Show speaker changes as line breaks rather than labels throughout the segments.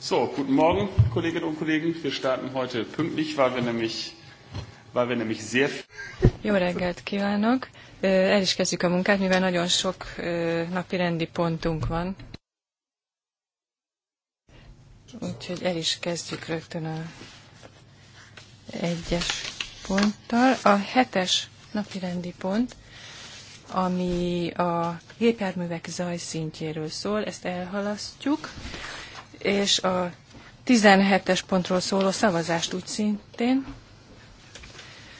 So, guten Morgen, Kolleginnen und Kollegen. Wir starten heute pünktlich, weil wir nämlich, weil wir nämlich sehr viel.
Jó reggelt kívánok! El is kezdjük a munkát, mivel nagyon sok napi rendi pontunk van. Úgyhogy el is kezdjük rögtön a egyes ponttal. A hetes napi rendi pont, ami a gépjárművek zajszintjéről szól, ezt elhalasztjuk és a 17-es pontról szóló szavazást úgy szintén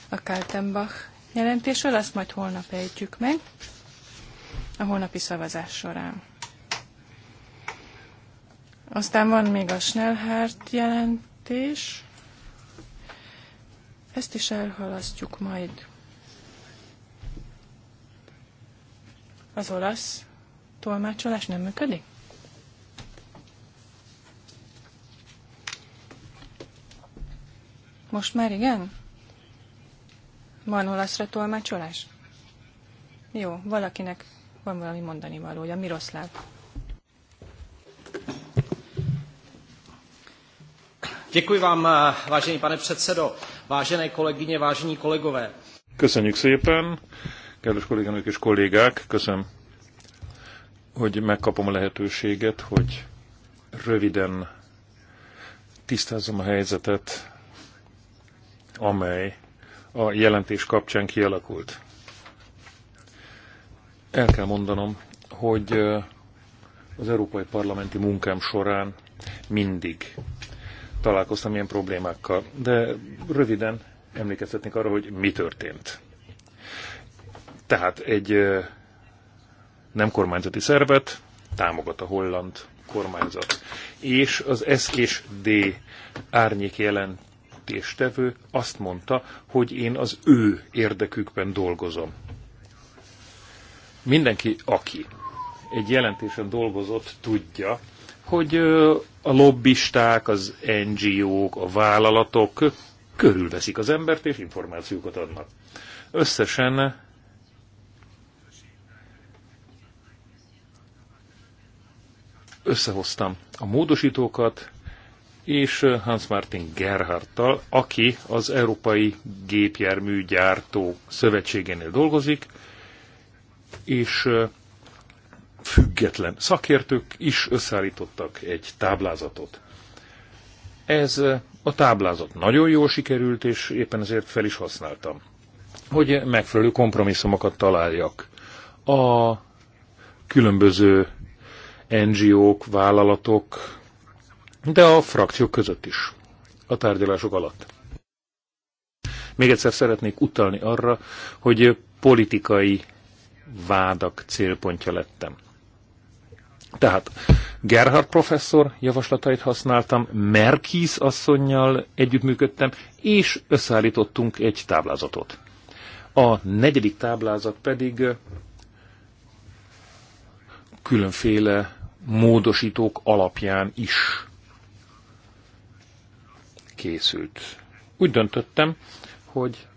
a Kaltenbach jelentésről, azt majd holnap ejtjük meg a holnapi szavazás során. Aztán van még a Schnellhardt jelentés. Ezt is elhalasztjuk majd az olasz tolmácsolás nem működik? Most már igen? Van olaszra tolmácsolás? Jó, valakinek van valami mondani valója. Miroszláv. Děkuji vám, eh, vážený pane předsedo, vážené kolegyně, vážení kolegové.
Köszönjük szépen, kedves kolléganők és kollégák, köszönöm, hogy megkapom a lehetőséget, hogy röviden tisztázzam a helyzetet amely a jelentés kapcsán kialakult. El kell mondanom, hogy az Európai Parlamenti munkám során mindig találkoztam ilyen problémákkal, de röviden emlékeztetnék arra, hogy mi történt. Tehát egy nem kormányzati szervet támogat a holland kormányzat. És az S és D árnyék jelent jelentéstevő azt mondta, hogy én az ő érdekükben dolgozom. Mindenki, aki egy jelentésen dolgozott, tudja, hogy a lobbisták, az NGO-k, a vállalatok körülveszik az embert és információkat adnak. Összesen összehoztam a módosítókat, és Hans Martin Gerhardtal, aki az Európai Gépjárműgyártó Szövetségénél dolgozik, és független szakértők is összeállítottak egy táblázatot. Ez a táblázat nagyon jól sikerült, és éppen ezért fel is használtam, hogy megfelelő kompromisszumokat találjak. A különböző NGO-k, vállalatok, de a frakciók között is, a tárgyalások alatt. Még egyszer szeretnék utalni arra, hogy politikai vádak célpontja lettem. Tehát Gerhard professzor javaslatait használtam, Merkis asszonynal együttműködtem, és összeállítottunk egy táblázatot. A negyedik táblázat pedig különféle módosítók alapján is készült. Úgy döntöttem, hogy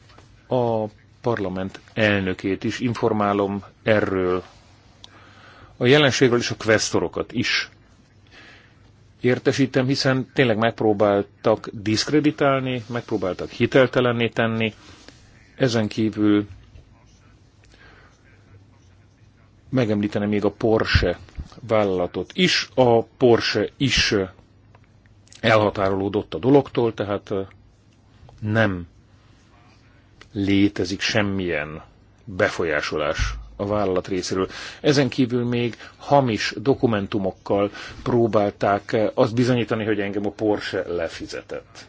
a parlament elnökét is informálom erről a jelenségről és a kvesztorokat is értesítem, hiszen tényleg megpróbáltak diszkreditálni, megpróbáltak hiteltelenné tenni, ezen kívül megemlítenem még a Porsche vállalatot is. A Porsche is elhatárolódott a dologtól, tehát nem létezik semmilyen befolyásolás a vállalat részéről. Ezen kívül még hamis dokumentumokkal próbálták azt bizonyítani, hogy engem a Porsche lefizetett.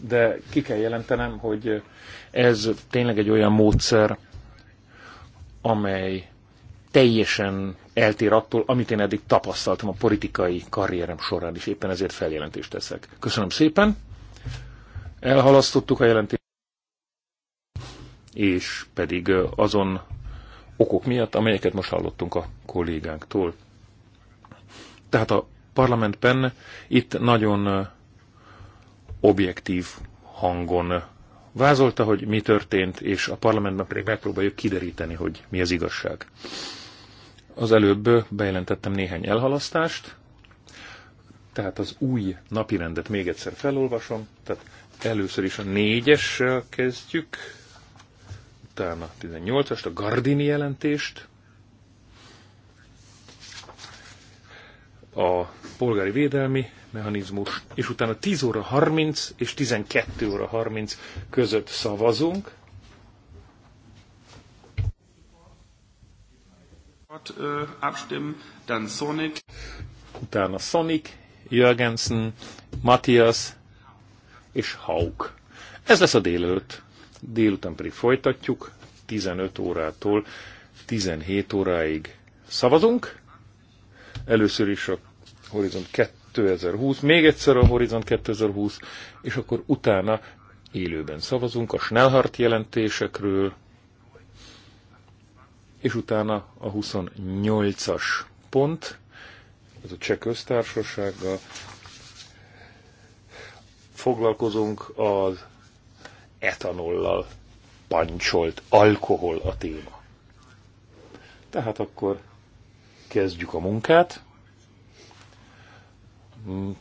De ki kell jelentenem, hogy ez tényleg egy olyan módszer, amely teljesen eltér attól, amit én eddig tapasztaltam a politikai karrierem során is. Éppen ezért feljelentést teszek. Köszönöm szépen. Elhalasztottuk a jelentést. És pedig azon okok miatt, amelyeket most hallottunk a kollégánktól. Tehát a parlamentben itt nagyon objektív hangon vázolta, hogy mi történt, és a parlamentben pedig megpróbáljuk kideríteni, hogy mi az igazság. Az előbb bejelentettem néhány elhalasztást, tehát az új napirendet még egyszer felolvasom. Tehát először is a négyessel kezdjük, utána 18-ast, a Gardini jelentést, a polgári védelmi mechanizmus, és utána 10 óra 30 és 12 óra 30 között szavazunk,
Äh,
utána Sonic, Jürgensen, Matthias és Hauk. Ez lesz a délelőtt. Délután pedig folytatjuk, 15 órától 17 óráig szavazunk. Először is a Horizont 2020, még egyszer a Horizont 2020, és akkor utána élőben szavazunk a Schnellhardt jelentésekről, és utána a 28-as pont, ez a cseh köztársasággal foglalkozunk az etanollal pancsolt alkohol a téma. Tehát akkor kezdjük a munkát.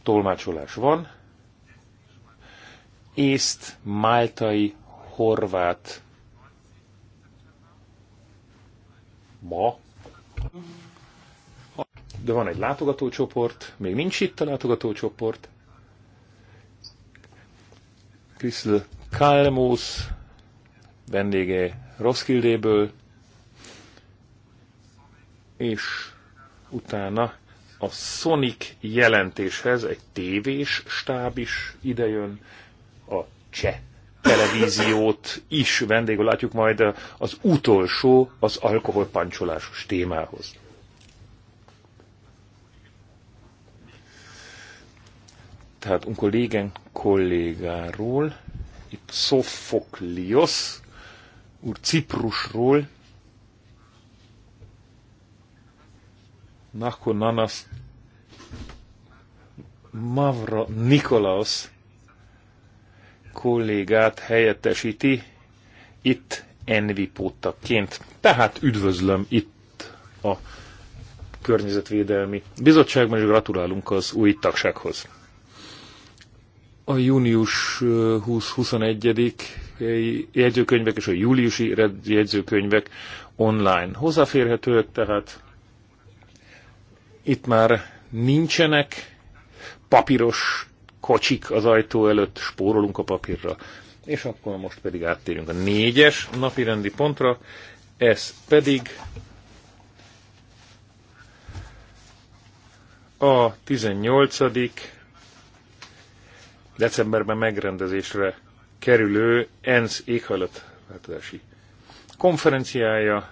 Tolmácsolás van. Észt, máltai, horvát, ma. De van egy látogatócsoport, még nincs itt a látogatócsoport. Krisztel Kálmusz vendége Roskildéből, és utána a Sonic jelentéshez egy tévés stáb is idejön, a cseh televíziót is vendégül látjuk majd az utolsó, az alkoholpancsolásos témához. Tehát un Légen kollégáról, itt Sofoklios, úr Ciprusról, Nakonanas, Nanas Mavra Nikolaos kollégát helyettesíti itt Envi póttaként. Tehát üdvözlöm itt a Környezetvédelmi Bizottságban, és gratulálunk az új tagsághoz. A június 20-21 jegyzőkönyvek és a júliusi jegyzőkönyvek online hozzáférhetőek, tehát itt már nincsenek papíros kocsik az ajtó előtt, spórolunk a papírra. És akkor most pedig áttérünk a négyes napirendi pontra, ez pedig a 18. decemberben megrendezésre kerülő ENSZ éghajlatváltozási konferenciája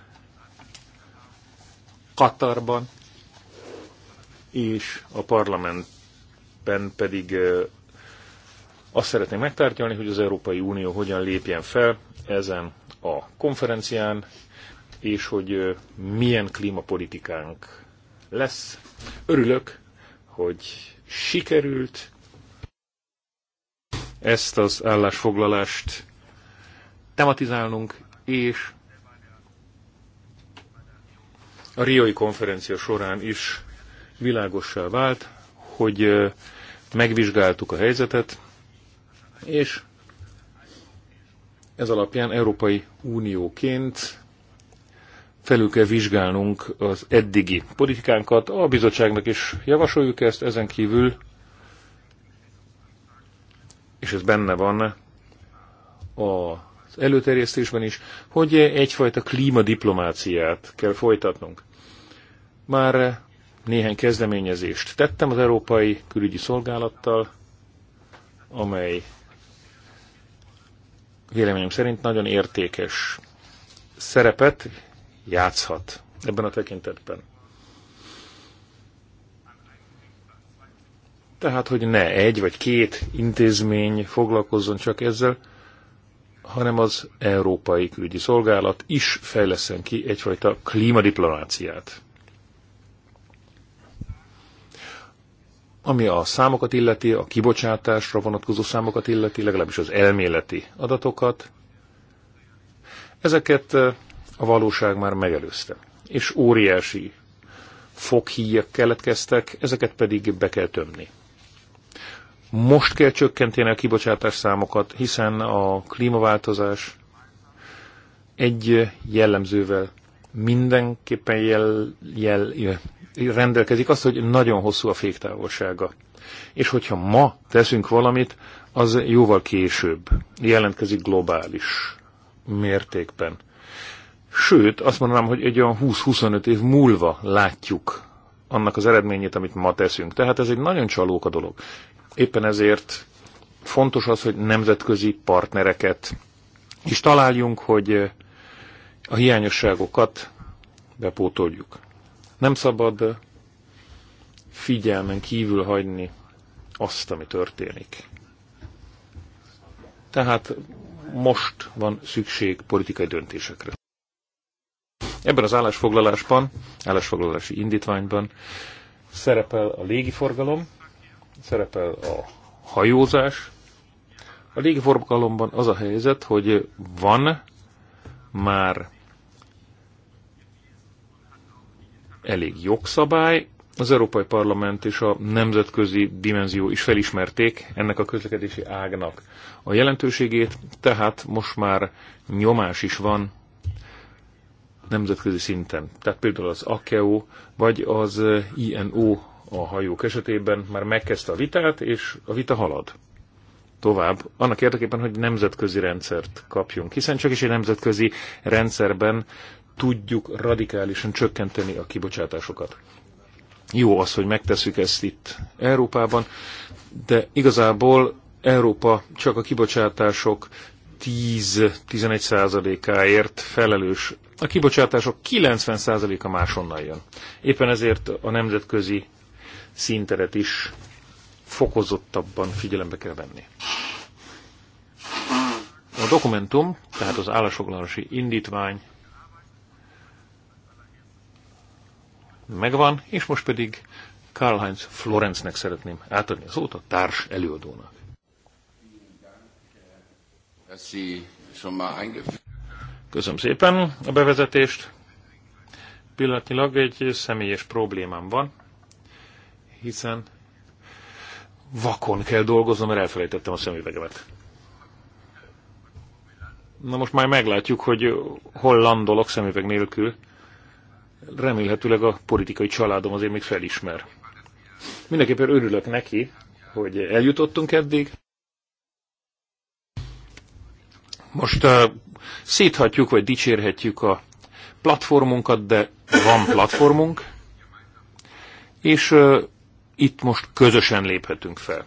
Katarban, és a parlament esetben pedig azt szeretném megtárgyalni, hogy az Európai Unió hogyan lépjen fel ezen a konferencián, és hogy milyen klímapolitikánk lesz. Örülök, hogy sikerült ezt az állásfoglalást tematizálnunk, és a Rioi konferencia során is világossá vált, hogy megvizsgáltuk a helyzetet, és ez alapján Európai Unióként felül kell vizsgálnunk az eddigi politikánkat. A bizottságnak is javasoljuk ezt, ezen kívül, és ez benne van az előterjesztésben is, hogy egyfajta klímadiplomáciát kell folytatnunk. Már néhány kezdeményezést tettem az Európai Külügyi Szolgálattal, amely véleményem szerint nagyon értékes szerepet játszhat ebben a tekintetben. Tehát, hogy ne egy vagy két intézmény foglalkozzon csak ezzel, hanem az Európai Külügyi Szolgálat is fejleszen ki egyfajta klímadiplomáciát. Ami a számokat illeti, a kibocsátásra vonatkozó számokat illeti, legalábbis az elméleti adatokat, ezeket a valóság már megelőzte. És óriási foghíjak keletkeztek, ezeket pedig be kell tömni. Most kell csökkenteni a kibocsátás számokat, hiszen a klímaváltozás egy jellemzővel mindenképpen jel, jel, jel, rendelkezik az, hogy nagyon hosszú a féktávolsága. És hogyha ma teszünk valamit, az jóval később jelentkezik globális mértékben. Sőt, azt mondanám, hogy egy olyan 20-25 év múlva látjuk annak az eredményét, amit ma teszünk. Tehát ez egy nagyon csalóka dolog. Éppen ezért fontos az, hogy nemzetközi partnereket is találjunk, hogy a hiányosságokat bepótoljuk. Nem szabad figyelmen kívül hagyni azt, ami történik. Tehát most van szükség politikai döntésekre. Ebben az állásfoglalásban, állásfoglalási indítványban szerepel a légiforgalom, szerepel a hajózás. A légiforgalomban az a helyzet, hogy van már elég jogszabály. Az Európai Parlament és a nemzetközi dimenzió is felismerték ennek a közlekedési ágnak a jelentőségét, tehát most már nyomás is van nemzetközi szinten. Tehát például az AKEO vagy az INO a hajók esetében már megkezdte a vitát, és a vita halad tovább, annak érdekében, hogy nemzetközi rendszert kapjunk. Hiszen csak is egy nemzetközi rendszerben tudjuk radikálisan csökkenteni a kibocsátásokat. Jó az, hogy megteszük ezt itt Európában, de igazából Európa csak a kibocsátások 10-11 százalékáért felelős. A kibocsátások 90 százaléka máshonnan jön. Éppen ezért a nemzetközi szinteret is fokozottabban figyelembe kell venni. A dokumentum, tehát az állásfoglalási indítvány megvan, és most pedig Karl-Heinz Florencnek szeretném átadni a szót a társ előadónak. Köszönöm szépen a bevezetést. Pillanatilag egy személyes problémám van, hiszen vakon kell dolgoznom, mert elfelejtettem a szemüvegemet. Na most már meglátjuk, hogy hol landolok szemüveg nélkül remélhetőleg a politikai családom azért még felismer. Mindenképpen örülök neki, hogy eljutottunk eddig. Most uh, széthatjuk, vagy dicsérhetjük a platformunkat, de van platformunk, és uh, itt most közösen léphetünk fel.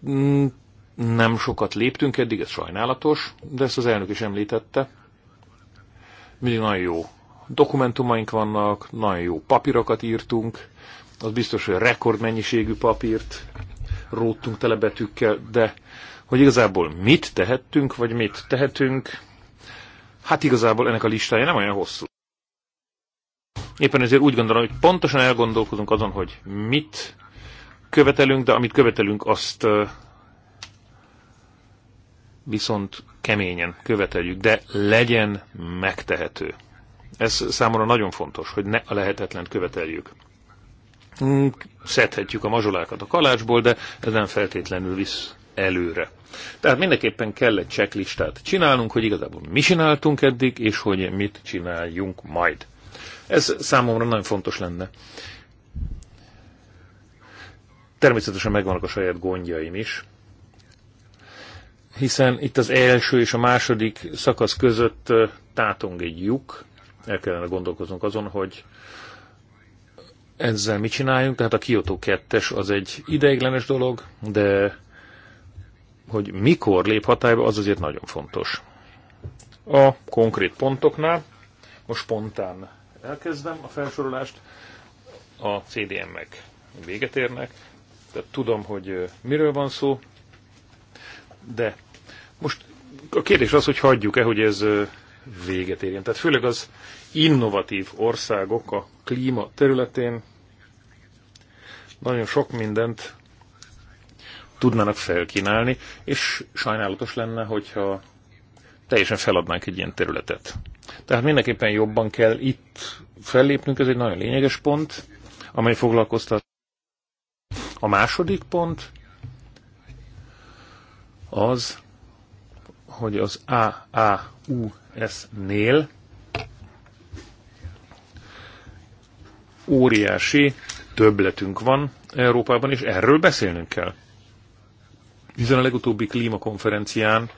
Hmm, nem sokat léptünk eddig, ez sajnálatos, de ezt az elnök is említette. Mindig nagyon jó, dokumentumaink vannak, nagyon jó papírokat írtunk, az biztos, hogy rekordmennyiségű papírt róttunk telebetűkkel, de hogy igazából mit tehettünk, vagy mit tehetünk, hát igazából ennek a listája nem olyan hosszú. Éppen ezért úgy gondolom, hogy pontosan elgondolkozunk azon, hogy mit követelünk, de amit követelünk, azt viszont keményen követeljük, de legyen megtehető. Ez számomra nagyon fontos, hogy ne a lehetetlen követeljük. Mm. Szedhetjük a mazsolákat a kalácsból, de ez nem feltétlenül visz előre. Tehát mindenképpen kell egy checklistát csinálnunk, hogy igazából mi csináltunk eddig, és hogy mit csináljunk majd. Ez számomra nagyon fontos lenne. Természetesen megvannak a saját gondjaim is, hiszen itt az első és a második szakasz között tátong egy lyuk, el kellene gondolkoznunk azon, hogy ezzel mit csináljunk. Tehát a Kyoto 2-es az egy ideiglenes dolog, de hogy mikor lép hatályba, az azért nagyon fontos. A konkrét pontoknál, most spontán elkezdem a felsorolást, a CDM-ek véget érnek, tehát tudom, hogy miről van szó, de most a kérdés az, hogy hagyjuk-e, hogy ez véget érjen. Tehát főleg az innovatív országok a klíma területén nagyon sok mindent tudnának felkínálni, és sajnálatos lenne, hogyha teljesen feladnánk egy ilyen területet. Tehát mindenképpen jobban kell itt fellépnünk, ez egy nagyon lényeges pont, amely foglalkoztat. A második pont az, hogy az AAUS-nél óriási többletünk van Európában, és erről beszélnünk kell. Hiszen a legutóbbi klímakonferencián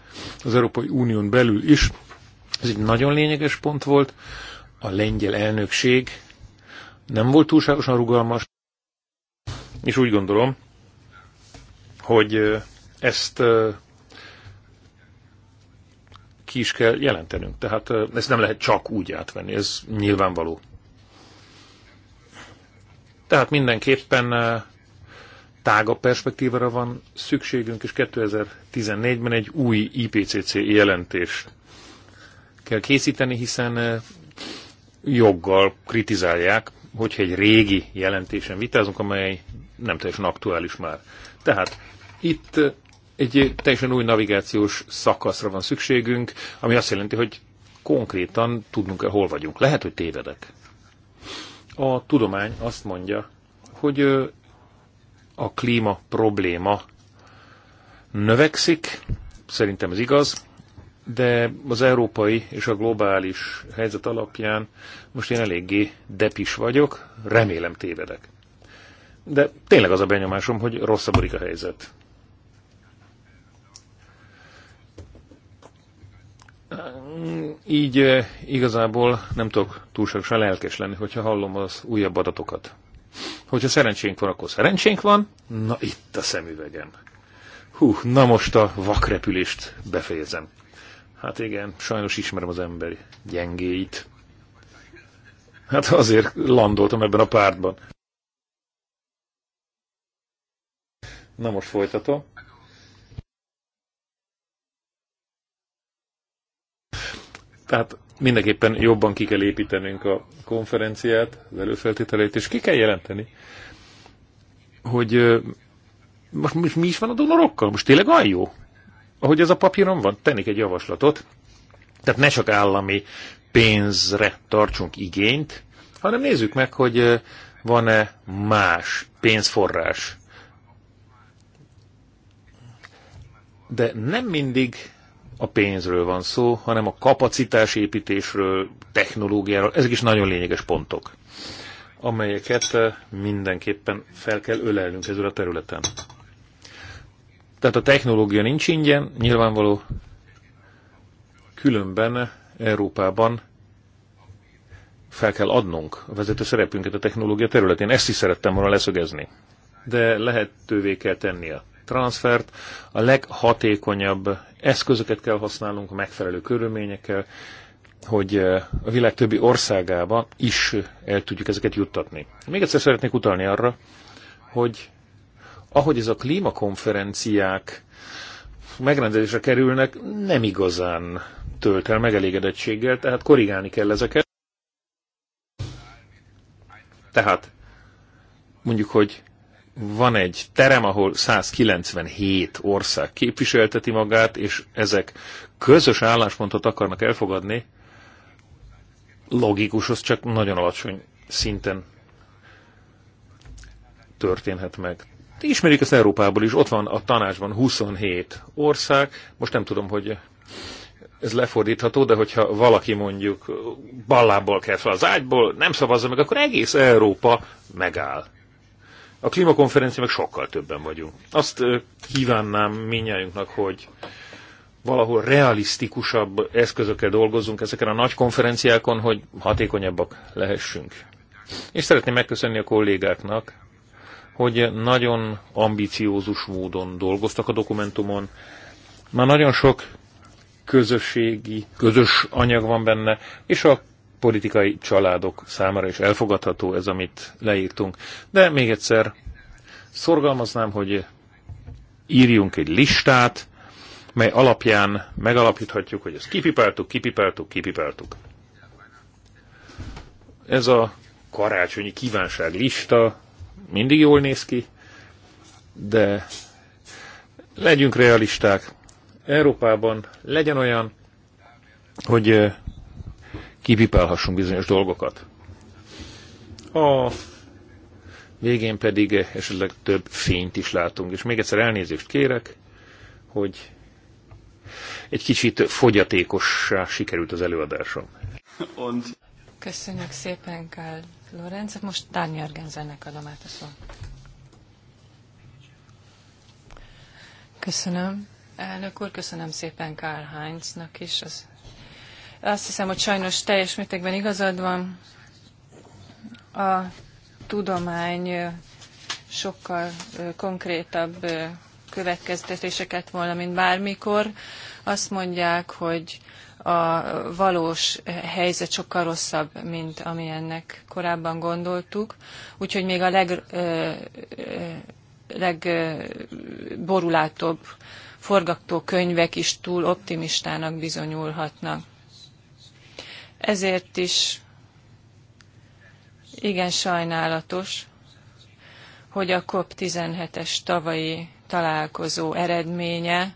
az Európai Unión belül is, ez egy nagyon lényeges pont volt, a lengyel elnökség nem volt túlságosan rugalmas, és úgy gondolom, hogy ezt ki is kell jelentenünk. Tehát ezt nem lehet csak úgy átvenni, ez nyilvánvaló. Tehát mindenképpen tágabb perspektívára van szükségünk, és 2014-ben egy új IPCC jelentés kell készíteni, hiszen joggal kritizálják, hogyha egy régi jelentésen vitázunk, amely nem teljesen aktuális már. Tehát itt egy teljesen új navigációs szakaszra van szükségünk, ami azt jelenti, hogy konkrétan tudnunk -e, hol vagyunk. Lehet, hogy tévedek. A tudomány azt mondja, hogy a klíma probléma növekszik, szerintem ez igaz, de az európai és a globális helyzet alapján most én eléggé depis vagyok, remélem tévedek. De tényleg az a benyomásom, hogy rosszabbodik a helyzet. így igazából nem tudok túlságosan lelkes lenni, hogyha hallom az újabb adatokat. Hogyha szerencsénk van, akkor szerencsénk van. Na itt a szemüvegem. Hú, na most a vakrepülést befejezem. Hát igen, sajnos ismerem az emberi gyengéit. Hát azért landoltam ebben a pártban. Na most folytatom. Tehát mindenképpen jobban ki kell építenünk a konferenciát, az előfeltételeit, és ki kell jelenteni, hogy most, mi is van a donorokkal? Most tényleg olyan jó? Ahogy ez a papíron van, tennék egy javaslatot. Tehát ne csak állami pénzre tartsunk igényt, hanem nézzük meg, hogy van-e más pénzforrás. De nem mindig a pénzről van szó, hanem a kapacitásépítésről, technológiáról. Ezek is nagyon lényeges pontok, amelyeket eh, mindenképpen fel kell ölelnünk ezzel a területen. Tehát a technológia nincs ingyen, nyilvánvaló, különben Európában fel kell adnunk a vezető szerepünket a technológia területén. Ezt is szerettem volna leszögezni. De lehetővé kell tenni a transfert, a leghatékonyabb eszközöket kell használnunk megfelelő körülményekkel, hogy eh, a világ többi országába is el tudjuk ezeket juttatni. Még egyszer szeretnék utalni arra, hogy ahogy ez a klímakonferenciák megrendezésre kerülnek, nem igazán tölt el megelégedettséggel, tehát korrigálni kell ezeket. Tehát mondjuk, hogy van egy terem, ahol 197 ország képviselteti magát, és ezek közös álláspontot akarnak elfogadni, logikus, az csak nagyon alacsony szinten történhet meg. Ismerik ezt Európából is, ott van a tanácsban 27 ország, most nem tudom, hogy ez lefordítható, de hogyha valaki mondjuk ballából kell fel az ágyból, nem szavazza meg, akkor egész Európa megáll. A klímakonferencia meg sokkal többen vagyunk. Azt kívánnám minnyájunknak, hogy valahol realisztikusabb eszközökkel dolgozunk ezeken a nagy konferenciákon, hogy hatékonyabbak lehessünk. És szeretném megköszönni a kollégáknak, hogy nagyon ambiciózus módon dolgoztak a dokumentumon. Már nagyon sok közösségi, közös anyag van benne, és a politikai családok számára is elfogadható ez, amit leírtunk. De még egyszer szorgalmaznám, hogy írjunk egy listát, mely alapján megalapíthatjuk, hogy ezt kipipáltuk, kipipáltuk, kipipáltuk. Ez a karácsonyi kívánság lista mindig jól néz ki, de legyünk realisták. Európában legyen olyan, hogy eh, kipipálhassunk bizonyos dolgokat. A végén pedig esetleg több fényt is látunk. És még egyszer elnézést kérek, hogy egy kicsit fogyatékossá sikerült az előadásom.
Köszönjük szépen, Kál Lorenz. Most Dán Jörgenzennek adom át a szó. Köszönöm. Elnök úr, köszönöm szépen Karl Heinznak is az azt hiszem, hogy sajnos teljes mértékben igazad van. A tudomány sokkal konkrétabb következtetéseket volna, mint bármikor. Azt mondják, hogy a valós helyzet sokkal rosszabb, mint ami ennek korábban gondoltuk. Úgyhogy még a leg, legborulátóbb forgatókönyvek is túl optimistának bizonyulhatnak. Ezért is igen sajnálatos, hogy a COP17-es tavalyi találkozó eredménye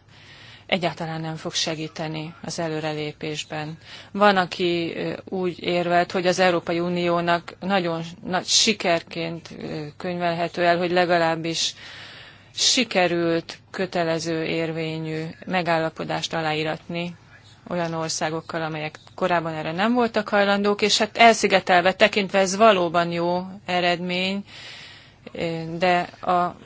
egyáltalán nem fog segíteni az előrelépésben. Van, aki úgy érvelt, hogy az Európai Uniónak nagyon nagy sikerként könyvelhető el, hogy legalábbis sikerült kötelező érvényű megállapodást aláíratni olyan országokkal, amelyek korábban erre nem voltak hajlandók, és hát elszigetelve tekintve ez valóban jó eredmény, de a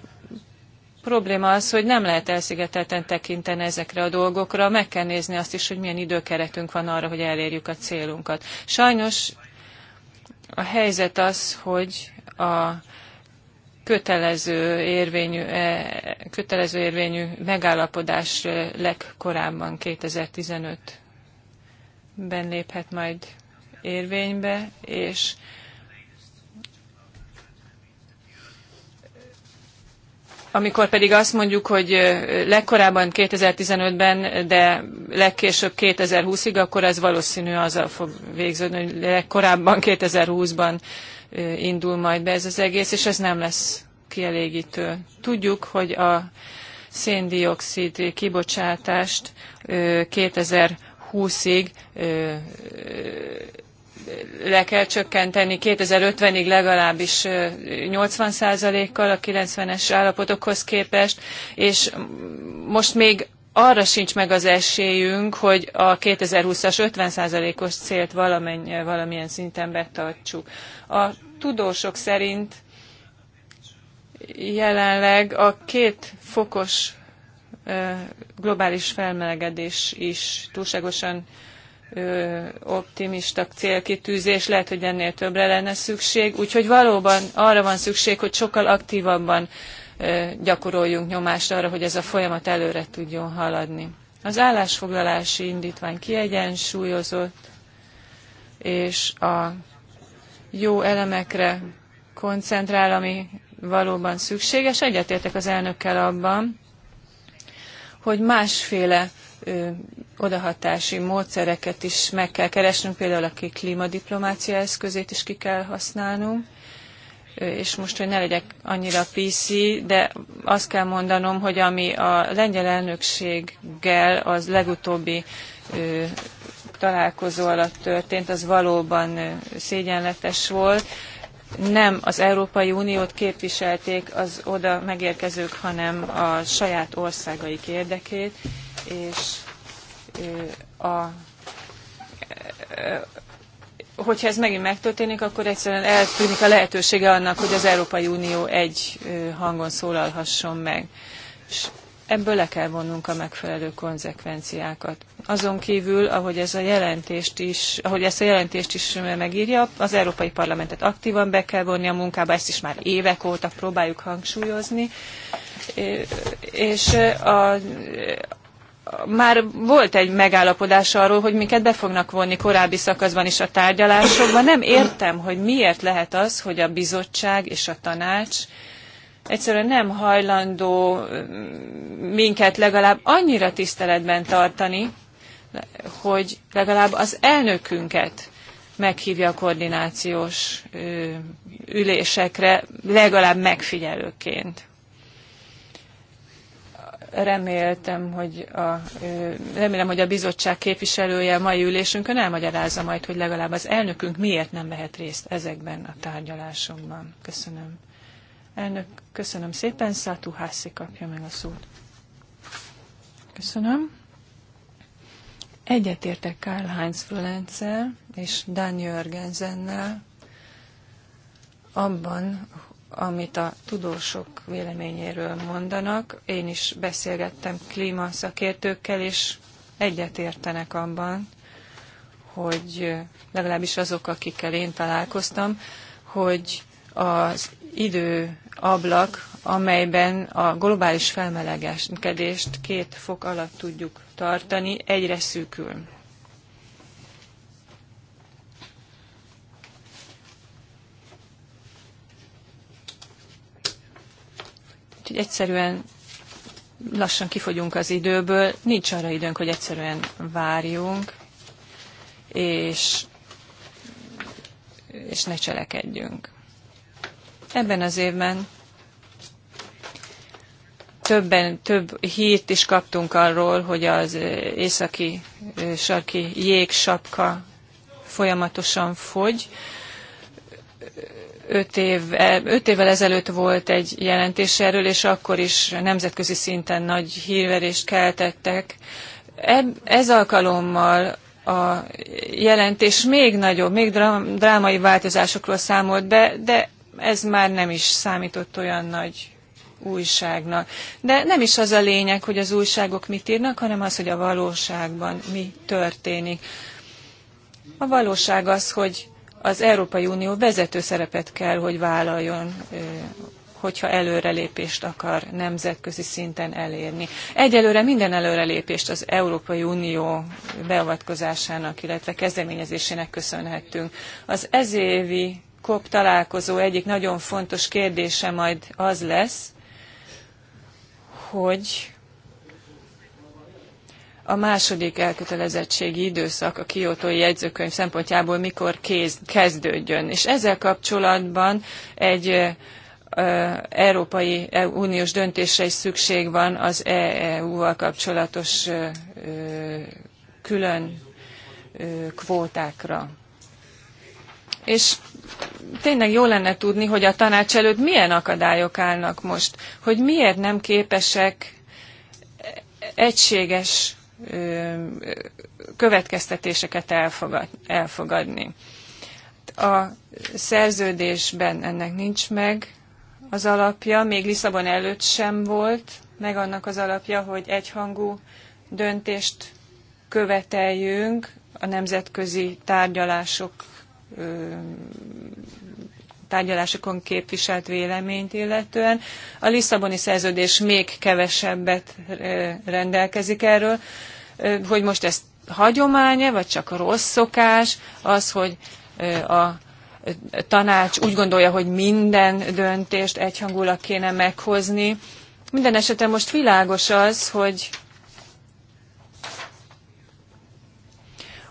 probléma az, hogy nem lehet elszigetelten tekinteni ezekre a dolgokra, meg kell nézni azt is, hogy milyen időkeretünk van arra, hogy elérjük a célunkat. Sajnos a helyzet az, hogy a kötelező érvényű, e, kötelező érvényű megállapodás e, legkorábban 2015-ben léphet majd érvénybe, és amikor pedig azt mondjuk, hogy e, legkorábban 2015-ben, de legkésőbb 2020-ig, akkor ez valószínű azzal fog végződni, hogy legkorábban 2020-ban indul majd be ez az egész, és ez nem lesz kielégítő. Tudjuk, hogy a széndiokszid kibocsátást 2020-ig le kell csökkenteni 2050-ig legalábbis 80%-kal a 90-es állapotokhoz képest, és most még arra sincs meg az esélyünk, hogy a 2020-as 50%-os célt valamilyen szinten betartsuk. A tudósok szerint jelenleg a két fokos globális felmelegedés is túlságosan optimista célkitűzés, lehet, hogy ennél többre lenne szükség. Úgyhogy valóban arra van szükség, hogy sokkal aktívabban gyakoroljunk nyomást arra, hogy ez a folyamat előre tudjon haladni. Az állásfoglalási indítvány kiegyensúlyozott, és a jó elemekre koncentrál, ami valóban szükséges. Egyetértek az elnökkel abban, hogy másféle ö, odahatási módszereket is meg kell keresnünk, például a klímadiplomácia eszközét is ki kell használnunk, és most, hogy ne legyek annyira PC, de azt kell mondanom, hogy ami a lengyel elnökséggel az legutóbbi találkozó alatt történt, az valóban szégyenletes volt. Nem az Európai Uniót képviselték az oda megérkezők, hanem a saját országaik érdekét, és a hogyha ez megint megtörténik, akkor egyszerűen eltűnik a lehetősége annak, hogy az Európai Unió egy hangon szólalhasson meg. És ebből le kell vonnunk a megfelelő konzekvenciákat. Azon kívül, ahogy, ez a jelentést is, ahogy ezt a jelentést is megírja, az Európai Parlamentet aktívan be kell vonni a munkába, ezt is már évek óta próbáljuk hangsúlyozni, és a, már volt egy megállapodás arról, hogy minket be fognak vonni korábbi szakaszban is a tárgyalásokban. Nem értem, hogy miért lehet az, hogy a bizottság és a tanács egyszerűen nem hajlandó mm, minket legalább annyira tiszteletben tartani, hogy legalább az elnökünket meghívja a koordinációs ülésekre legalább megfigyelőként reméltem, hogy a, remélem, hogy a bizottság képviselője a mai ülésünkön elmagyarázza majd, hogy legalább az elnökünk miért nem vehet részt ezekben a tárgyalásokban. Köszönöm. Elnök, köszönöm szépen. Szátú Hászi kapja meg a szót. Köszönöm. Egyetértek Karl Heinz Florence és Dan Jörgensennel abban, amit a tudósok véleményéről mondanak. Én is beszélgettem klímaszakértőkkel, és egyetértenek abban, hogy legalábbis azok, akikkel én találkoztam, hogy az időablak, amelyben a globális felmelegedést két fok alatt tudjuk tartani, egyre szűkül. Úgyhogy egyszerűen lassan kifogyunk az időből, nincs arra időnk, hogy egyszerűen várjunk, és, és ne cselekedjünk. Ebben az évben többen, több hírt is kaptunk arról, hogy az északi sarki jégsapka folyamatosan fogy öt, év, e, öt évvel ezelőtt volt egy jelentés erről, és akkor is nemzetközi szinten nagy hírverést keltettek. Ez alkalommal a jelentés még nagyobb, még drámai változásokról számolt be, de ez már nem is számított olyan nagy újságnak. De nem is az a lényeg, hogy az újságok mit írnak, hanem az, hogy a valóságban mi történik. A valóság az, hogy az Európai Unió vezető szerepet kell, hogy vállaljon hogyha előrelépést akar nemzetközi szinten elérni. Egyelőre minden előrelépést az Európai Unió beavatkozásának, illetve kezdeményezésének köszönhetünk. Az ezévi COP találkozó egyik nagyon fontos kérdése majd az lesz, hogy a második elkötelezettségi időszak a kiotói jegyzőkönyv szempontjából mikor kéz, kezdődjön. És ezzel kapcsolatban egy Európai Uniós döntésre is szükség van az EU-val e kapcsolatos külön kvótákra. És tényleg jó lenne tudni, hogy a tanács előtt milyen akadályok állnak most, hogy miért nem képesek egységes következtetéseket elfogad, elfogadni. A szerződésben ennek nincs meg az alapja, még Lisszabon előtt sem volt meg annak az alapja, hogy egyhangú döntést követeljünk a nemzetközi tárgyalások tárgyalásokon képviselt véleményt illetően. A Lisszaboni szerződés még kevesebbet eh, rendelkezik erről, eh, hogy most ez hagyománya, vagy csak a rossz szokás, az, hogy eh, a tanács úgy gondolja, hogy minden döntést egyhangulag kéne meghozni. Minden esetre most világos az, hogy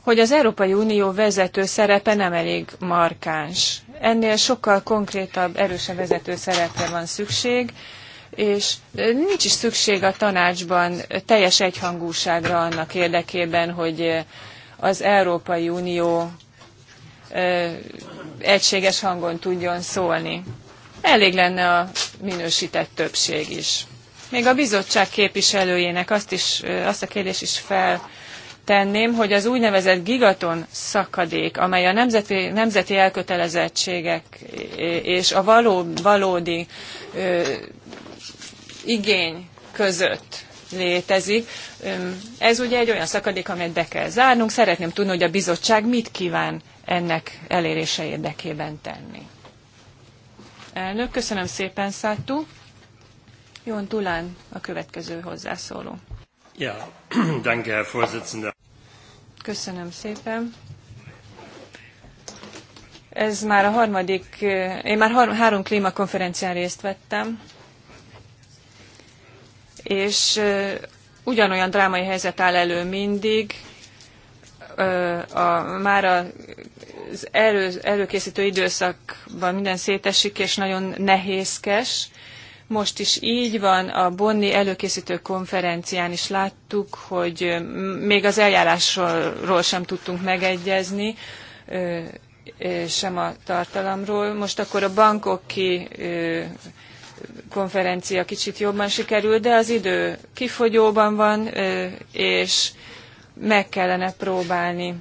hogy az Európai Unió vezető szerepe nem elég markáns. Ennél sokkal konkrétabb, erősen vezető szerepre van szükség, és nincs is szükség a tanácsban teljes egyhangúságra annak érdekében, hogy az Európai Unió egységes hangon tudjon szólni. Elég lenne a minősített többség is. Még a bizottság képviselőjének azt, is, azt a kérdést is fel tenném, hogy az úgynevezett gigaton szakadék, amely a nemzeti, nemzeti elkötelezettségek és a való, valódi ö, igény között létezik. Ez ugye egy olyan szakadék, amelyet be kell zárnunk. Szeretném tudni, hogy a bizottság mit kíván ennek elérése érdekében tenni. Elnök, köszönöm szépen, Szátú. Jón Tulán a következő hozzászóló.
Ja, danke, Herr Vorsitzender.
Köszönöm szépen. Ez már a harmadik, eh, én már három klímakonferencián részt vettem, és eh, ugyanolyan drámai helyzet áll elő mindig. Eh, a, már az elő, előkészítő időszakban minden szétesik, és nagyon nehézkes most is így van, a Bonni előkészítő konferencián is láttuk, hogy még az eljárásról sem tudtunk megegyezni, sem a tartalomról. Most akkor a bankoki konferencia kicsit jobban sikerült, de az idő kifogyóban van, és meg kellene próbálni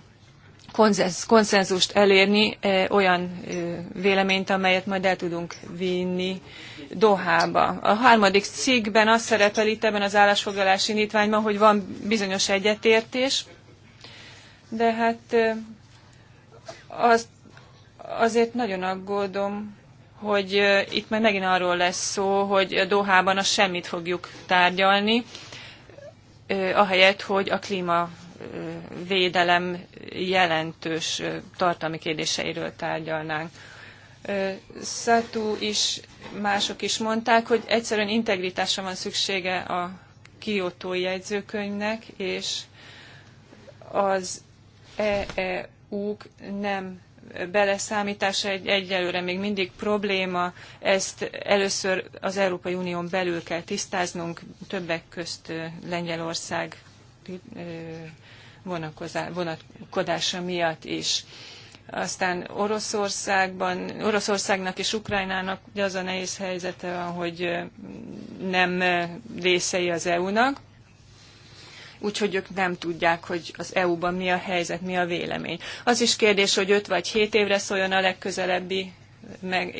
konszenzust elérni, olyan véleményt, amelyet majd el tudunk vinni Dohába. A harmadik cikkben azt szerepel itt ebben az állásfoglalási indítványban, hogy van bizonyos egyetértés, de hát az, azért nagyon aggódom, hogy itt már megint arról lesz szó, hogy Dohában a semmit fogjuk tárgyalni, ahelyett, hogy a klíma védelem jelentős tartalmi kérdéseiről tárgyalnánk. Szatú is mások is mondták, hogy egyszerűen integritásra van szüksége a kiotói jegyzőkönyvnek, és az EEU-k nem beleszámítása egy, egyelőre még mindig probléma. Ezt először az Európai Unión belül kell tisztáznunk, többek közt Lengyelország vonatkozása miatt is. Aztán Oroszországban, Oroszországnak és Ukrajnának ugye az a nehéz helyzete van, hogy nem részei az EU-nak, úgyhogy ők nem tudják, hogy az EU-ban mi a helyzet, mi a vélemény. Az is kérdés, hogy 5 vagy 7 évre szóljon a legközelebbi meg,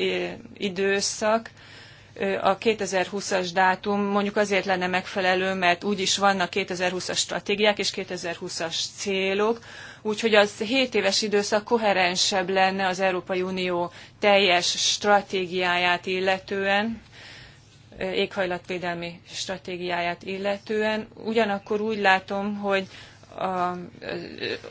időszak, a 2020-as dátum mondjuk azért lenne megfelelő, mert úgyis vannak 2020-as stratégiák és 2020-as célok, úgyhogy az 7 éves időszak koherensebb lenne az Európai Unió teljes stratégiáját illetően, éghajlatvédelmi stratégiáját illetően. Ugyanakkor úgy látom, hogy a,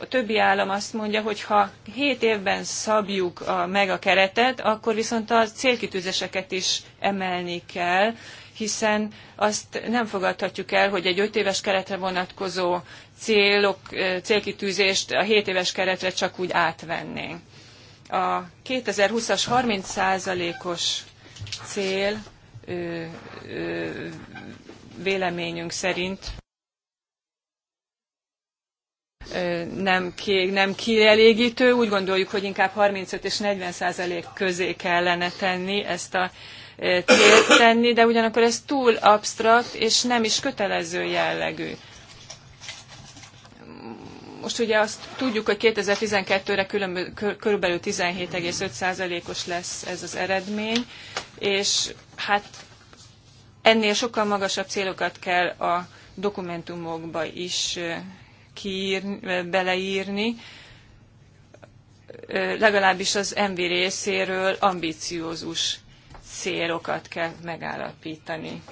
a többi állam azt mondja, hogy ha 7 évben szabjuk a, meg a keretet, akkor viszont a célkitűzéseket is emelni kell, hiszen azt nem fogadhatjuk el, hogy egy 5 éves keretre vonatkozó célok, célkitűzést a 7 éves keretre csak úgy átvennénk. A 2020-as 30%-os cél ö, ö, véleményünk szerint nem, ki, nem kielégítő. Úgy gondoljuk, hogy inkább 35 és 40 százalék közé kellene tenni ezt a célt tenni, de ugyanakkor ez túl absztrakt és nem is kötelező jellegű most ugye azt tudjuk, hogy 2012-re körülbelül 17,5%-os lesz ez az eredmény, és hát ennél sokkal magasabb célokat kell a dokumentumokba is kiír, beleírni, legalábbis az MV részéről ambiciózus célokat kell megállapítani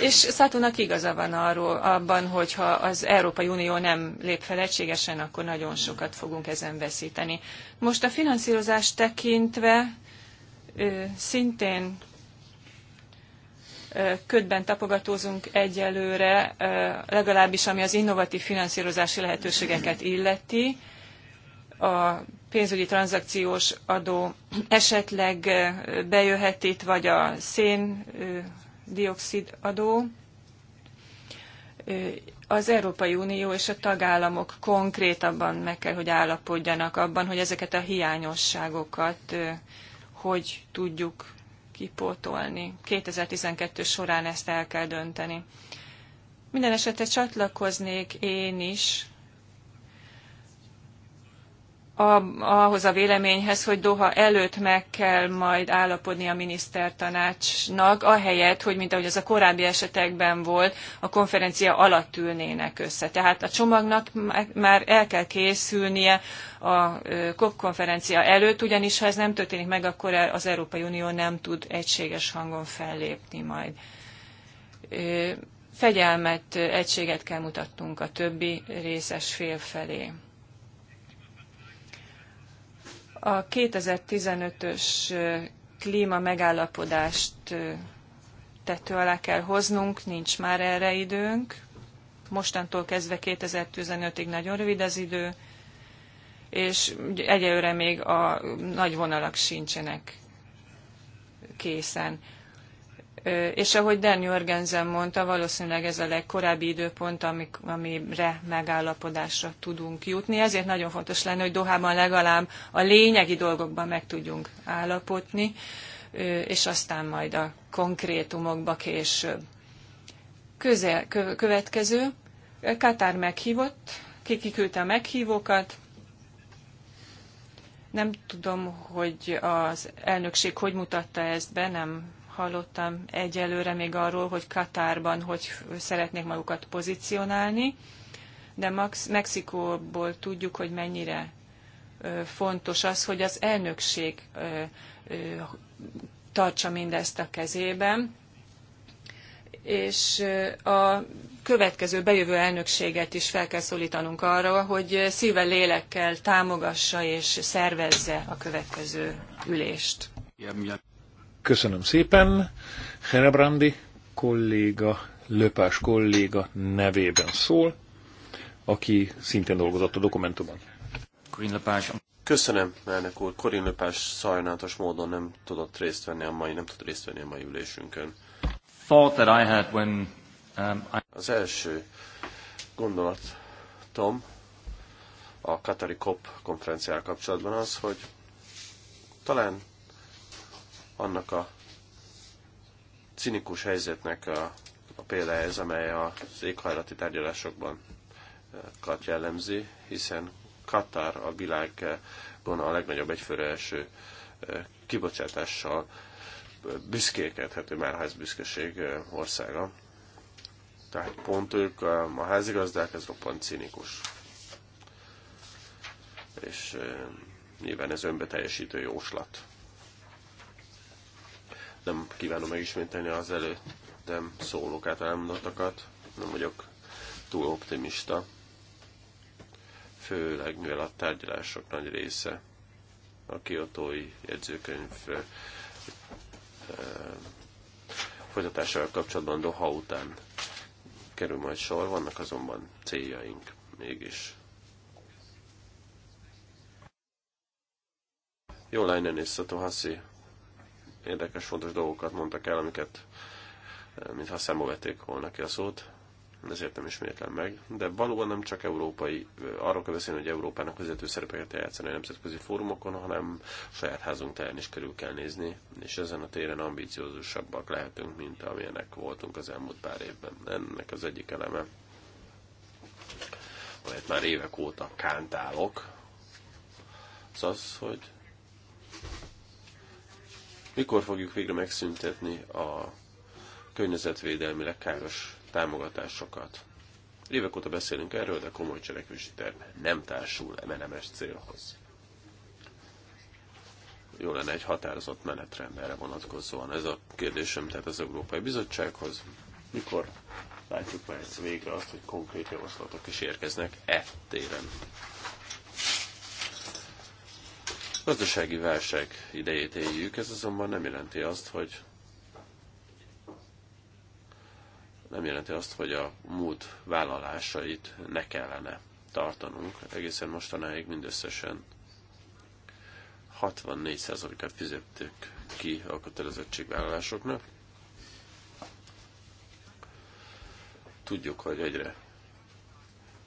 és Szátónak igaza van arról, abban, hogyha az Európai Unió nem lép fel egységesen, akkor nagyon sokat fogunk ezen veszíteni. Most a finanszírozást tekintve szintén ködben tapogatózunk egyelőre, legalábbis ami az innovatív finanszírozási lehetőségeket illeti. A pénzügyi tranzakciós adó esetleg bejöhet itt, vagy a szén dioxid adó az Európai Unió és a tagállamok konkrétabban meg kell, hogy állapodjanak abban, hogy ezeket a hiányosságokat hogy tudjuk kipótolni. 2012 során ezt el kell dönteni. Minden esetre csatlakoznék én is ahhoz a véleményhez, hogy Doha előtt meg kell majd állapodni a minisztertanácsnak, ahelyett, hogy mint ahogy az a korábbi esetekben volt, a konferencia alatt ülnének össze. Tehát a csomagnak már el kell készülnie a COP konferencia előtt, ugyanis ha ez nem történik meg, akkor az Európai Unió nem tud egységes hangon fellépni majd. Fegyelmet, egységet kell mutatnunk a többi részes fél felé a 2015-ös klíma megállapodást tető alá kell hoznunk, nincs már erre időnk. Mostantól kezdve 2015-ig nagyon rövid az idő, és egyelőre még a nagy vonalak sincsenek készen és ahogy Dan Jorgensen mondta, valószínűleg ez a legkorábbi időpont, amik, amire megállapodásra tudunk jutni. Ezért nagyon fontos lenne, hogy Dohában legalább a lényegi dolgokban meg tudjunk állapodni, és aztán majd a konkrétumokba később. Közel, következő, Katár meghívott, kiküldte a meghívókat, nem tudom, hogy az elnökség hogy mutatta ezt be, nem hallottam egyelőre még arról, hogy Katárban hogy szeretnék magukat pozícionálni, de Max- Mexikóból tudjuk, hogy mennyire fontos az, hogy az elnökség tartsa mindezt a kezében, és a következő bejövő elnökséget is fel kell szólítanunk arra, hogy szíve lélekkel támogassa és szervezze a következő ülést.
Köszönöm szépen. Herebrandi kolléga, löpás kolléga nevében szól, aki szintén dolgozott a dokumentumon.
Köszönöm, elnök úr. Korin Löpás sajnálatos módon nem tudott részt venni a mai, nem tud részt venni a mai ülésünkön. Thought that I had when, um, I... Az első gondolatom a Katari COP konferenciával kapcsolatban az, hogy talán annak a cinikus helyzetnek a, a példa ez, amely az éghajlati tárgyalásokban eh, kat jellemzi, hiszen Katar a világon a legnagyobb egyfőre eső eh, kibocsátással eh, büszkékedhető már büszkeség országa. Tehát pont ők a házigazdák, ez roppant cinikus. És nyilván ez önbeteljesítő jóslat nem kívánom megismételni az előttem szólók által elmondottakat, nem vagyok túl optimista, főleg mivel a tárgyalások nagy része a kiotói jegyzőkönyv folytatásával kapcsolatban Doha után kerül majd sor, vannak azonban céljaink mégis. Jó Leinen és Satohasi érdekes, fontos dolgokat mondtak el, amiket eh, mintha szembe vették volna ki a szót, ezért nem ismétlem meg, de valóban nem csak európai, eh, arról kell beszélni, hogy Európának vezető szerepeket játszani a nemzetközi fórumokon, hanem saját házunk táján is körül kell nézni, és ezen a téren ambíciózusabbak lehetünk, mint amilyenek voltunk az elmúlt pár évben. Ennek az egyik eleme, amelyet már évek óta kántálok, az az, hogy mikor fogjuk végre megszüntetni a környezetvédelmi legkáros támogatásokat? Évek óta beszélünk erről, de komoly cselekvési terv nem társul MNMS célhoz. Jó lenne egy határozott menetrend erre vonatkozóan. Ez a kérdésem tehát az Európai Bizottsághoz. Mikor látjuk már végre azt, hogy konkrét javaslatok is érkeznek e téren? Gazdasági válság idejét éljük, ez azonban nem jelenti azt, hogy nem jelenti azt, hogy a múlt vállalásait ne kellene tartanunk. Egészen mostanáig mindösszesen 64%-át fizettük ki a kötelezettségvállalásoknak. Tudjuk, hogy egyre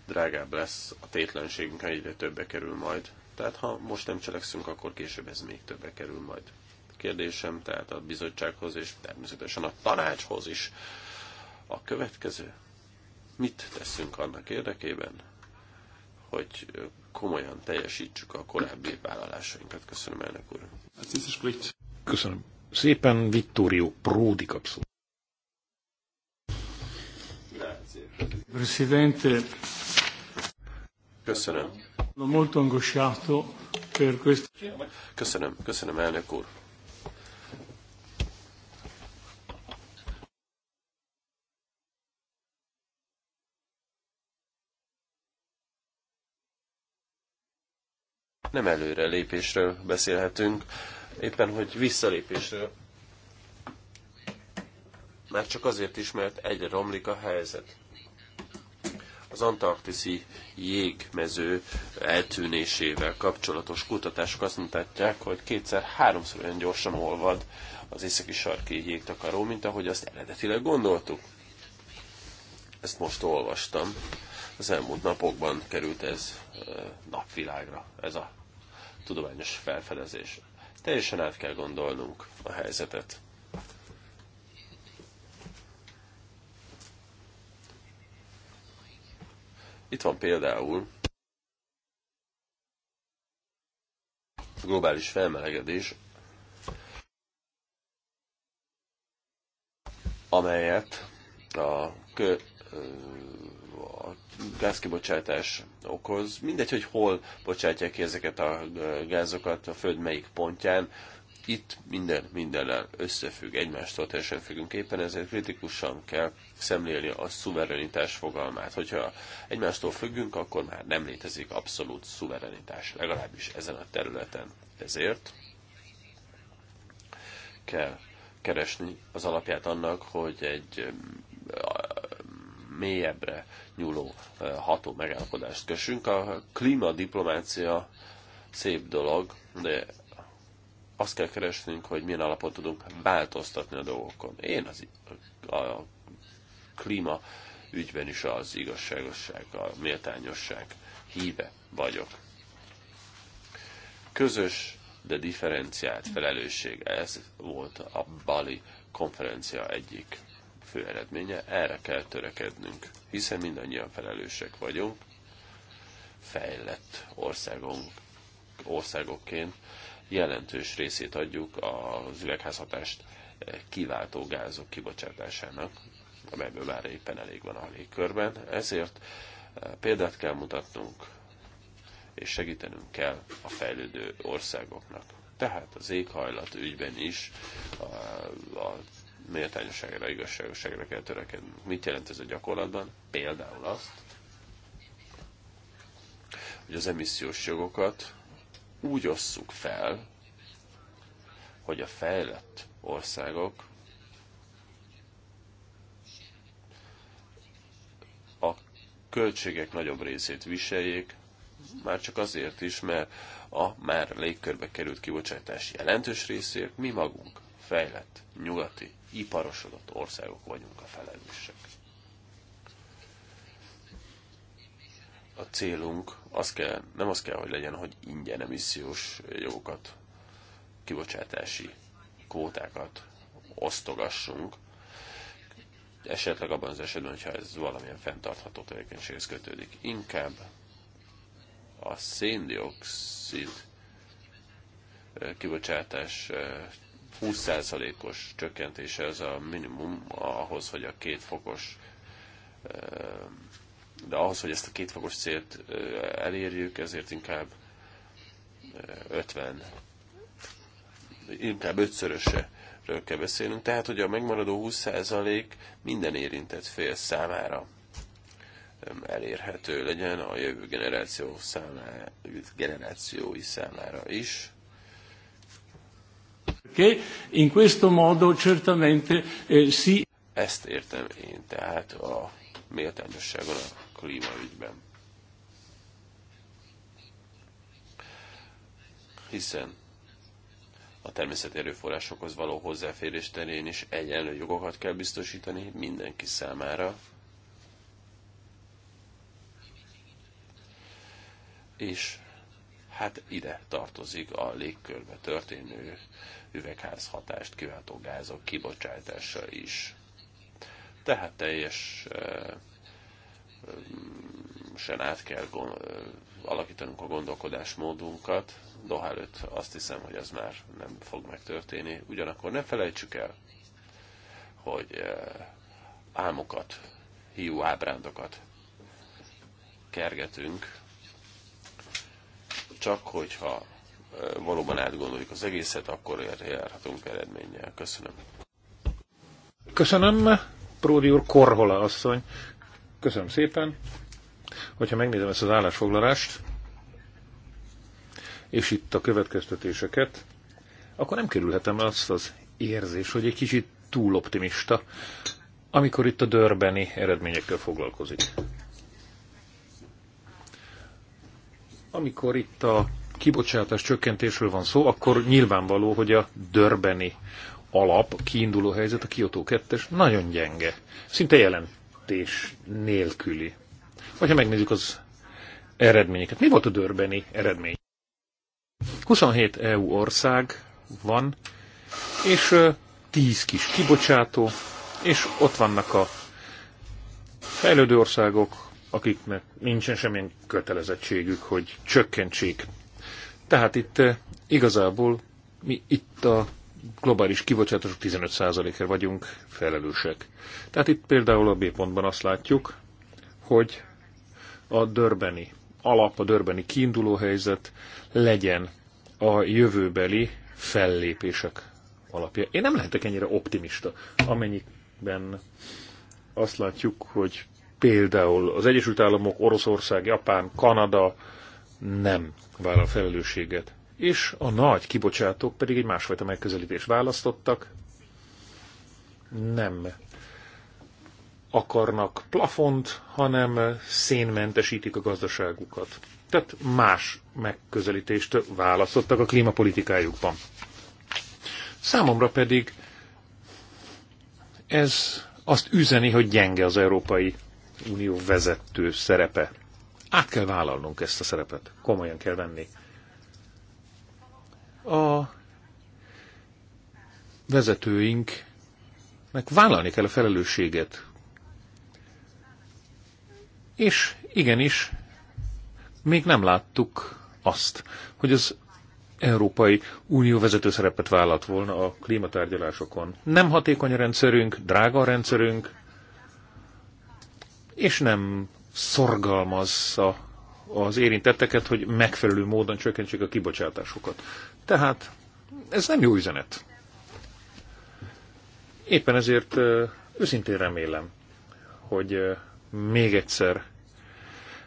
drágább lesz, a tétlenségünk egyre többe kerül majd tehát ha most nem cselekszünk, akkor később ez még többe kerül majd. Kérdésem tehát a bizottsághoz és természetesen a tanácshoz is. A következő, mit teszünk annak érdekében, hogy komolyan teljesítsük a korábbi vállalásainkat. Köszönöm, elnök úr.
Hát Köszönöm. Szépen Vittorio Pródi kapszul.
Köszönöm. Köszönöm, köszönöm elnök úr. Nem előre lépésről beszélhetünk, éppen hogy visszalépésről. Már csak azért is, mert egyre romlik a helyzet az antarktiszi jégmező eltűnésével kapcsolatos kutatások azt mutatják, hogy kétszer-háromszor olyan gyorsan olvad az északi sarki jégtakaró, mint ahogy azt eredetileg gondoltuk. Ezt most olvastam. Az elmúlt napokban került ez napvilágra, ez a tudományos felfedezés. Teljesen át kell gondolnunk a helyzetet. Itt van például globális felmelegedés, amelyet a, kö, a gázkibocsátás okoz. Mindegy, hogy hol bocsátják ki ezeket a gázokat, a föld melyik pontján, itt minden mindennel összefügg, egymástól teljesen függünk éppen, ezért kritikusan kell szemlélni a szuverenitás fogalmát. Hogyha egymástól függünk, akkor már nem létezik abszolút szuverenitás, legalábbis ezen a területen. Ezért kell keresni az alapját annak, hogy egy um, mélyebbre nyúló uh, ható megállapodást kössünk. A klímadiplomácia szép dolog, de azt kell keresnünk, hogy milyen alapon tudunk változtatni a dolgokon. Én az, a, a klíma ügyben is az igazságosság, a méltányosság híve vagyok. Közös, de differenciált felelősség, ez volt a Bali konferencia egyik fő eredménye, erre kell törekednünk, hiszen mindannyian felelősek vagyunk, fejlett országunk, országokként, jelentős részét adjuk az üvegházhatást kiváltó gázok kibocsátásának, amelyből már éppen elég van a légkörben. Ezért eh, példát kell mutatnunk, és segítenünk kell a fejlődő országoknak. Tehát az éghajlat ügyben is a, eh, a méltányosságra, igazságosságra kell törekednünk. Mit jelent ez a gyakorlatban? Például azt, hogy az emissziós jogokat úgy osszuk fel, hogy a fejlett országok a költségek nagyobb részét viseljék, már csak azért is, mert a már légkörbe került kibocsátás jelentős részért mi magunk fejlett, nyugati, iparosodott országok vagyunk a felelősek. a célunk az kell, nem az kell, hogy legyen, hogy ingyen emissziós jogokat, kibocsátási kvótákat osztogassunk, esetleg abban az esetben, hogyha ez valamilyen fenntartható tevékenységhez kötődik. Inkább a széndiokszid eh, kibocsátás 20%-os eh, csökkentése az a minimum ahhoz, hogy a két fokos eh, de ahhoz, hogy ezt a kétfokos célt elérjük, ezért inkább 50, inkább ötszöröse kell beszélnünk, tehát hogy a megmaradó 20% minden érintett fél számára elérhető legyen a jövő generáció számára, generációi számára is. Okay. In questo modo certamente eh, si... Ezt értem én, tehát a méltányosságon, a klímaügyben. Hiszen a természet erőforrásokhoz való hozzáférés terén is egyenlő jogokat kell biztosítani mindenki számára. És hát ide tartozik a légkörbe történő üvegházhatást kiváltó gázok kibocsátása is. Tehát teljes eh, sen át kell alakítanunk a gondolkodásmódunkat. Doha előtt azt hiszem, hogy ez már nem fog megtörténni. Ugyanakkor ne felejtsük el, hogy eh, álmokat, hiú ábrándokat kergetünk, csak hogyha eh, valóban átgondoljuk az egészet, akkor járhatunk eredménnyel. Köszönöm.
Köszönöm, Pródi úr Korhola asszony. Köszönöm szépen. Hogyha megnézem ezt az állásfoglalást, és itt a következtetéseket, akkor nem kerülhetem azt az érzés, hogy egy kicsit túl optimista, amikor itt a dörbeni eredményekkel foglalkozik. Amikor itt a kibocsátás csökkentésről van szó, akkor nyilvánvaló, hogy a dörbeni alap, kiinduló helyzet, a Kyoto 2 nagyon gyenge. Szinte jelent jelentés nélküli. Vagy ha megnézzük az eredményeket. Mi volt a dörbeni eredmény? 27 EU ország van, és 10 kis kibocsátó, és ott vannak a fejlődő országok, akiknek nincsen semmilyen kötelezettségük, hogy csökkentsék. Tehát itt igazából mi itt a globális kibocsátások 15%-ra vagyunk felelősek. Tehát itt például a B pontban azt látjuk, hogy a dörbeni alap, a dörbeni kiinduló helyzet legyen a jövőbeli fellépések alapja. Én nem lehetek ennyire optimista, amennyiben azt látjuk, hogy például az Egyesült Államok, Oroszország, Japán, Kanada nem vállal felelősséget és a nagy kibocsátók pedig egy másfajta megközelítés választottak, nem akarnak plafont, hanem szénmentesítik a gazdaságukat. Tehát más megközelítést választottak a klímapolitikájukban. Számomra pedig ez azt üzeni, hogy gyenge az Európai Unió vezető szerepe. Át kell vállalnunk ezt a szerepet, komolyan kell venni a vezetőinknek vállalni kell a felelősséget. És igenis, még nem láttuk azt, hogy az Európai Unió vezető szerepet vállalt volna a klímatárgyalásokon. Nem hatékony a rendszerünk, drága a rendszerünk, és nem szorgalmazza az érintetteket, hogy megfelelő módon csökkentsék a kibocsátásokat. Tehát ez nem jó üzenet. Éppen ezért őszintén remélem, hogy még egyszer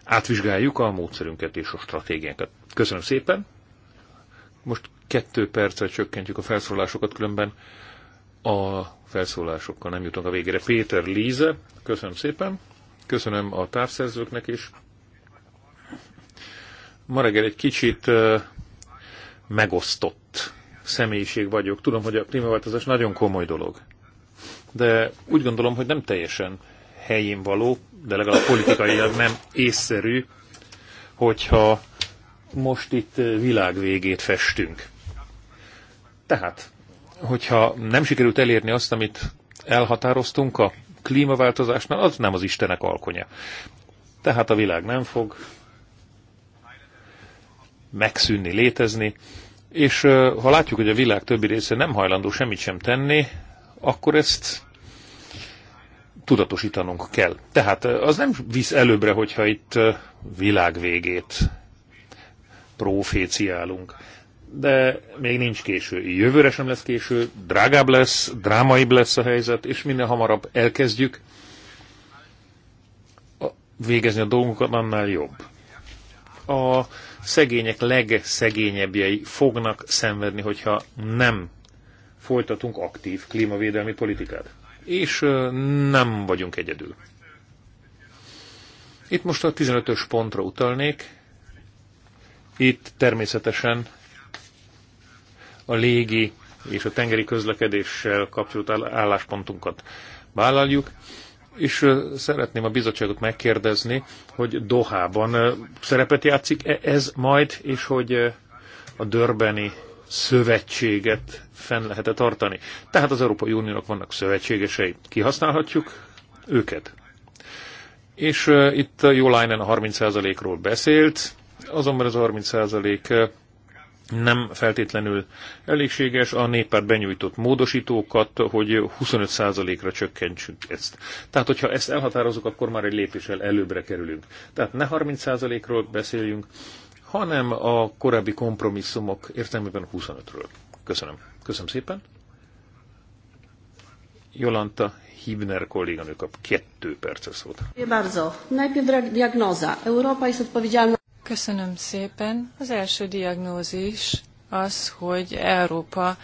átvizsgáljuk a módszerünket és a stratégiánkat. Köszönöm szépen. Most kettő perccel csökkentjük a felszólásokat, különben a felszólásokkal nem jutunk a végére. Péter Líze, köszönöm szépen. Köszönöm a távszerzőknek is. Ma reggel egy kicsit megosztott személyiség vagyok. Tudom, hogy a klímaváltozás nagyon komoly dolog. De úgy gondolom, hogy nem teljesen helyén való, de legalább politikailag nem észszerű, hogyha most itt világvégét festünk. Tehát, hogyha nem sikerült elérni azt, amit elhatároztunk a klímaváltozásnál, az nem az Istenek alkonya. Tehát a világ nem fog megszűnni, létezni, és ha látjuk, hogy a világ többi része nem hajlandó semmit sem tenni, akkor ezt tudatosítanunk kell. Tehát az nem visz előbbre, hogyha itt világvégét proféciálunk. De még nincs késő. Jövőre sem lesz késő, drágább lesz, drámaibb lesz a helyzet, és minél hamarabb elkezdjük végezni a dolgunkat, annál jobb. A szegények legszegényebbjei fognak szenvedni, hogyha nem folytatunk aktív klímavédelmi politikát. És nem vagyunk egyedül. Itt most a 15-ös pontra utalnék. Itt természetesen a légi és a tengeri közlekedéssel kapcsolat álláspontunkat vállaljuk, és szeretném a bizottságot megkérdezni, hogy Dohában szerepet játszik -e ez majd, és hogy a Dörbeni szövetséget fenn lehet -e tartani. Tehát az Európai Uniónak vannak szövetségesei. Kihasználhatjuk őket. És itt Leinen a 30%-ról beszélt, azonban ez a 30% nem feltétlenül elégséges a néppárt benyújtott módosítókat, hogy 25%-ra csökkentsük ezt. Tehát, hogyha ezt elhatározok, akkor már egy lépéssel előbbre kerülünk. Tehát ne 30%-ról beszéljünk, hanem a korábbi kompromisszumok értelmében 25-ről. Köszönöm. Köszönöm szépen. Jolanta Hibner kolléganő kap kettő perces szót.
Bardzo. Najpierw diagnoza. Europa jest odpowiedzialna Köszönöm szépen. Az első diagnózis az, hogy Európa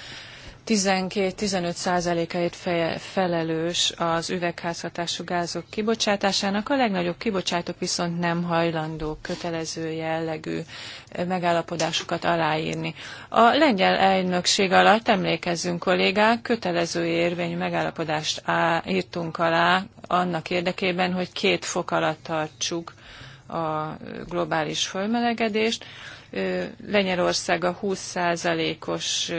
12-15%-ait felelős az üvegházhatású gázok kibocsátásának, a legnagyobb kibocsátók viszont nem hajlandók kötelező jellegű megállapodásokat aláírni. A lengyel elnökség alatt, emlékezzünk kollégák, kötelező érvényű megállapodást írtunk alá annak érdekében, hogy két fok alatt tartsuk a globális fölmelegedést. Lengyelország a 20%-os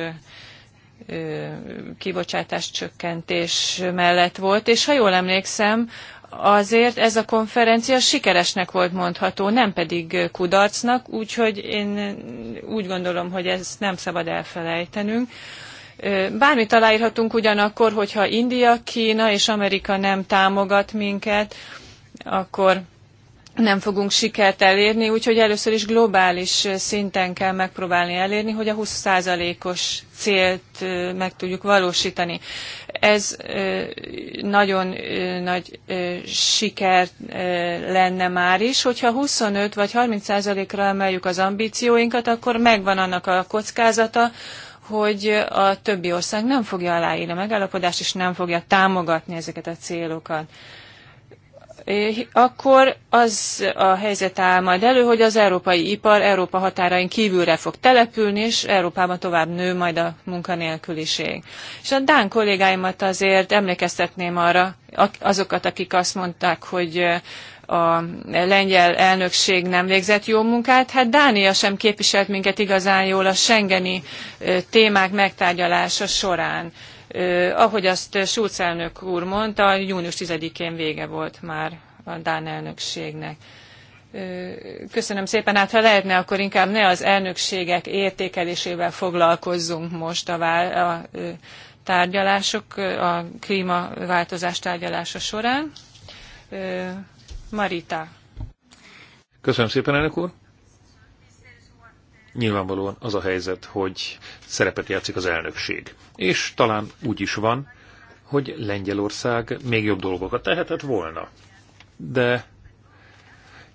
kibocsátás csökkentés mellett volt, és ha jól emlékszem, azért ez a konferencia sikeresnek volt mondható, nem pedig kudarcnak, úgyhogy én úgy gondolom, hogy ezt nem szabad elfelejtenünk. Bármit találhatunk ugyanakkor, hogyha India, Kína és Amerika nem támogat minket, akkor nem fogunk sikert elérni, úgyhogy először is globális szinten kell megpróbálni elérni, hogy a 20%-os célt meg tudjuk valósítani. Ez nagyon nagy siker lenne már is, hogyha 25 vagy 30%-ra emeljük az ambícióinkat, akkor megvan annak a kockázata, hogy a többi ország nem fogja aláírni a megállapodást, és nem fogja támogatni ezeket a célokat Eh, akkor az a helyzet áll majd elő, hogy az európai ipar Európa határain kívülre fog települni, és Európában tovább nő majd a munkanélküliség. És a Dán kollégáimat azért emlékeztetném arra, azokat, akik azt mondták, hogy eh, a lengyel elnökség nem végzett jó munkát. Hát Dánia sem képviselt minket igazán jól a Schengeni eh, témák megtárgyalása során ahogy azt Schulz elnök úr mondta, június 10-én vége volt már a Dán elnökségnek. Köszönöm szépen. Hát ha lehetne, akkor inkább ne az elnökségek értékelésével foglalkozzunk most a, vál, a tárgyalások, a klímaváltozás tárgyalása során. Marita.
Köszönöm szépen, elnök úr nyilvánvalóan az a helyzet, hogy szerepet játszik az elnökség. És talán úgy is van, hogy Lengyelország még jobb dolgokat tehetett volna. De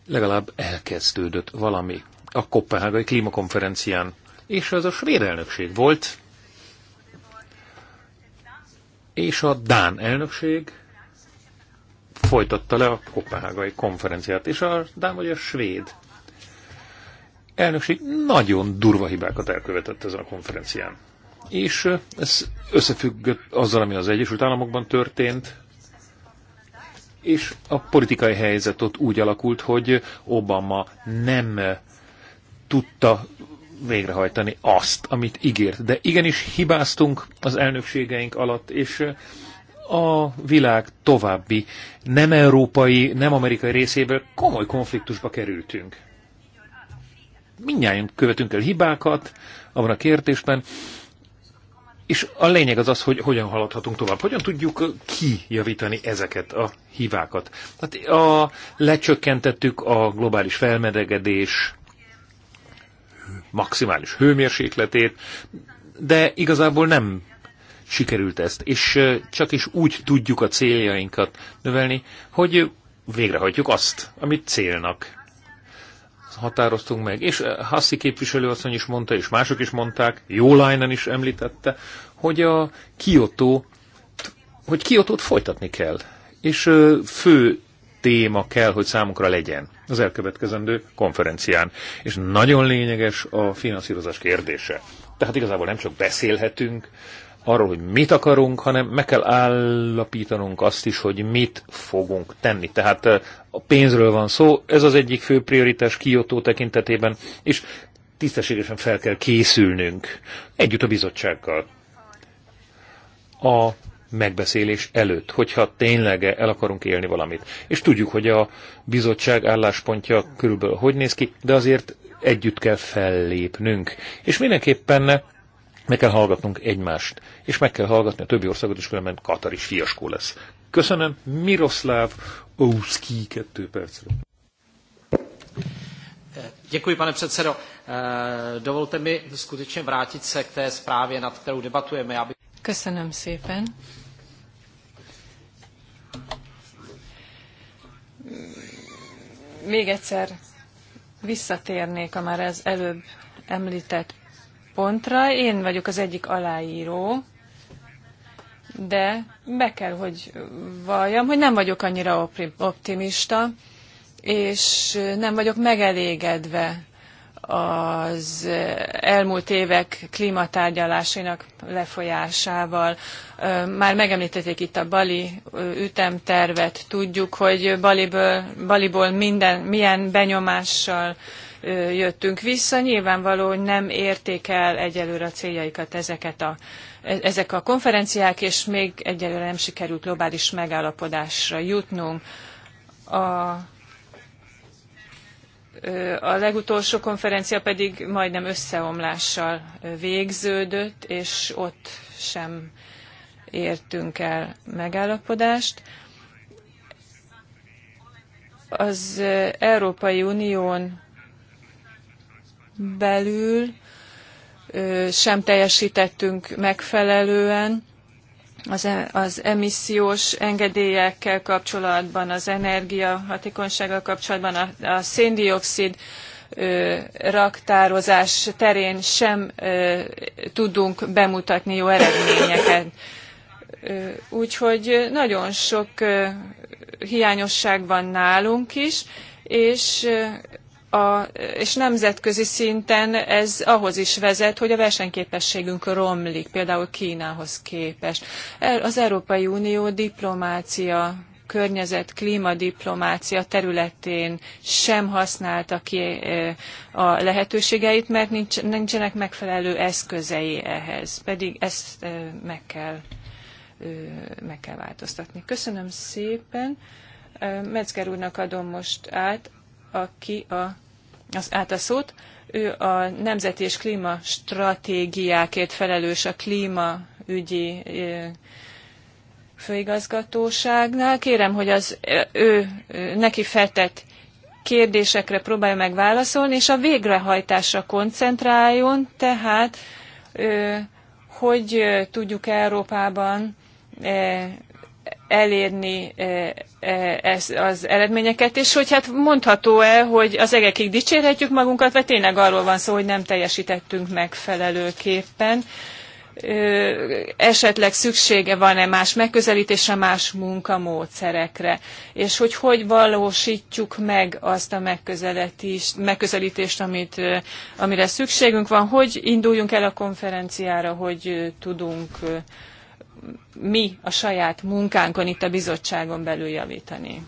legalább elkezdődött valami a Kopenhágai klímakonferencián, és az a svéd elnökség volt, és a Dán elnökség folytatta le a Kopenhágai konferenciát, és a Dán vagy a svéd elnökség nagyon durva hibákat elkövetett ezen a konferencián. És ez összefüggött azzal, ami az Egyesült Államokban történt, és a politikai helyzet ott úgy alakult, hogy Obama nem tudta végrehajtani azt, amit ígért. De igenis hibáztunk az elnökségeink alatt, és a világ további nem európai, nem amerikai részéből komoly konfliktusba kerültünk mindjárt követünk el hibákat abban a kértésben, és a lényeg az az, hogy hogyan haladhatunk tovább, hogyan tudjuk kijavítani ezeket a hibákat. Tehát a, lecsökkentettük a globális felmelegedés maximális hőmérsékletét, de igazából nem sikerült ezt, és csak is úgy tudjuk a céljainkat növelni, hogy végrehajtjuk azt, amit célnak határoztunk meg, és eh, Hassi képviselőasszony is mondta, és mások is mondták, Jó Leinen is említette, hogy a Kyoto, hogy Kyoto-t folytatni kell, és eh, fő téma kell, hogy számukra legyen az elkövetkezendő konferencián. És nagyon lényeges a finanszírozás kérdése. Tehát igazából nem csak beszélhetünk, arról, hogy mit akarunk, hanem meg kell állapítanunk azt is, hogy mit fogunk tenni. Tehát a pénzről van szó, ez az egyik fő prioritás Kiotó tekintetében, és tisztességesen fel kell készülnünk együtt a bizottsággal. A megbeszélés előtt, hogyha tényleg el akarunk élni valamit. És tudjuk, hogy a bizottság álláspontja körülbelül hogy néz ki, de azért együtt kell fellépnünk. És mindenképpen meg kell hallgatnunk egymást, és meg kell hallgatni a többi országot, és különben Katar is fiaskó lesz. Köszönöm, Miroslav Ouski kettő percre.
Děkuji, pane předsedo. Eh, dovolte mi skutečně vrátit se k té zprávě, nad kterou debatujeme. Aby... Köszönöm szépen. Még egyszer visszatérnék a már ez előbb említett pontra. Én vagyok az egyik aláíró, de be kell, hogy valljam, hogy nem vagyok annyira optimista, és nem vagyok megelégedve az elmúlt évek klímatárgyalásainak lefolyásával. Már megemlítették itt a Bali ütemtervet, tudjuk, hogy Baliből, Baliból minden, milyen benyomással jöttünk vissza. Nyilvánvaló, hogy nem érték el egyelőre a céljaikat ezeket a, e, ezek a konferenciák, és még egyelőre nem sikerült globális megállapodásra jutnunk. A, a legutolsó konferencia pedig majdnem összeomlással végződött, és ott sem értünk el megállapodást. Az Európai Unión belül sem teljesítettünk megfelelően e, az, emissziós engedélyekkel kapcsolatban, az energiahatékonysággal kapcsolatban, a, a széndiokszid raktározás terén sem tudunk bemutatni jó eredményeket. Úgyhogy nagyon sok hiányosság van nálunk is, és a, és nemzetközi szinten ez ahhoz is vezet, hogy a versenyképességünk romlik, például Kínához képest. Az Európai Unió diplomácia környezet, klímadiplomácia területén sem használta ki eh, a lehetőségeit, mert nincs, nincsenek megfelelő eszközei ehhez. Pedig ezt eh, meg kell, eh, meg kell változtatni. Köszönöm szépen. Metzger úrnak adom most át aki a, az át a szót, ő a Nemzeti és Klíma Stratégiákért felelős a klímaügyi főigazgatóságnál. Kérem, hogy az ő neki feltett kérdésekre próbálja meg válaszolni, és a végrehajtásra koncentráljon, tehát hogy tudjuk Európában elérni e, e, ez, az eredményeket, és hogy hát mondható-e, hogy az egekig dicsérhetjük magunkat, vagy tényleg arról van szó, hogy nem teljesítettünk megfelelőképpen. Esetleg szüksége van-e más megközelítésre, más munkamódszerekre, és hogy hogy valósítjuk meg azt a megközelítést, megközelítést amit, amire szükségünk van, hogy induljunk el a konferenciára, hogy tudunk mi a saját munkánkon itt a bizottságon belül javítani.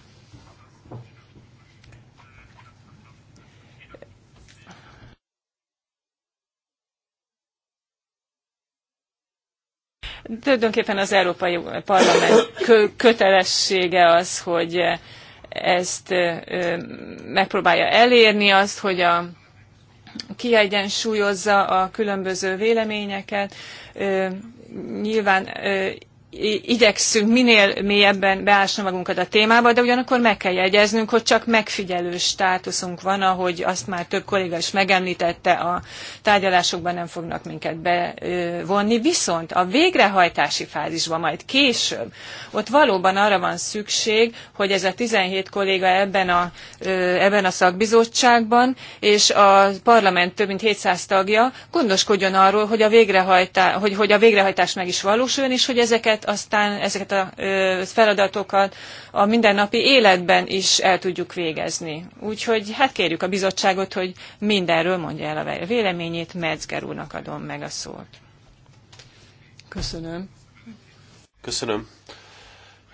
Tulajdonképpen az Európai Parlament kö- kötelessége az, hogy ezt megpróbálja elérni, azt, hogy a kiegyensúlyozza a különböző véleményeket, nyilván igyekszünk minél mélyebben beásni magunkat a témába, de ugyanakkor meg kell jegyeznünk, hogy csak megfigyelő státuszunk van, ahogy azt már több kolléga is megemlítette, a tárgyalásokban nem fognak minket bevonni. Viszont a végrehajtási fázisban majd később, ott valóban arra van szükség, hogy ez a 17 kolléga ebben a, ebben a szakbizottságban, és a parlament több mint 700 tagja gondoskodjon arról, hogy a, végrehajtá, hogy, hogy a végrehajtás meg is valósuljon, és hogy ezeket aztán, ezeket a feladatokat a mindennapi életben is el tudjuk végezni. Úgyhogy hát kérjük a bizottságot, hogy mindenről mondja el a véleményét, Metzger úrnak adom meg a szót. Köszönöm.
Köszönöm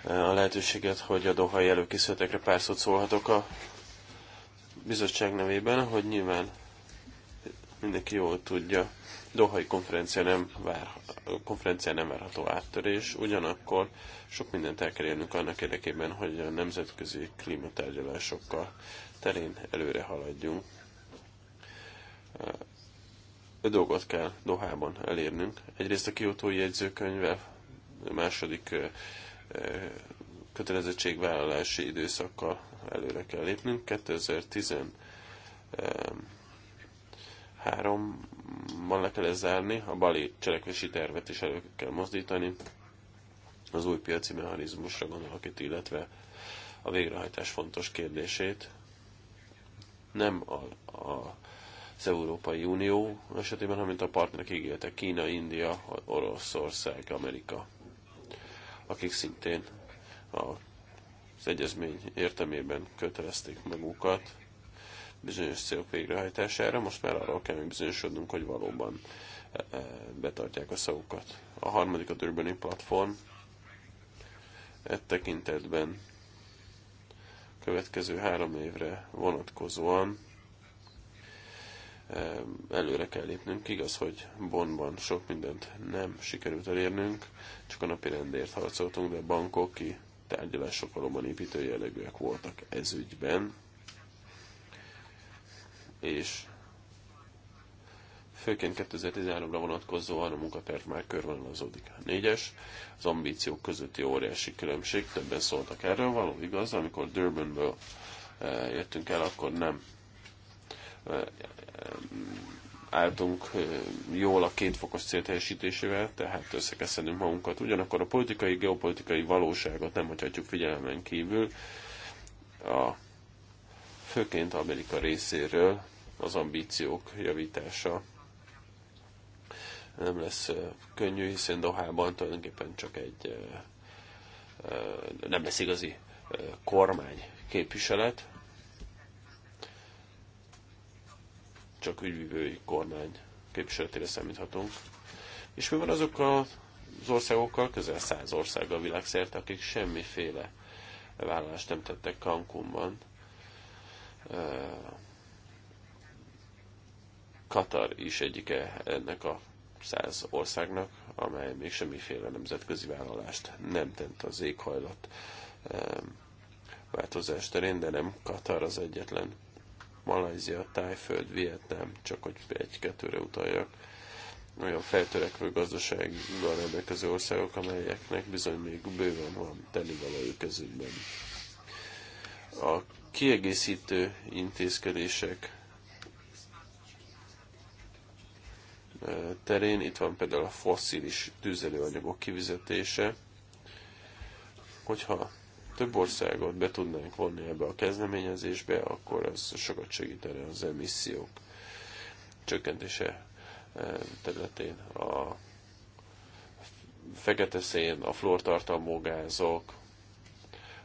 a lehetőséget, hogy a Dohai előkészületekre pár szót szólhatok a bizottság nevében, hogy nyilván mindenki jól tudja, Dohai konferencia nem, vár, konferencia nem várható áttörés, ugyanakkor sok mindent el kell élnünk annak érdekében, hogy a nemzetközi klímatárgyalásokkal terén előre haladjunk. Öt dolgot kell Dohában elérnünk. Egyrészt a kiotói jegyzőkönyvvel, a második kötelezettségvállalási időszakkal előre kell lépnünk. 2010 3-ban le kell zárni, a bali cselekvési tervet is elő kell mozdítani, az új piaci mechanizmusra gondolok itt, illetve a végrehajtás fontos kérdését. Nem a, a, az Európai Unió esetében, hanem mint a partnerek ígérte Kína, India, Oroszország, Amerika, akik szintén a, az egyezmény értelmében kötelezték magukat bizonyos célok végrehajtására, most már arról kell bizonyosodnunk, hogy valóban e, e, betartják a szavukat. A harmadik a Durbani platform. E tekintetben következő három évre vonatkozóan e, előre kell lépnünk. Igaz, hogy Bonban sok mindent nem sikerült elérnünk, csak a napi rendért harcoltunk, de ki tárgyalások valóban építő jellegűek voltak ez ügyben és főként 2013-ra vonatkozóan a munkaterv már körvonalazódik. A négyes, az ambíciók közötti óriási különbség, többen szóltak erről, való igaz, amikor Durbanből eh, jöttünk el, akkor nem eh, álltunk eh, jól a két fokos cél teljesítésével, tehát összekeszedünk magunkat. Ugyanakkor a politikai, geopolitikai valóságot nem hagyhatjuk figyelmen kívül. A főként Amerika részéről az ambíciók javítása nem lesz könnyű, hiszen Dohában tulajdonképpen csak egy nem lesz igazi kormány képviselet, csak ügyvívői kormány képviseletére számíthatunk. És mi van azokkal az országokkal, közel száz országgal világszerte, akik semmiféle vállalást nem tettek Cancúnban Katar is egyike ennek a száz országnak, amely még semmiféle nemzetközi vállalást nem tett az éghajlat változás terén, de nem Katar az egyetlen. Malajzia, Tájföld, Vietnám, csak hogy egy-kettőre utaljak, olyan feltörekvő gazdasággal rendelkező országok, amelyeknek bizony még bőven van tennivalójuk kezükben. A kiegészítő intézkedések terén, itt van például a fosszilis tüzelőanyagok kivizetése, hogyha több országot be tudnánk vonni ebbe a kezdeményezésbe, akkor ez sokat segítene az emissziók csökkentése eh, területén. A fekete szén, a flortartalmú gázok,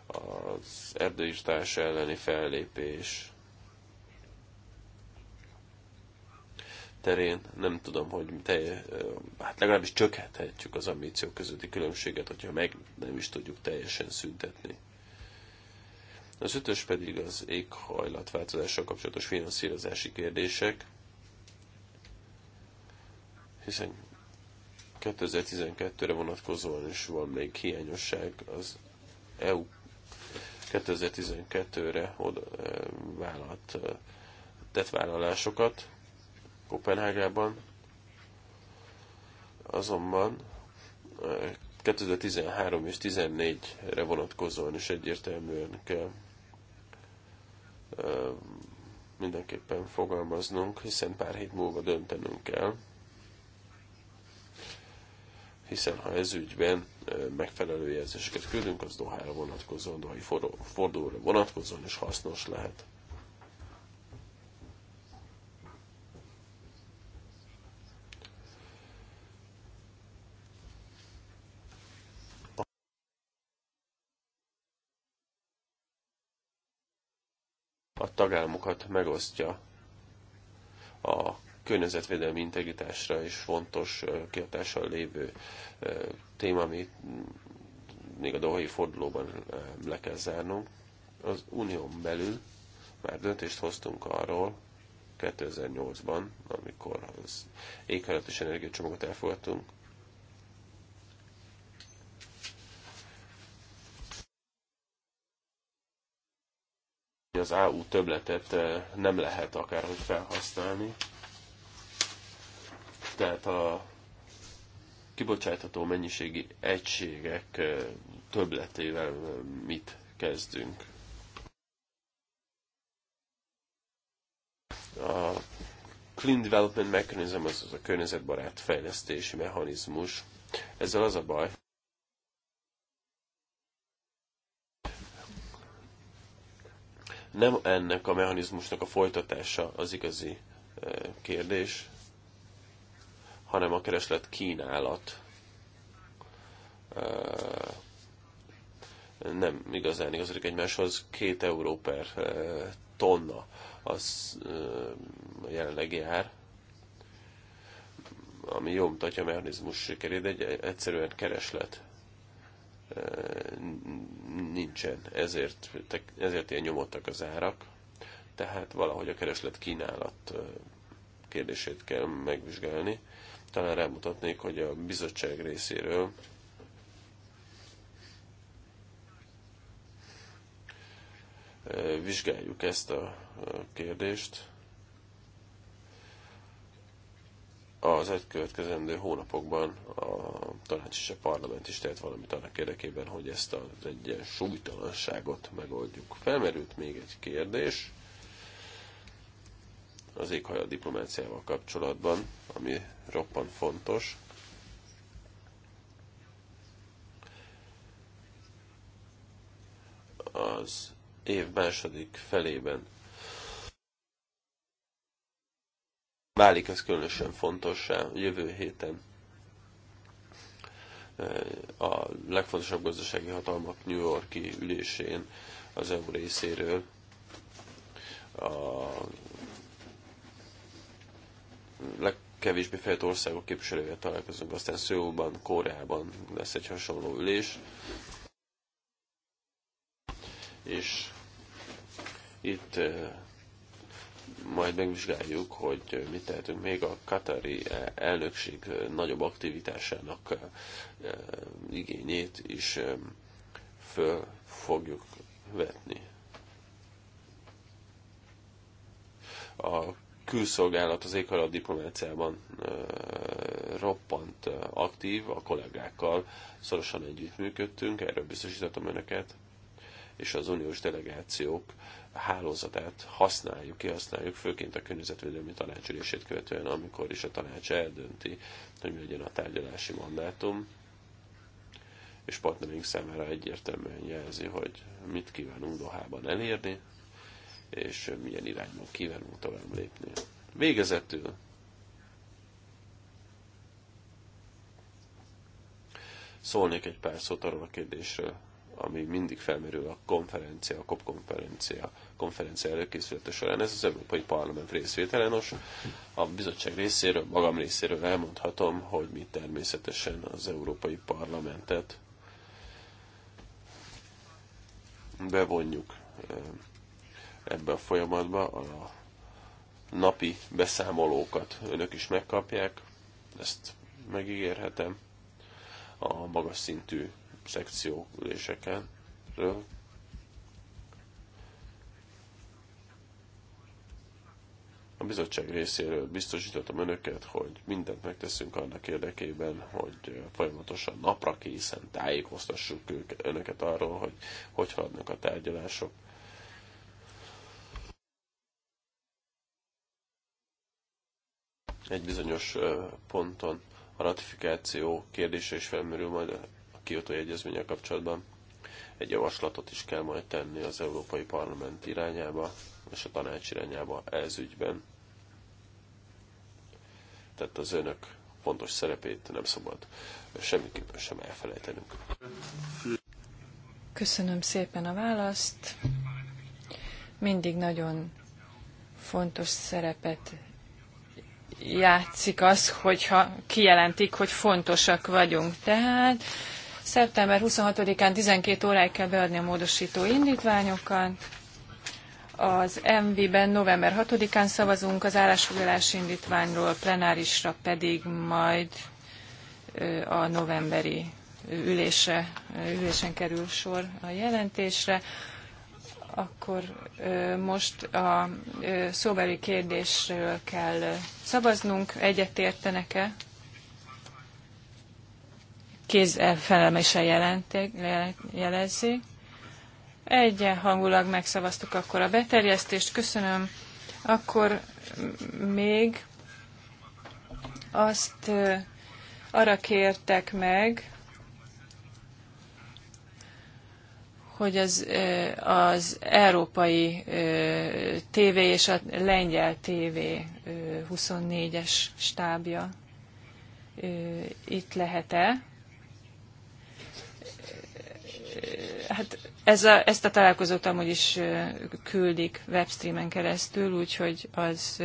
az erdőistás elleni fellépés terén nem tudom, hogy te, hát legalábbis csökkenthetjük az ambíciók közötti különbséget, hogyha meg nem is tudjuk teljesen szüntetni. Az ötös pedig az éghajlatváltozással kapcsolatos finanszírozási kérdések, hiszen 2012-re vonatkozóan is van még hiányosság az EU 2012-re vállalt tett vállalásokat Kopenhágában, azonban 2013 és 2014-re vonatkozóan is egyértelműen kell mindenképpen fogalmaznunk, hiszen pár hét múlva döntenünk kell hiszen ha ez ügyben megfelelő jelzéseket küldünk, az Dohára vonatkozóan, Dohai fordulóra vonatkozóan is hasznos lehet. A tagállamokat megosztja a környezetvédelmi integritásra is fontos kihatással lévő téma, amit még a dohai fordulóban le kell zárnunk. Az unión belül már döntést hoztunk arról 2008-ban, amikor az éghajlat és energiacsomagot elfogadtunk, az AU töbletet nem lehet akárhogy felhasználni tehát a kibocsátható mennyiségi egységek többletével mit kezdünk. A Clean Development Mechanism, az a környezetbarát fejlesztési mechanizmus. Ezzel az a baj, nem ennek a mechanizmusnak a folytatása az igazi kérdés, hanem a kereslet kínálat nem igazán igazodik egymáshoz. Két euró per tonna az jelenleg jár, ami jó mutatja a mechanizmus sikerét, de egy egyszerűen kereslet nincsen, ezért, ezért ilyen nyomottak az árak, tehát valahogy a kereslet kínálat kérdését kell megvizsgálni talán rámutatnék, hogy a bizottság részéről vizsgáljuk ezt a kérdést. Az elkövetkezendő hónapokban a tanács és a parlament is tehet valamit annak érdekében, hogy ezt az súlytalanságot megoldjuk. Felmerült még egy kérdés az éghajlat diplomáciával kapcsolatban, ami roppant fontos. Az év második felében válik ez különösen fontossá jövő héten eh, a legfontosabb gazdasági hatalmak New Yorki ülésén az EU részéről a legkevésbé fejlett országok képviselővel találkozunk, aztán Szőóban, Koreában lesz egy hasonló ülés. És itt eh, majd megvizsgáljuk, hogy mit tehetünk még a katari eh, elnökség eh, nagyobb aktivitásának igényét is föl fogjuk vetni. A külszolgálat az éghajlat diplomáciában roppant aktív, a kollégákkal szorosan együttműködtünk, erről biztosítottam önöket, és az uniós delegációk hálózatát használjuk, kihasználjuk, főként a környezetvédelmi tanácsülését követően, amikor is a tanács eldönti, hogy mi legyen a tárgyalási mandátum, és partnerünk számára egyértelműen jelzi, hogy mit kívánunk Dohában elérni, és milyen irányban kívánunk tovább lépni. Végezetül szólnék egy pár szót arról a kérdésről, ami mindig felmerül a konferencia, a COP konferencia, konferencia előkészülete során. Ez az Európai Parlament részvétele. Nos, a bizottság részéről, magam részéről elmondhatom, hogy mi természetesen az Európai Parlamentet bevonjuk eh, ebbe a folyamatba. A napi beszámolókat önök is megkapják, ezt megígérhetem a magas szintű szekcióüléseken. A bizottság részéről biztosítottam önöket, hogy mindent megteszünk annak érdekében, hogy folyamatosan napra készen tájékoztassuk őket, önöket arról, hogy hogy haladnak a tárgyalások egy bizonyos ponton a ratifikáció kérdése is felmerül majd a Kyoto egyezménye kapcsolatban. Egy javaslatot is kell majd tenni az Európai Parlament irányába és a tanács irányába ez ügyben. Tehát az önök fontos szerepét nem szabad semmiképpen sem elfelejtenünk.
Köszönöm szépen a választ. Mindig nagyon fontos szerepet játszik az, hogyha kijelentik, hogy fontosak vagyunk. Tehát szeptember 26-án 12 óráig kell beadni a módosító indítványokat. Az MV-ben november 6-án szavazunk, az állásfoglalás indítványról plenárisra pedig majd a novemberi ülése, ülésen kerül sor a jelentésre akkor most a szóbeli kérdésről kell szavaznunk. értenek e Kézfelemése jelezi. Egyenhangulag megszavaztuk akkor a beterjesztést. Köszönöm. Akkor még azt arra kértek meg, hogy az, az európai TV és a lengyel TV 24-es stábja itt lehet-e. Hát ez a, ezt a találkozót amúgy is küldik webstreamen keresztül, úgyhogy az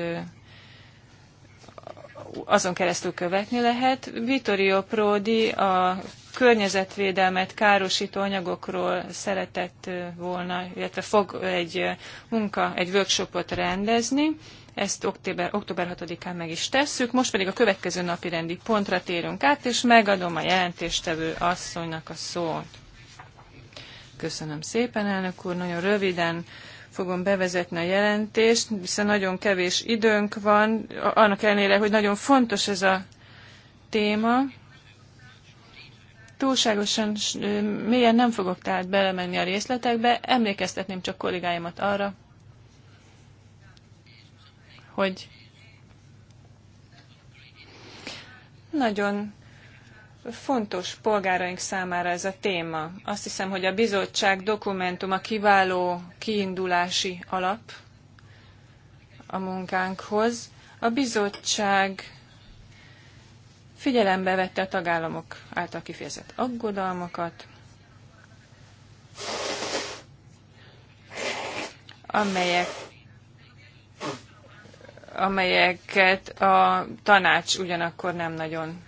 azon keresztül követni lehet. Vittorio Prodi, a környezetvédelmet károsító anyagokról szeretett volna, illetve fog egy munka, egy workshopot rendezni. Ezt október, október 6-án meg is tesszük. Most pedig a következő napi rendi pontra térünk át, és megadom a jelentéstevő asszonynak a szót. Köszönöm szépen, elnök úr. Nagyon röviden fogom bevezetni a jelentést, hiszen nagyon kevés időnk van, annak ellenére, hogy nagyon fontos ez a téma túlságosan mélyen nem fogok tehát belemenni a részletekbe, emlékeztetném csak kollégáimat arra, hogy nagyon fontos polgáraink számára ez a téma. Azt hiszem, hogy a bizottság dokumentuma kiváló kiindulási alap a munkánkhoz. A bizottság Figyelembe vette a tagállamok által kifejezett aggodalmakat, amelyek amelyeket a tanács ugyanakkor nem nagyon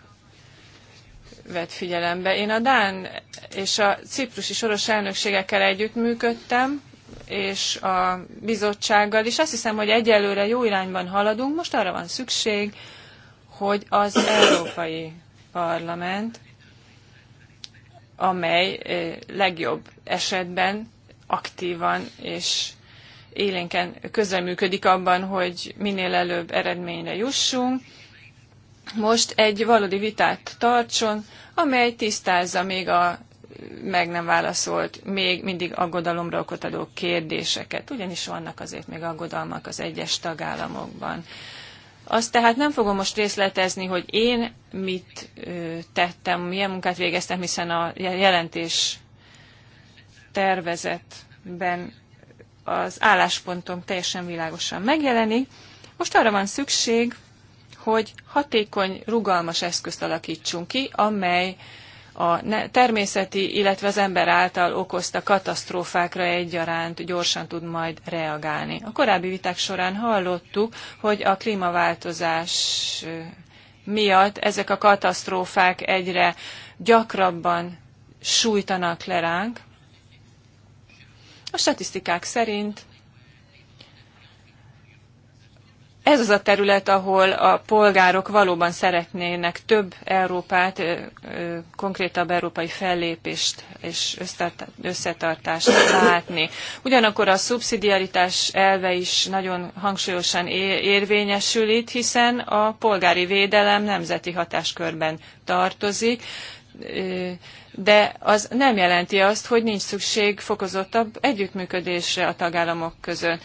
vett figyelembe. Én a Dán és a ciprusi soros elnökségekkel együttműködtem, és a bizottsággal, és azt hiszem, hogy egyelőre jó irányban haladunk. Most arra van szükség, hogy az Európai Parlament, amely legjobb esetben aktívan és élénken közreműködik abban, hogy minél előbb eredményre jussunk, most egy valódi vitát tartson, amely tisztázza még a meg nem válaszolt, még mindig aggodalomra okot adó kérdéseket, ugyanis vannak azért még aggodalmak az egyes tagállamokban. Azt tehát nem fogom most részletezni, hogy én mit tettem, milyen munkát végeztem, hiszen a jelentés tervezetben az álláspontom teljesen világosan megjelenik. Most arra van szükség, hogy hatékony, rugalmas eszközt alakítsunk ki, amely a természeti, illetve az ember által okozta katasztrófákra egyaránt gyorsan tud majd reagálni. A korábbi viták során hallottuk, hogy a klímaváltozás miatt ezek a katasztrófák egyre gyakrabban sújtanak le ránk. A statisztikák szerint ez az a terület, ahol a polgárok valóban szeretnének több Európát, konkrétabb európai fellépést és összetartást látni. Ugyanakkor a szubszidiaritás elve is nagyon hangsúlyosan érvényesül itt, hiszen a polgári védelem nemzeti hatáskörben tartozik, de az nem jelenti azt, hogy nincs szükség fokozottabb együttműködésre a tagállamok között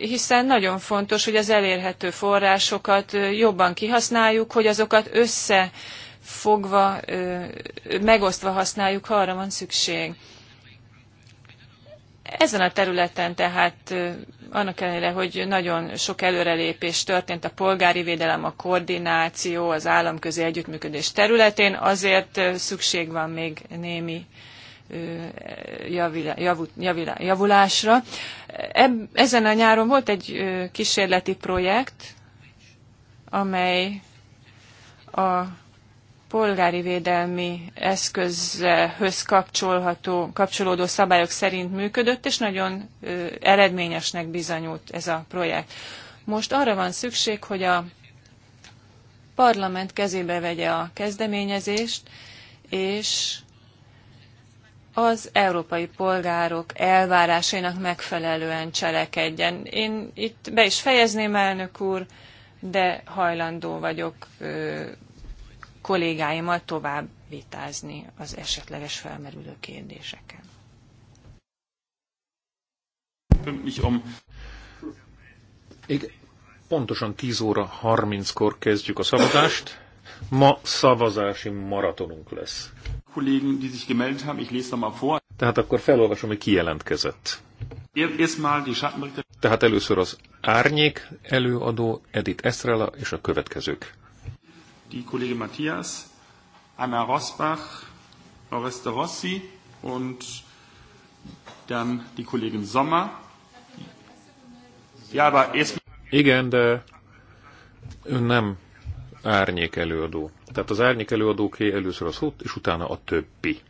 hiszen nagyon fontos, hogy az elérhető forrásokat jobban kihasználjuk, hogy azokat összefogva, megosztva használjuk, ha arra van szükség. Ezen a területen tehát annak ellenére, hogy nagyon sok előrelépés történt a polgári védelem, a koordináció, az államközi együttműködés területén, azért szükség van még némi javulásra. Ezen a nyáron volt egy kísérleti projekt, amely a polgári védelmi eszközhöz kapcsolható, kapcsolódó szabályok szerint működött, és nagyon eredményesnek bizonyult ez a projekt. Most arra van szükség, hogy a parlament kezébe vegye a kezdeményezést, és az európai polgárok elvárásainak megfelelően cselekedjen. Én itt be is fejezném, elnök úr, de hajlandó vagyok ö, kollégáimmal tovább vitázni az esetleges felmerülő kérdéseken.
pontosan 10 óra 30-kor kezdjük a szavazást. Ma szavazási maratonunk lesz.
Kollegen, die sich gemeldet haben, ich lese nochmal vor.
Tehát akkor felolvasom, hogy ki jelentkezett. Tehát először az Árnyék előadó Edith Estrella és a következők.
Die Kollege Matthias, Anna Rosbach, Oreste Rossi und dann die Kollegin Sommer.
Ja, aber erst... Igen, de ő nem árnyék előadó. Tehát az árnyék előadóké először a szót, és utána a többi.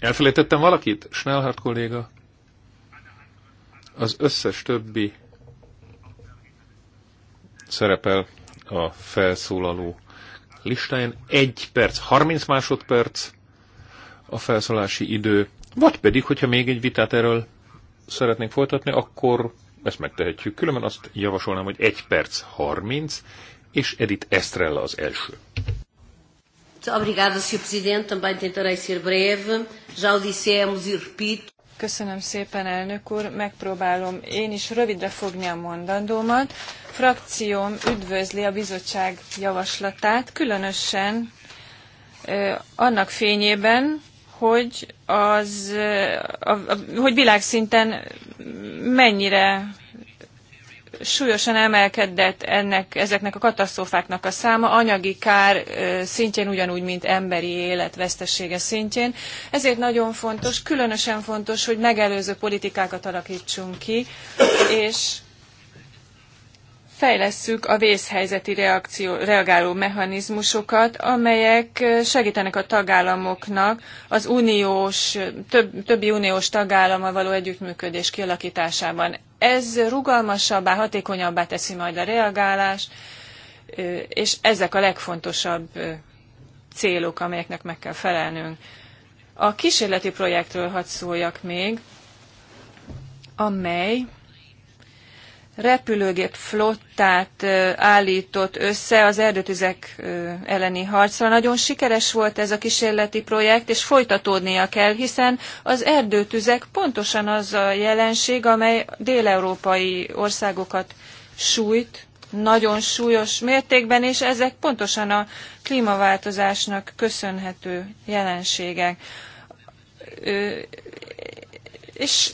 Elfelejtettem valakit? Schnellhardt kolléga? Az összes többi szerepel a felszólaló listáján. Egy perc, 30 másodperc a felszólási idő. Vagy pedig, hogyha még egy vitát erről szeretnénk folytatni, akkor ezt megtehetjük. Különben azt javasolnám, hogy 1 perc 30, és Edith Estrella az első.
Obrigada, Sr. Presidente. Também tentarei ser breve. Já o dissemos e repito. Köszönöm szépen, elnök úr. Megpróbálom én is rövidre fogni a mondandómat. Frakcióm üdvözli a bizottság javaslatát, különösen annak fényében, hogy, az, a, a, hogy világszinten mennyire súlyosan emelkedett ennek, ezeknek a katasztrófáknak a száma, anyagi kár szintjén ugyanúgy, mint emberi élet vesztessége szintjén. Ezért nagyon fontos, különösen fontos, hogy megelőző politikákat alakítsunk ki, és fejlesszük a vészhelyzeti reakció, reagáló mechanizmusokat, amelyek segítenek a tagállamoknak az uniós, több, többi uniós tagállammal való együttműködés kialakításában. Ez rugalmasabbá, hatékonyabbá teszi majd a reagálás, és ezek a legfontosabb célok, amelyeknek meg kell felelnünk. A kísérleti projektről hadd szóljak még, amely repülőgép flottát állított össze az erdőtüzek elleni harcra. Nagyon sikeres volt ez a kísérleti projekt, és folytatódnia kell, hiszen az erdőtüzek pontosan az a jelenség, amely déleurópai országokat sújt, nagyon súlyos mértékben, és ezek pontosan a klímaváltozásnak köszönhető jelenségek. És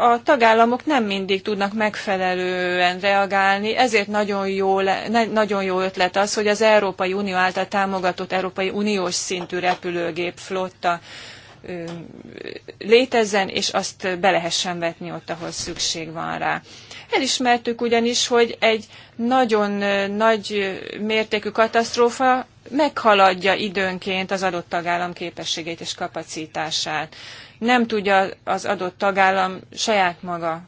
a tagállamok nem mindig tudnak megfelelően reagálni, ezért nagyon jó, nagyon jó ötlet az, hogy az Európai Unió által támogatott Európai Uniós szintű repülőgép flotta létezzen, és azt be lehessen vetni ott, ahol szükség van rá. Elismertük ugyanis, hogy egy nagyon nagy mértékű katasztrófa meghaladja időnként az adott tagállam képességét és kapacitását nem tudja az adott tagállam saját maga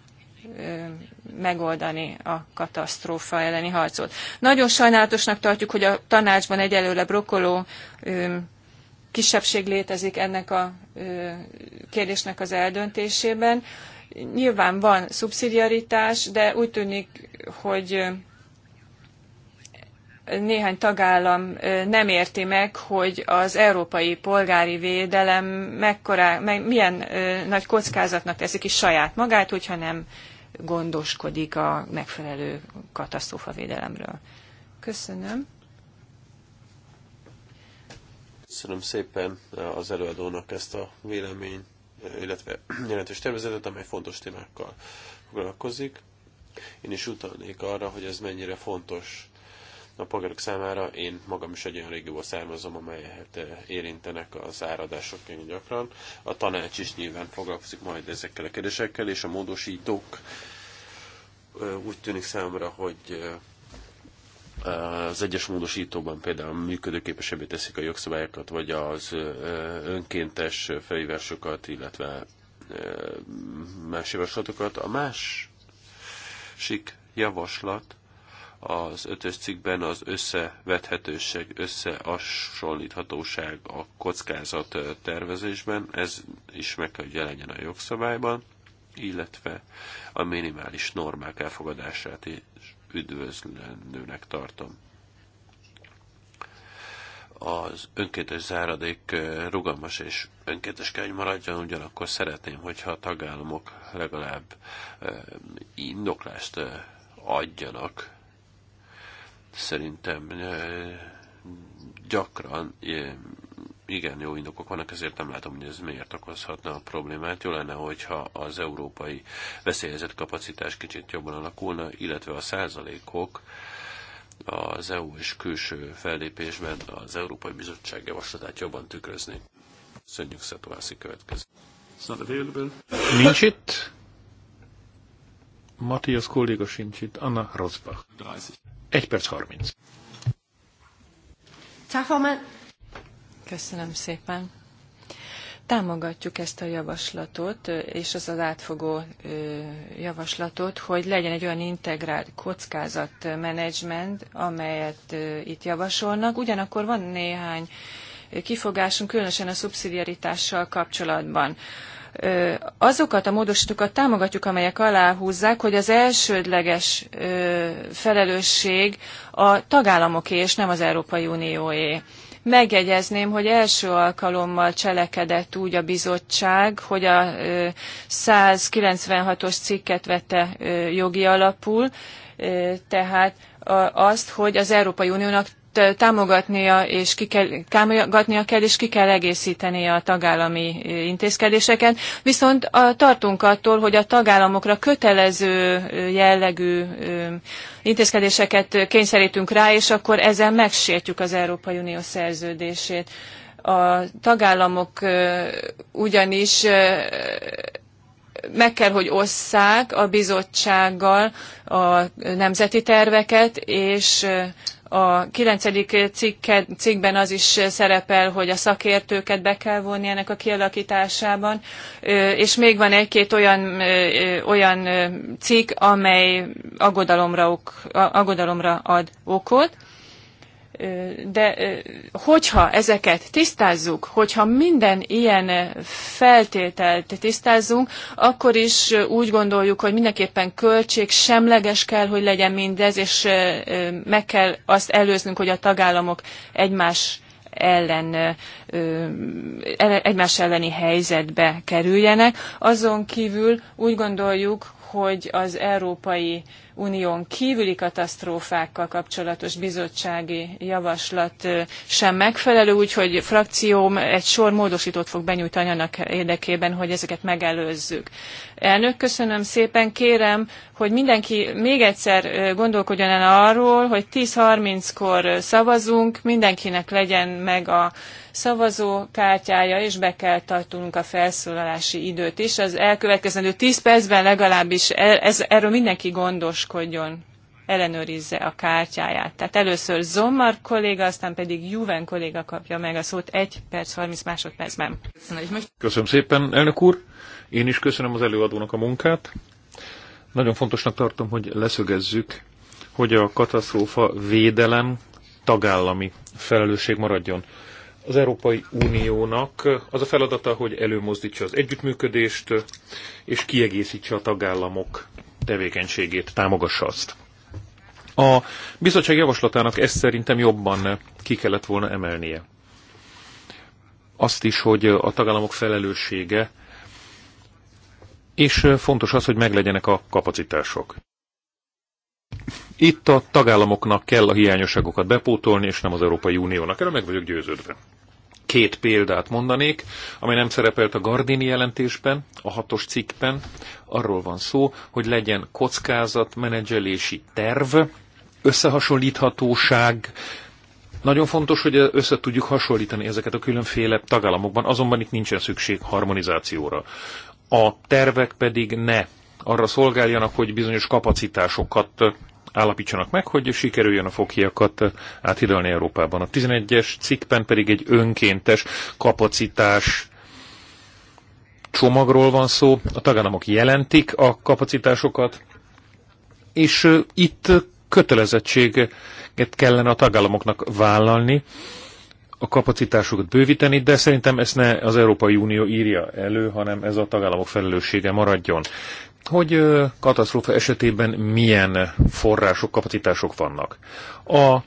megoldani a katasztrófa elleni harcot. Nagyon sajnálatosnak tartjuk, hogy a tanácsban egyelőre brokkoló kisebbség létezik ennek a kérdésnek az eldöntésében. Nyilván van szubszidiaritás, de úgy tűnik, hogy néhány tagállam nem érti meg, hogy az európai polgári védelem mekkora, meg milyen nagy kockázatnak teszi ki saját magát, hogyha nem gondoskodik a megfelelő katasztrófavédelemről. Köszönöm.
Köszönöm szépen az előadónak ezt a vélemény, illetve jelentős tervezetet, amely fontos témákkal foglalkozik. Én is utalnék arra, hogy ez mennyire fontos a polgárok számára. Én magam is egy olyan régióból származom, amelyet eh, érintenek az áradások nagyon gyakran. A tanács is nyilván foglalkozik majd ezekkel a kérdésekkel, és a módosítók eh, úgy tűnik számra, hogy eh, az egyes módosítóban például működőképesebbé teszik a jogszabályokat, vagy az önkéntes felhívásokat, illetve más javaslatokat. A másik javaslat az ötös cikkben az összevethetőség, összehasonlíthatóság a kockázat tervezésben, ez is meg kell, hogy jelenjen a jogszabályban, illetve a minimális normák elfogadását is üdvözlendőnek tartom. Az önkéntes záradék rugalmas és önkéntes kell, hogy maradjon, ugyanakkor szeretném, hogyha a tagállamok legalább indoklást adjanak Szerintem gyakran igen jó indokok vannak, ezért nem látom, hogy ez miért okozhatna a problémát. Jó lenne, hogyha az európai veszélyezett kapacitás kicsit jobban alakulna, illetve a százalékok az EU és külső fellépésben az Európai Bizottság javaslatát jobban tükrözni. Köszönjük, Szatovászi következő.
Nincs itt? Matthias kolléga sincs itt, Anna Rosbach. 1 perc 30.
Köszönöm szépen. Támogatjuk ezt a javaslatot, és az az átfogó javaslatot, hogy legyen egy olyan integrált kockázatmenedzsment, amelyet itt javasolnak. Ugyanakkor van néhány kifogásunk, különösen a szubszidiaritással kapcsolatban azokat a módosítókat támogatjuk, amelyek aláhúzzák, hogy az elsődleges felelősség a tagállamoké és nem az Európai Unióé. Megjegyezném, hogy első alkalommal cselekedett úgy a bizottság, hogy a 196-os cikket vette jogi alapul, tehát azt, hogy az Európai Uniónak támogatnia és ki kell, támogatnia kell, és ki kell egészíteni a tagállami intézkedéseket. Viszont a, tartunk attól, hogy a tagállamokra kötelező jellegű intézkedéseket kényszerítünk rá, és akkor ezzel megsértjük az Európai Unió szerződését. A tagállamok ugyanis meg kell, hogy osszák a bizottsággal a nemzeti terveket, és a kilencedik Cikke, cikkben az is szerepel, hogy a szakértőket be kell vonni ennek a kialakításában, és még van egy-két olyan, olyan cikk, amely aggodalomra, ok, aggodalomra ad okot de hogyha ezeket tisztázzuk, hogyha minden ilyen feltételt tisztázzunk, akkor is úgy gondoljuk, hogy mindenképpen költség semleges kell, hogy legyen mindez, és meg kell azt előznünk, hogy a tagállamok egymás ellen, e, egymás elleni helyzetbe kerüljenek. Azon kívül úgy gondoljuk, hogy az Európai Unión kívüli katasztrófákkal kapcsolatos bizottsági javaslat sem megfelelő, úgyhogy frakcióm egy sor módosítót fog benyújtani annak érdekében, hogy ezeket megelőzzük. Elnök, köszönöm szépen, kérem, hogy mindenki még egyszer gondolkodjon el arról, hogy 10.30-kor szavazunk, mindenkinek legyen meg a szavazókártyája, és be kell tartanunk a felszólalási időt is. Az elkövetkezendő 10 percben legalábbis e- ez, erről mindenki gondoskodjon, ellenőrizze a kártyáját. Tehát először Zommar kolléga, aztán pedig Juven kolléga kapja meg a szót 1 perc 30 másodpercben.
Köszönöm szépen, elnök úr! Én is köszönöm az előadónak a munkát. Nagyon fontosnak tartom, hogy leszögezzük, hogy a katasztrófa védelem tagállami felelősség maradjon az Európai Uniónak az a feladata, hogy előmozdítsa az együttműködést, és kiegészítse a tagállamok tevékenységét, támogassa azt. A bizottság javaslatának ezt szerintem jobban ki kellett volna emelnie. Azt is, hogy a tagállamok felelőssége, és fontos az, hogy meglegyenek a kapacitások. Itt a tagállamoknak kell a hiányosságokat bepótolni, és nem az Európai Uniónak. Erre meg vagyok győződve. Két példát mondanék, amely nem szerepelt a Gardini jelentésben, a hatos cikkben. Arról van szó, hogy legyen kockázatmenedzselési terv, összehasonlíthatóság, nagyon fontos, hogy össze tudjuk hasonlítani ezeket a különféle tagállamokban, azonban itt nincsen szükség harmonizációra. A tervek pedig ne arra szolgáljanak, hogy bizonyos kapacitásokat állapítsanak meg, hogy sikerüljön a fokhiakat áthidalni Európában. A 11-es cikkben pedig egy önkéntes kapacitás csomagról van szó, a tagállamok jelentik a kapacitásokat, és itt kötelezettséget kellene a tagállamoknak vállalni, a kapacitásokat bővíteni, de szerintem ezt ne az Európai Unió írja elő, hanem ez a tagállamok felelőssége maradjon hogy katasztrófa esetében milyen források, kapacitások vannak. A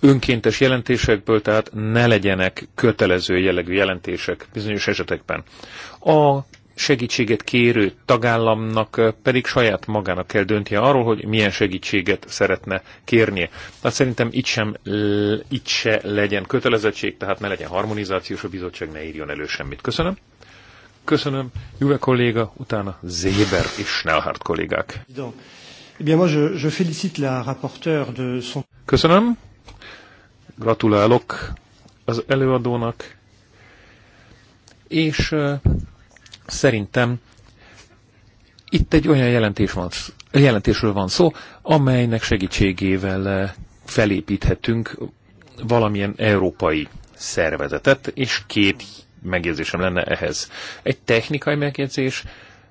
önkéntes jelentésekből tehát ne legyenek kötelező jellegű jelentések bizonyos esetekben. A segítséget kérő tagállamnak pedig saját magának kell döntje arról, hogy milyen segítséget szeretne kérnie. Tehát szerintem itt, sem, itt se legyen kötelezettség, tehát ne legyen harmonizációs, a bizottság ne írjon elő semmit. Köszönöm. Köszönöm, Juve kolléga, utána Zéber és Schnellhardt kollégák. Köszönöm, gratulálok az előadónak, és szerintem itt egy olyan jelentés van, jelentésről van szó, amelynek segítségével felépíthetünk valamilyen európai szervezetet, és két megjegyzésem lenne ehhez. Egy technikai megjegyzés,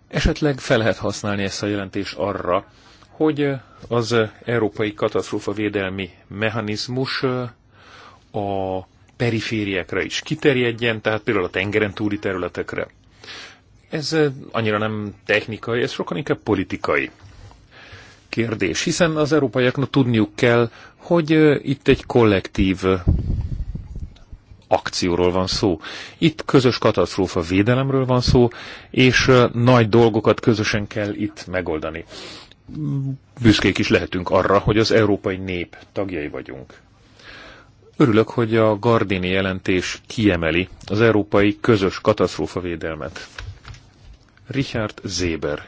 esetleg fel lehet használni ezt a jelentést arra, hogy az Európai Katasztrófa Védelmi Mechanizmus a perifériákra is kiterjedjen, tehát például a tengeren túli területekre. Ez annyira nem technikai, ez sokan inkább politikai kérdés, hiszen az európaiaknak tudniuk kell, hogy itt egy kollektív akcióról van szó. Itt közös katasztrófa védelemről van szó, és nagy dolgokat közösen kell itt megoldani. Büszkék is lehetünk arra, hogy az európai nép tagjai vagyunk. Örülök, hogy a Gardini jelentés kiemeli az európai közös katasztrófa védelmet. Richard Zéber.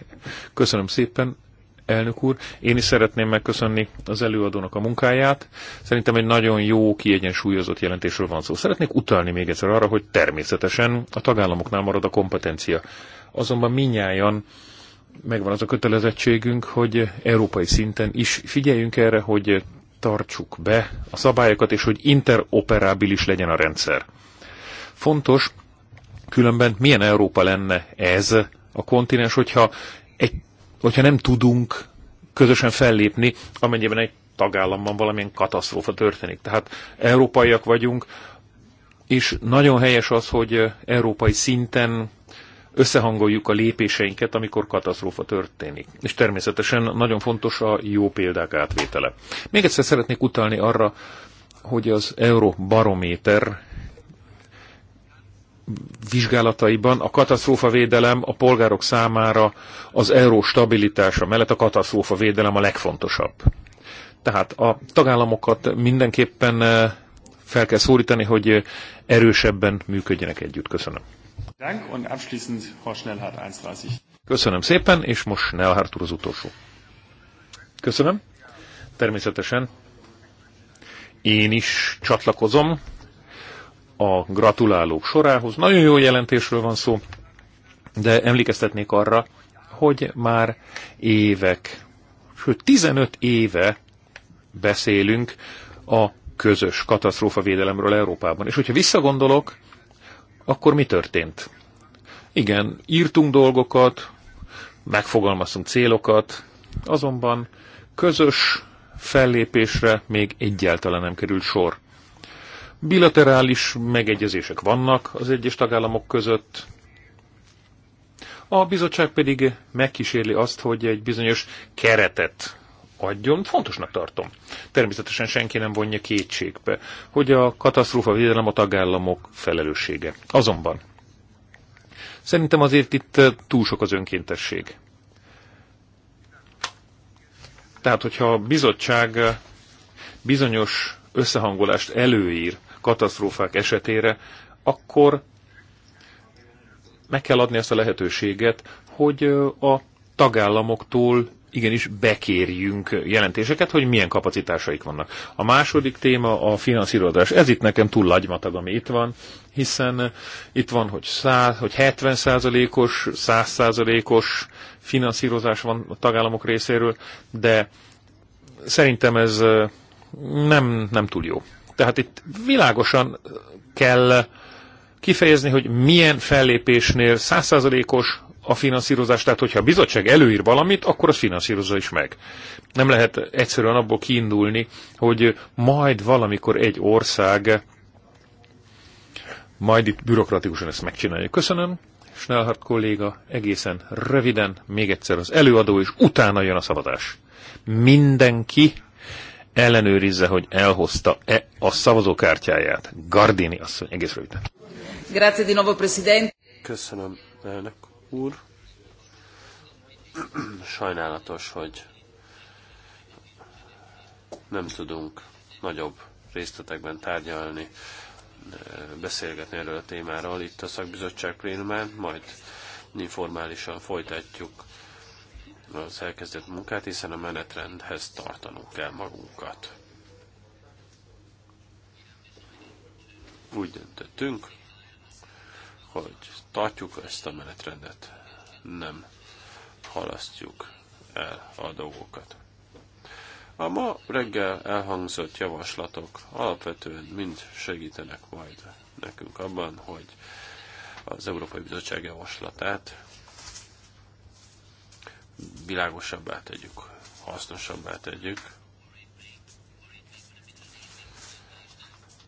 Köszönöm szépen, elnök úr. Én is szeretném megköszönni az előadónak a munkáját. Szerintem egy nagyon jó, kiegyensúlyozott jelentésről van szó. Szeretnék utalni még egyszer arra, hogy természetesen a tagállamoknál marad a kompetencia. Azonban minnyáján megvan az a kötelezettségünk, hogy európai szinten is figyeljünk erre, hogy tartsuk be a szabályokat, és hogy interoperábilis legyen a rendszer. Fontos, különben milyen Európa lenne ez a kontinens, hogyha egy hogyha nem tudunk közösen fellépni, amennyiben egy tagállamban valamilyen katasztrófa történik. Tehát európaiak vagyunk, és nagyon helyes az, hogy európai szinten összehangoljuk a lépéseinket, amikor katasztrófa történik. És természetesen nagyon fontos a jó példák átvétele. Még egyszer szeretnék utalni arra, hogy az Euróbarométer vizsgálataiban a katasztrófavédelem a polgárok számára az euró stabilitása mellett a katasztrófavédelem a legfontosabb. Tehát a tagállamokat mindenképpen eh, fel kell szólítani, hogy eh, erősebben működjenek együtt. Köszönöm. Köszönöm szépen, és most Schnellhardt úr az utolsó. Köszönöm. Természetesen én is csatlakozom a gratulálók sorához. Nagyon jó jelentésről van szó, de emlékeztetnék arra, hogy már évek, sőt 15 éve beszélünk a közös katasztrófavédelemről Európában. És hogyha visszagondolok, akkor mi történt? Igen, írtunk dolgokat, megfogalmaztunk célokat, azonban közös fellépésre még egyáltalán nem került sor. Bilaterális megegyezések vannak az egyes tagállamok között, a bizottság pedig megkísérli azt, hogy egy bizonyos keretet adjon, fontosnak tartom. Természetesen senki nem vonja kétségbe, hogy a katasztrófa védelem a tagállamok felelőssége. Azonban szerintem azért itt túl sok az önkéntesség. Tehát, hogyha a bizottság bizonyos összehangolást előír katasztrófák esetére, akkor meg kell adni ezt a lehetőséget, hogy a tagállamoktól igenis bekérjünk jelentéseket, hogy milyen kapacitásaik vannak. A második téma a finanszírozás. Ez itt nekem túl lagymatag, ami itt van, hiszen itt van, hogy, 100, hogy 70 százalékos, 100 százalékos finanszírozás van a tagállamok részéről, de szerintem ez nem, nem túl jó. Tehát itt világosan kell kifejezni, hogy milyen fellépésnél százszázalékos a finanszírozás, tehát hogyha a bizottság előír valamit, akkor az finanszírozza is meg. Nem lehet egyszerűen abból kiindulni, hogy majd valamikor egy ország majd itt bürokratikusan ezt megcsinálja. Köszönöm, Schnellhardt kolléga, egészen röviden, még egyszer az előadó, és utána jön a szavazás. Mindenki ellenőrizze, hogy elhozta-e a szavazókártyáját. Gardini
asszony, egész röviden.
Grazie di nuovo, Presidente.
Köszönöm, elnök úr. Sajnálatos, hogy nem tudunk nagyobb részletekben tárgyalni, beszélgetni erről a témáról itt a szakbizottság plénumán, majd informálisan folytatjuk az elkezdett munkát, hiszen a menetrendhez tartanunk kell magunkat. Úgy döntöttünk, hogy tartjuk ezt a menetrendet, nem halasztjuk el a dolgokat. A ma reggel elhangzott javaslatok alapvetően mind segítenek majd nekünk abban, hogy az Európai Bizottság javaslatát világosabbá tegyük, hasznosabbá tegyük.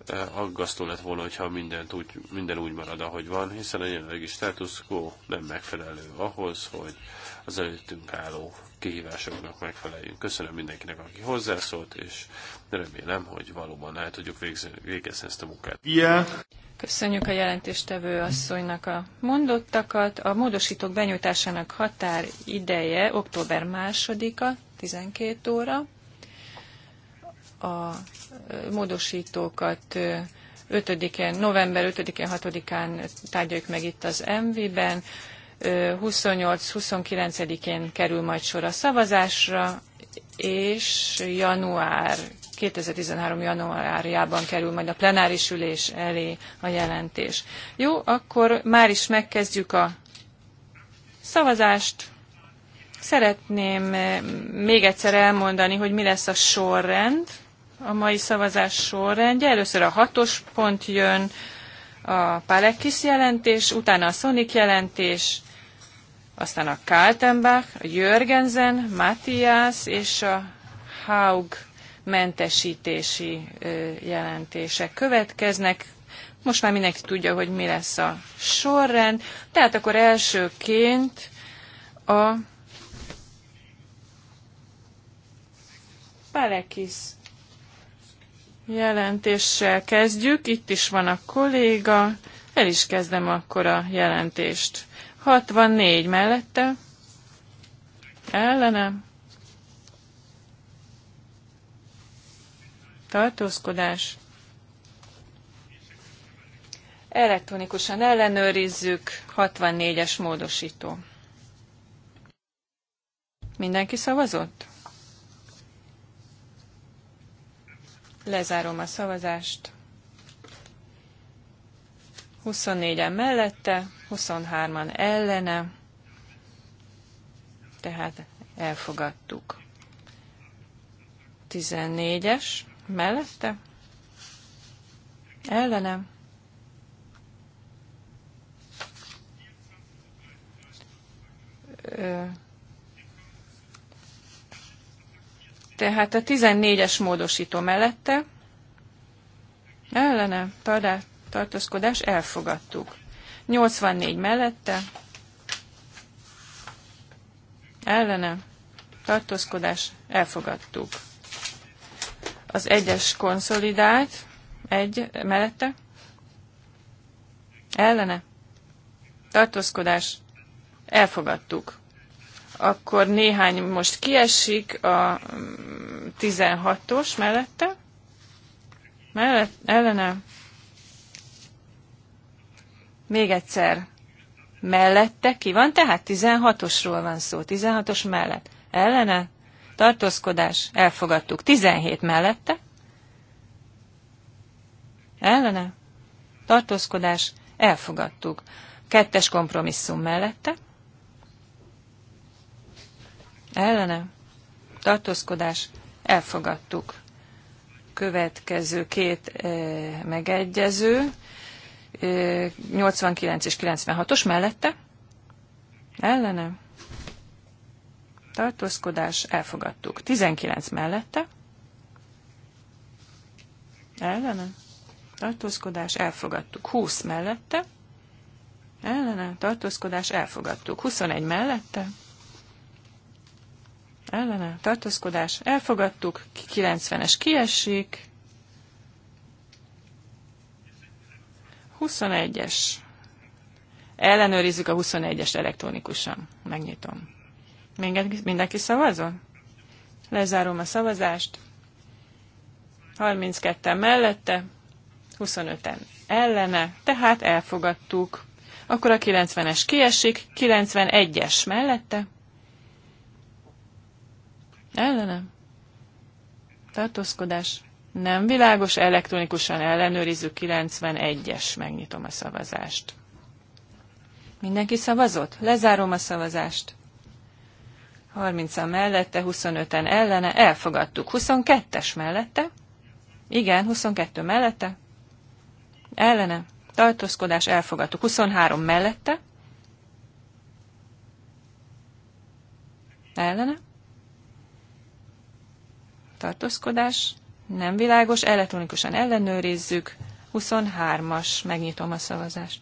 Eh, aggasztó lett volna, hogyha mindent úgy, minden úgy marad, ahogy van, hiszen a jelenlegi status quo nem megfelelő ahhoz, hogy az előttünk álló kihívásoknak megfeleljünk. Köszönöm mindenkinek, aki hozzászólt, és remélem, hogy valóban el tudjuk végezni ezt a munkát. Yeah.
Köszönjük a jelentéstevő asszonynak a mondottakat. A módosítók benyújtásának határ ideje október 2-a, 12 óra. A módosítókat 5 november 5-én, 6-án tárgyaljuk meg itt az MV-ben. 28-29-én kerül majd sor a szavazásra, és január 2013. januárjában kerül majd a plenáris ülés elé a jelentés. Jó, akkor már is megkezdjük a szavazást. Szeretném eh, még egyszer elmondani, hogy mi lesz a sorrend, a mai szavazás sorrendje. Először a hatos pont jön, a Palekis jelentés, utána a Sonic jelentés, aztán a Kaltenbach, a Jörgensen, Matthias és a Haug mentesítési jelentések következnek. Most már mindenki tudja, hogy mi lesz a sorrend. Tehát akkor elsőként a Palekis jelentéssel kezdjük. Itt is van a kolléga. El is kezdem akkor a jelentést. 64 mellette, ellene, tartózkodás, elektronikusan ellenőrizzük, 64-es módosító. Mindenki szavazott? Lezárom a szavazást. 24-en mellette, 23-an ellene, tehát elfogadtuk. 14-es mellette, ellene, tehát a 14-es módosító mellette, ellene, tadát, tartózkodás elfogadtuk. 84 mellette, ellene, tartózkodás elfogadtuk. Az egyes konszolidált, egy mellette, ellene, tartózkodás elfogadtuk. Akkor néhány most kiesik a 16-os mm, mellette, mellett, ellene még egyszer. Mellette ki van? Tehát 16-osról van szó. 16-os mellett. Ellene? Tartózkodás. Elfogadtuk. 17 mellette. Ellene? Tartózkodás. Elfogadtuk. Kettes kompromisszum mellette. Ellene? Tartózkodás. Elfogadtuk. Következő két e, megegyező. 89 és 96-os mellette, ellene, tartózkodás, elfogadtuk. 19 mellette, ellene, tartózkodás, elfogadtuk. 20 mellette, ellene, tartózkodás, elfogadtuk. 21 mellette, ellene, tartózkodás, elfogadtuk. 90-es kiesik, 21-es. Ellenőrizzük a 21 es elektronikusan. Megnyitom. Mindenki szavazol? Lezárom a szavazást. 32-en mellette, 25-en ellene, tehát elfogadtuk. Akkor a 90-es kiesik, 91-es mellette. Ellene. Tartózkodás nem világos, elektronikusan ellenőrizzük 91-es, megnyitom a szavazást. Mindenki szavazott? Lezárom a szavazást. 30 a mellette, 25-en ellene, elfogadtuk. 22-es mellette? Igen, 22 mellette. Ellene, tartózkodás, elfogadtuk. 23 mellette? Ellene? Tartózkodás, nem világos, elektronikusan ellenőrizzük. 23-as, megnyitom a szavazást.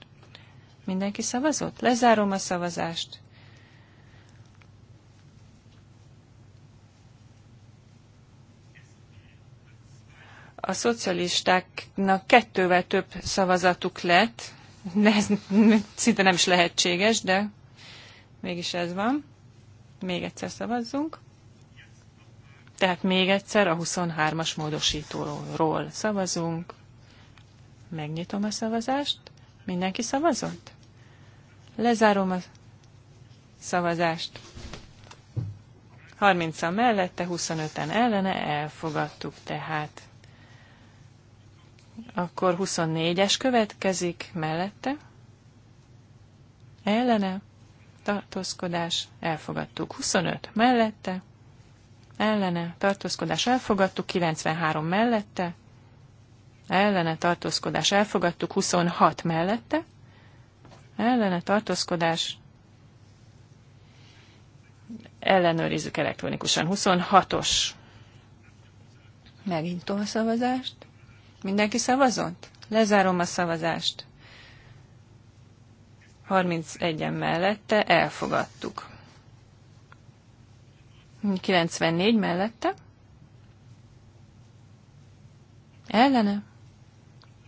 Mindenki szavazott? Lezárom a szavazást. A szocialistáknak kettővel több szavazatuk lett, de ez szinte nem is lehetséges, de mégis ez van. Még egyszer szavazzunk. Tehát még egyszer a 23-as módosítóról szavazunk. Megnyitom a szavazást. Mindenki szavazott? Lezárom a szavazást. 30 a mellette, 25-en ellene, elfogadtuk tehát. Akkor 24-es következik mellette. Ellene, tartózkodás, elfogadtuk. 25 mellette, ellene tartózkodás elfogadtuk, 93 mellette, ellene tartózkodás elfogadtuk, 26 mellette, ellene tartózkodás ellenőrizzük elektronikusan. 26-os. megint a szavazást. Mindenki szavazott? Lezárom a szavazást. 31-en mellette elfogadtuk. 94 mellette. Ellene.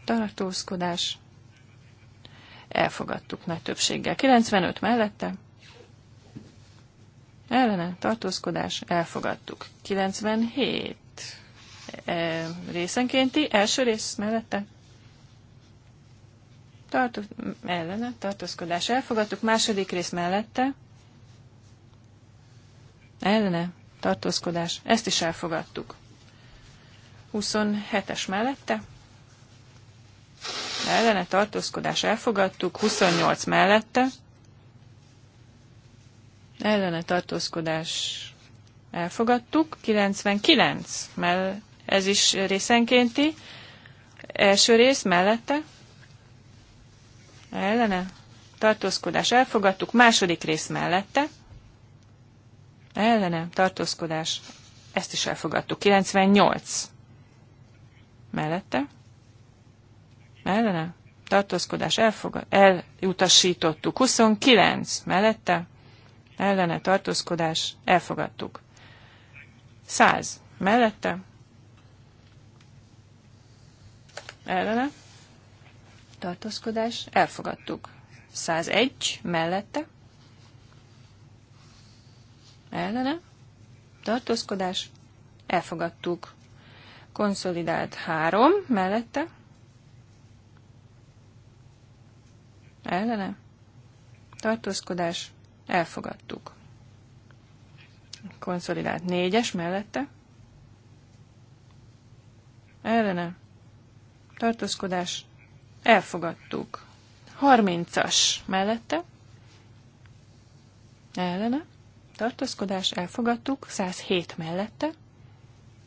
Tartózkodás. Elfogadtuk nagy többséggel. 95 mellette. Ellene. Tartózkodás. Elfogadtuk. 97 e, részenkénti. Első rész mellette. Tartó, ellene. Tartózkodás. Elfogadtuk. Második rész mellette ellene, tartózkodás, ezt is elfogadtuk. 27-es mellette, ellene, tartózkodás, elfogadtuk. 28 mellette, ellene, tartózkodás, elfogadtuk. 99 mell ez is részenkénti. Első rész mellette, ellene, tartózkodás, elfogadtuk. Második rész mellette, ellene tartózkodás, ezt is elfogadtuk. 98 mellette, ellene tartózkodás, elfogad, elutasítottuk. 29 mellette, ellene tartózkodás, elfogadtuk. 100 mellette, ellene tartózkodás, elfogadtuk. 101 mellette, ellene, tartózkodás, elfogadtuk. Konszolidált három mellette, ellene, tartózkodás, elfogadtuk. Konszolidált négyes mellette, ellene, tartózkodás, elfogadtuk. 30-as mellette, ellene, tartózkodás, elfogadtuk, 107 mellette,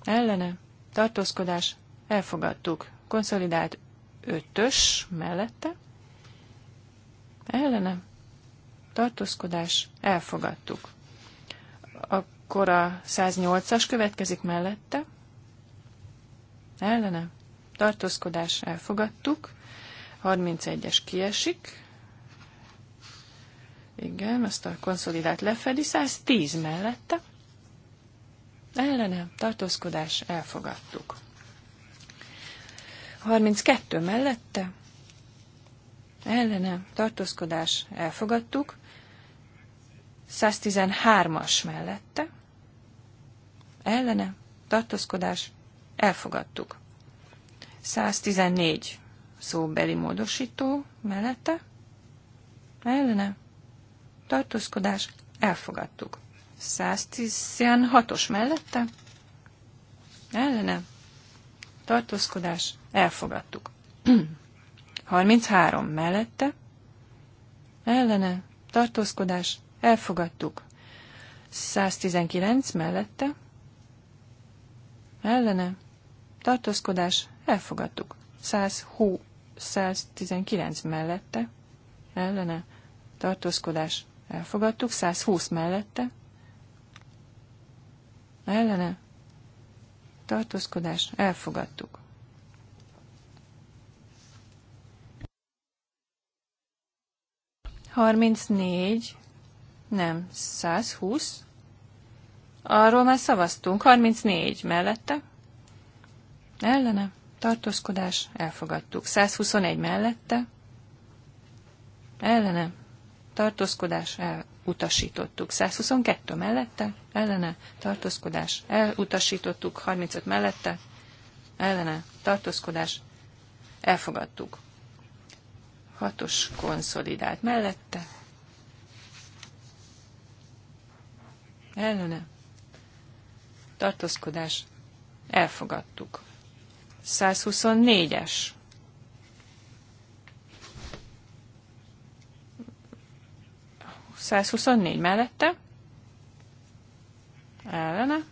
ellene, tartózkodás, elfogadtuk, konszolidált 5-ös mellette, ellene, tartózkodás, elfogadtuk. Akkor a 108-as következik mellette, ellene, tartózkodás, elfogadtuk, 31-es kiesik, igen, azt a konszolidát lefedi, 110 mellette. Ellenem, tartózkodás, elfogadtuk. 32 mellette. Ellenem, tartózkodás, elfogadtuk. 113-as mellette. Ellenem, tartózkodás, elfogadtuk. 114 szóbeli módosító mellette. Ellenem, tartózkodás, elfogadtuk. 116-os mellette, ellene, tartózkodás, elfogadtuk. 33 mellette, ellene, tartózkodás, elfogadtuk. 119 mellette, ellene, tartózkodás, elfogadtuk. 120, 119 mellette, ellene, tartózkodás, Elfogadtuk. 120 mellette. Ellene. Tartózkodás. Elfogadtuk. Harmincnégy, nem, 120. Arról már szavaztunk, 34 mellette. Ellene, tartózkodás, elfogadtuk. 121 mellette. Ellene, tartózkodás elutasítottuk. 122 mellette, ellene, tartózkodás elutasítottuk. 35 mellette, ellene, tartózkodás elfogadtuk. 6-os konszolidált mellette, ellene, tartózkodás elfogadtuk. 124-es 124 mellette, ellene,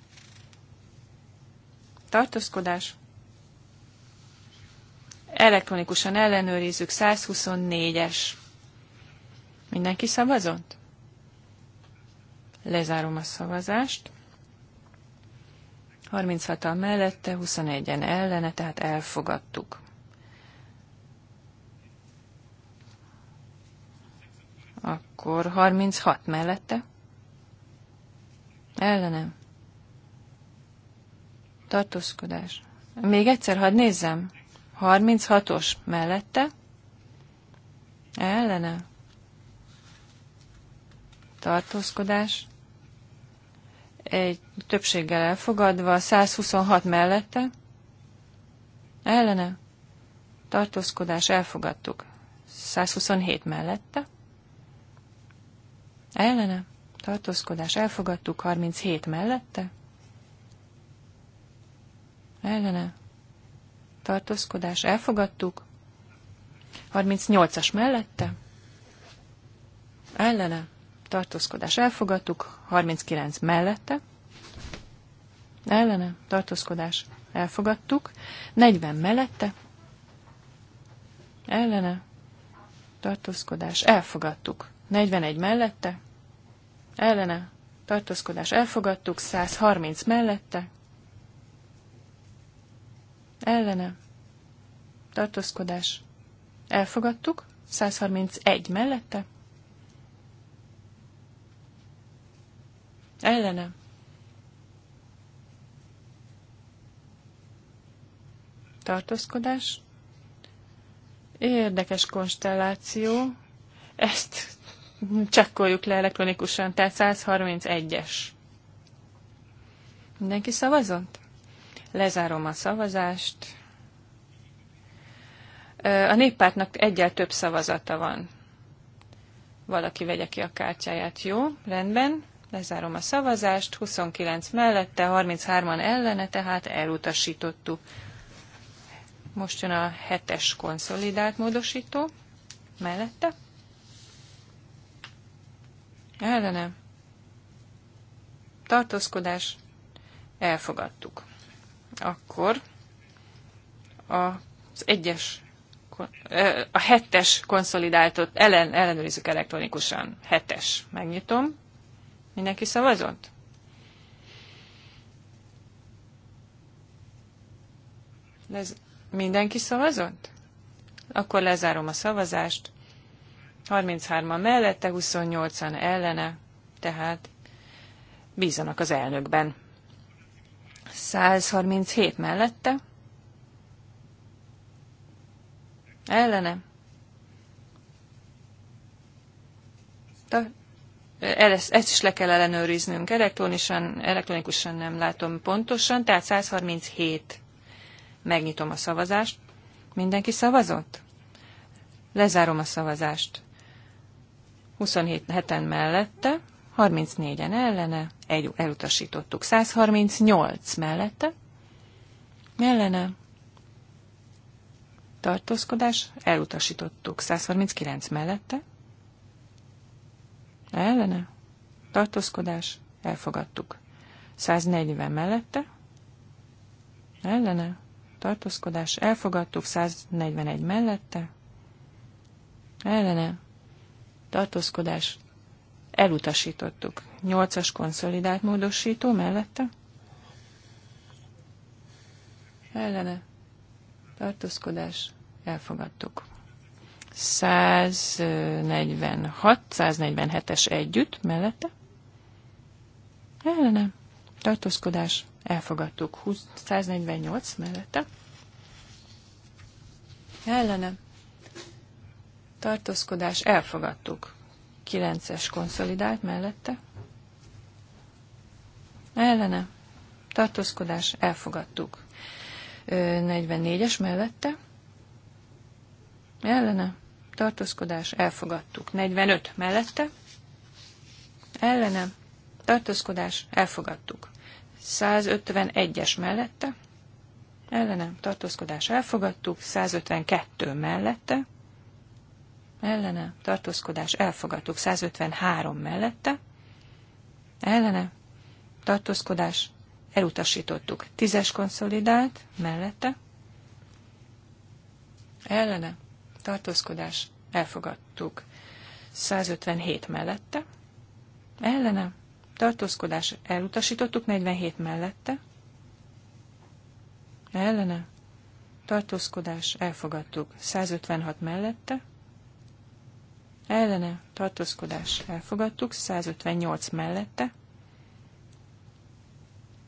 tartózkodás, elektronikusan ellenőrizzük 124-es. Mindenki szavazott? Lezárom a szavazást. 36-an mellette, 21-en ellene, tehát elfogadtuk. Akkor 36 mellette. Ellenem. Tartózkodás. Még egyszer, hadd nézzem. 36-os mellette. Ellene. Tartózkodás. Egy többséggel elfogadva, 126 mellette. Ellene. Tartózkodás elfogadtuk. 127 mellette ellene, tartózkodás elfogadtuk, 37 mellette, ellene, tartózkodás elfogadtuk, 38-as mellette, ellene, tartózkodás elfogadtuk, 39 mellette, ellene, tartózkodás elfogadtuk, 40 mellette, ellene, tartózkodás elfogadtuk, 41 mellette, ellene, tartózkodás elfogadtuk, 130 mellette, ellene, tartózkodás elfogadtuk, 131 mellette, ellene, tartózkodás, érdekes konstelláció, ezt csekkoljuk le elektronikusan, tehát 131-es. Mindenki szavazott? Lezárom a szavazást. A néppártnak egyel több szavazata van. Valaki vegye ki a kártyáját. Jó, rendben. Lezárom a szavazást. 29 mellette, 33-an ellene, tehát elutasítottuk. Most jön a hetes konszolidált módosító mellette ellene, tartózkodás, elfogadtuk. Akkor az egyes, a hetes konszolidáltot ellen, ellenőrizzük elektronikusan. Hetes. Megnyitom. Mindenki szavazott? Lez- mindenki szavazott? Akkor lezárom a szavazást. 33-an mellette, 28-an ellene, tehát bízanak az elnökben. 137 mellette, ellene, De ezt is le kell ellenőriznünk elektronikusan, elektronikusan nem látom pontosan, tehát 137 megnyitom a szavazást. Mindenki szavazott? Lezárom a szavazást. 27-en mellette, 34-en ellene, egy, elutasítottuk. 138 mellette, ellene, tartózkodás, elutasítottuk. 139 mellette, ellene, tartózkodás, elfogadtuk. 140 mellette, ellene, tartózkodás, elfogadtuk. 141 mellette, ellene, tartózkodás, elutasítottuk. nyolcas konszolidált módosító mellette, ellene, tartózkodás, elfogadtuk. 146, 147-es együtt mellette, ellene, tartózkodás, elfogadtuk. 148 mellette, ellene, tartózkodás, elfogadtuk. 9-es konszolidált mellette, ellene, tartózkodás, elfogadtuk. 44-es mellette, ellene, tartózkodás, elfogadtuk. 45 mellette, ellene, tartózkodás, elfogadtuk. 151-es mellette, ellene, tartózkodás, elfogadtuk. 152 mellette, ellene, tartózkodás, elfogadtuk. 153 mellette, ellene, tartózkodás, elutasítottuk. Tízes konszolidált, mellette, ellene, tartózkodás, elfogadtuk. 157 mellette, ellene, tartózkodás, elutasítottuk. 47 mellette, ellene, tartózkodás, elfogadtuk. 156 mellette, ellene tartózkodás elfogadtuk, 158 mellette,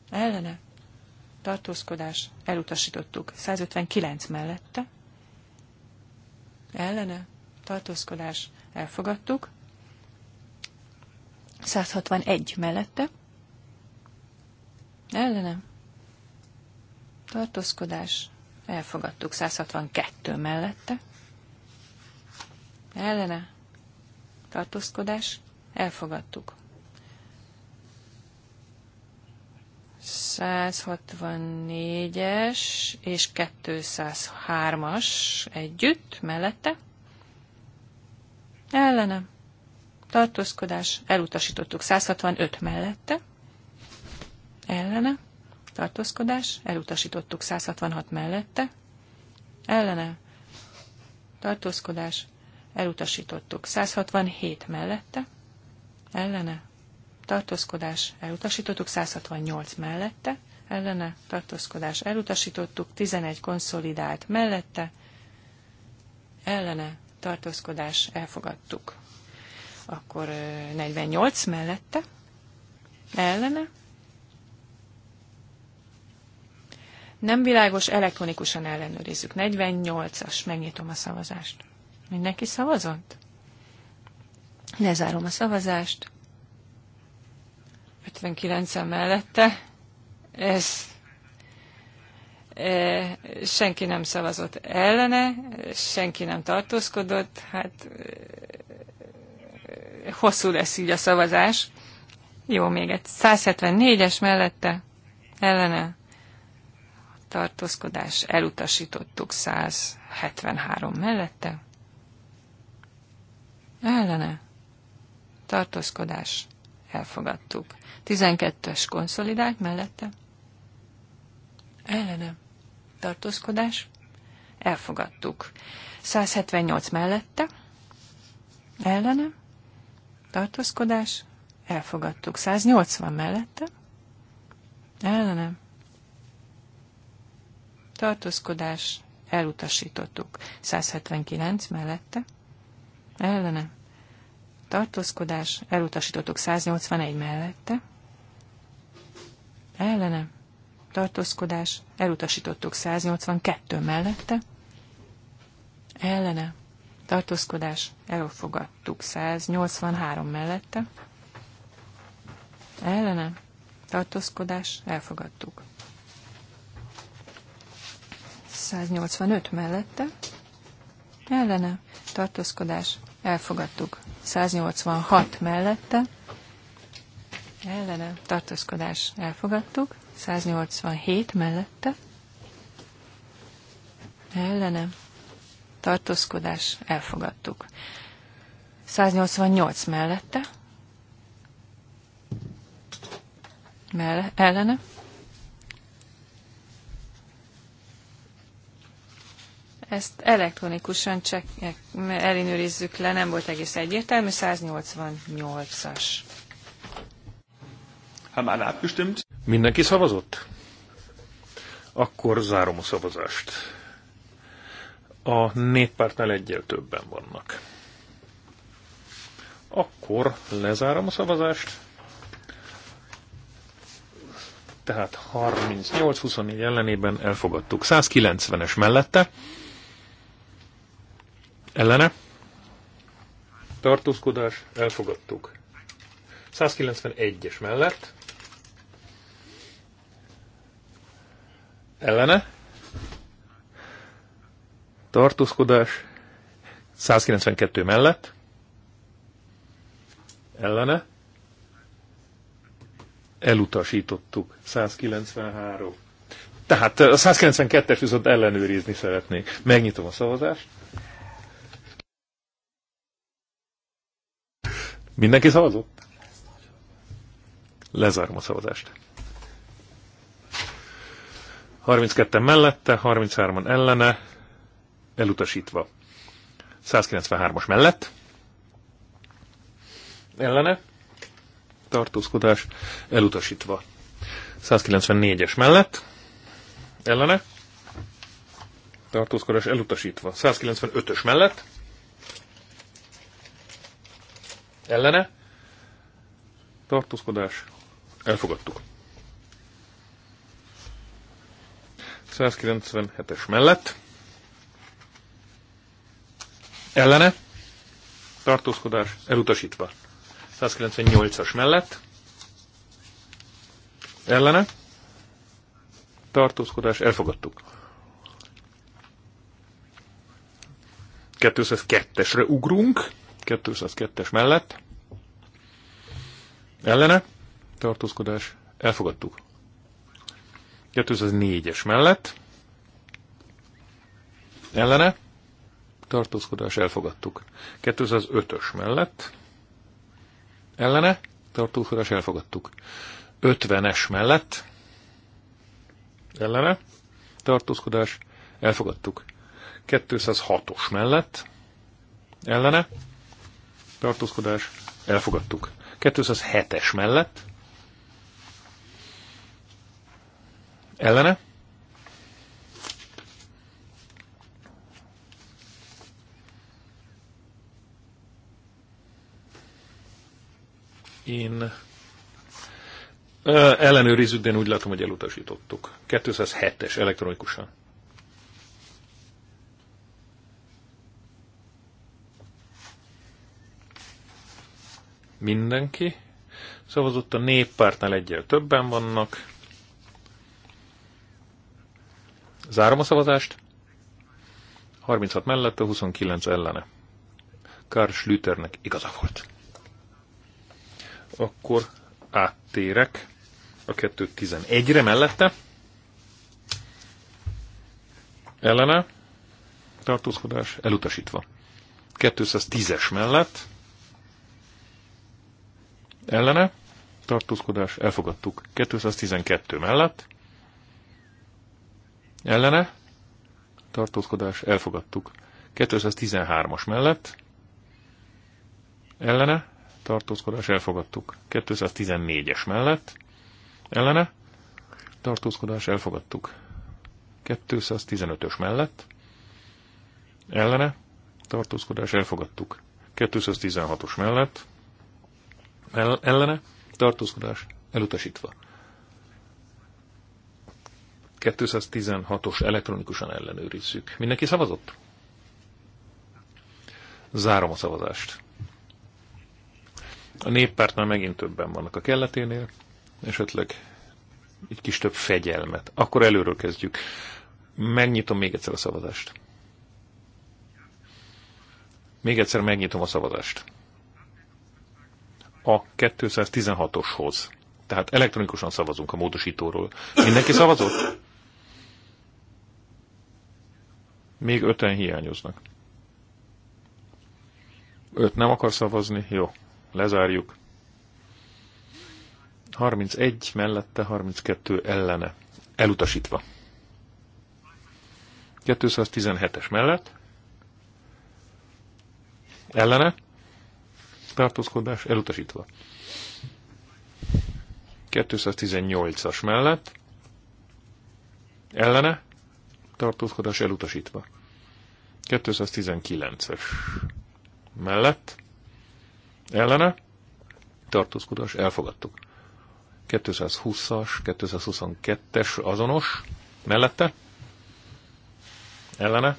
ellene tartózkodás elutasítottuk, 159 mellette, ellene tartózkodás elfogadtuk, 161 mellette, ellene tartózkodás elfogadtuk, 162 mellette, ellene tartózkodás, elfogadtuk. 164-es és 203-as együtt, mellette. Ellene. Tartózkodás. Elutasítottuk 165 mellette. Ellene. Tartózkodás. Elutasítottuk 166 mellette. Ellene. Tartózkodás elutasítottuk. 167 mellette, ellene, tartózkodás, elutasítottuk. 168 mellette, ellene, tartózkodás, elutasítottuk. 11 konszolidált mellette, ellene, tartózkodás, elfogadtuk. Akkor 48 mellette, ellene, nem világos, elektronikusan ellenőrizzük. 48-as, megnyitom a szavazást. Mindenki szavazott? Lezárom a szavazást. 59 mellette. Ez e, senki nem szavazott ellene, senki nem tartózkodott, hát e, hosszú lesz így a szavazás. Jó, még egy 174-es mellette ellene tartózkodás elutasítottuk 173 mellette ellene tartózkodás elfogadtuk. 12-es konszolidált mellette ellene tartózkodás elfogadtuk. 178 mellette ellene tartózkodás elfogadtuk. 180 mellette ellene tartózkodás elutasítottuk. 179 mellette ellene, tartózkodás, elutasítottuk 181 mellette, ellene, tartózkodás, elutasítottuk 182 mellette, ellene, tartózkodás, elfogadtuk 183 mellette, ellene, tartózkodás, elfogadtuk. 185 mellette, ellene, tartózkodás, Elfogadtuk. 186 mellette. Ellene tartózkodás elfogadtuk. 187 mellette. Ellene tartózkodás elfogadtuk. 188 mellette. mell- ellene Ezt elektronikusan csak ellenőrizzük le, nem volt egész egyértelmű, 188-as.
Mindenki szavazott? Akkor zárom a szavazást. A néppártnál egyel többen vannak. Akkor lezárom a szavazást tehát 38-24 ellenében elfogadtuk. 190-es mellette, Ellene? Tartózkodás, elfogadtuk. 191-es mellett. Ellene? Tartózkodás, 192 mellett. Ellene? Elutasítottuk, 193. Tehát a 192-es viszont ellenőrizni szeretnék. Megnyitom a szavazást. Mindenki szavazott? Lezárom a szavazást. 32-en mellette, 33-an ellene, elutasítva. 193-as mellett, ellene, tartózkodás, elutasítva. 194-es mellett, ellene, tartózkodás elutasítva. 195-ös mellett, Ellene? Tartózkodás. Elfogadtuk. 197-es mellett. Ellene? Tartózkodás elutasítva. 198-as mellett. Ellene? Tartózkodás elfogadtuk. 202-esre ugrunk. 202-es mellett. Ellene. Tartózkodás. Elfogadtuk. 204-es mellett. Ellene. Tartózkodás. Elfogadtuk. 205-ös mellett. Ellene. Tartózkodás. Elfogadtuk. 50-es mellett. Ellene. Tartózkodás. Elfogadtuk. 206-os mellett. Ellene tartózkodás, elfogadtuk. 207-es mellett, ellene, én ellenőrizzük, de én úgy látom, hogy elutasítottuk. 207-es elektronikusan. mindenki szavazott, a néppártnál egyel többen vannak. Zárom a szavazást. 36 mellette, 29 ellene. Karl Schlüternek igaza volt. Akkor áttérek a 211-re mellette. Ellene. Tartózkodás elutasítva. 210-es mellett ellene, tartózkodás, elfogadtuk. 212 mellett, ellene, tartózkodás, elfogadtuk. 213-as mellett, ellene, tartózkodás, elfogadtuk. 214-es mellett, ellene, tartózkodás, elfogadtuk. 215-ös mellett, ellene, tartózkodás, elfogadtuk. 216-os mellett, ellene, tartózkodás elutasítva. 216-os elektronikusan ellenőrizzük. Mindenki szavazott? Zárom a szavazást. A néppártnál megint többen vannak a kelleténél, esetleg egy kis több fegyelmet. Akkor előről kezdjük. Megnyitom még egyszer a szavazást. Még egyszer megnyitom a szavazást a 216-oshoz. Tehát elektronikusan szavazunk a módosítóról. Mindenki szavazott? Még öten hiányoznak. Öt nem akar szavazni? Jó, lezárjuk. 31 mellette, 32 ellene. Elutasítva. 217-es mellett. Ellene tartózkodás elutasítva. 218-as mellett ellene tartózkodás elutasítva. 219-es mellett ellene tartózkodás elfogadtuk. 220-as, 222-es azonos mellette ellene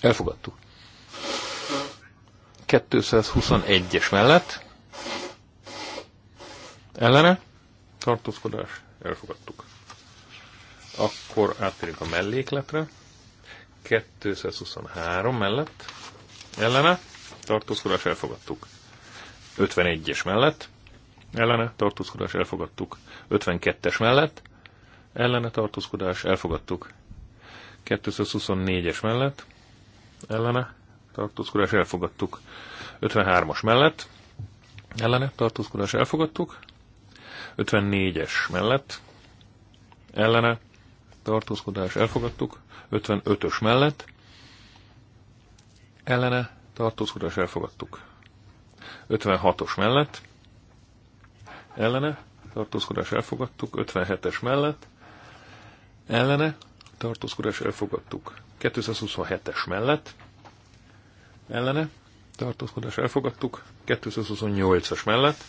Elfogadtuk. 221-es mellett. Ellene. Tartózkodás. Elfogadtuk. Akkor áttérünk a mellékletre. 223 mellett. Ellene. Tartózkodás. Elfogadtuk. 51-es mellett. Ellene. Tartózkodás. Elfogadtuk. 52-es mellett. Ellene. Tartózkodás. Elfogadtuk. 224-es mellett ellene tartózkodás elfogadtuk. 53-as mellett ellene tartózkodás elfogadtuk. 54-es mellett ellene tartózkodás elfogadtuk. 55-ös mellett ellene tartózkodás elfogadtuk. 56-os mellett ellene tartózkodás elfogadtuk. 57-es mellett ellene tartózkodás elfogadtuk. 227-es mellett ellene tartózkodás elfogadtuk, 228-as mellett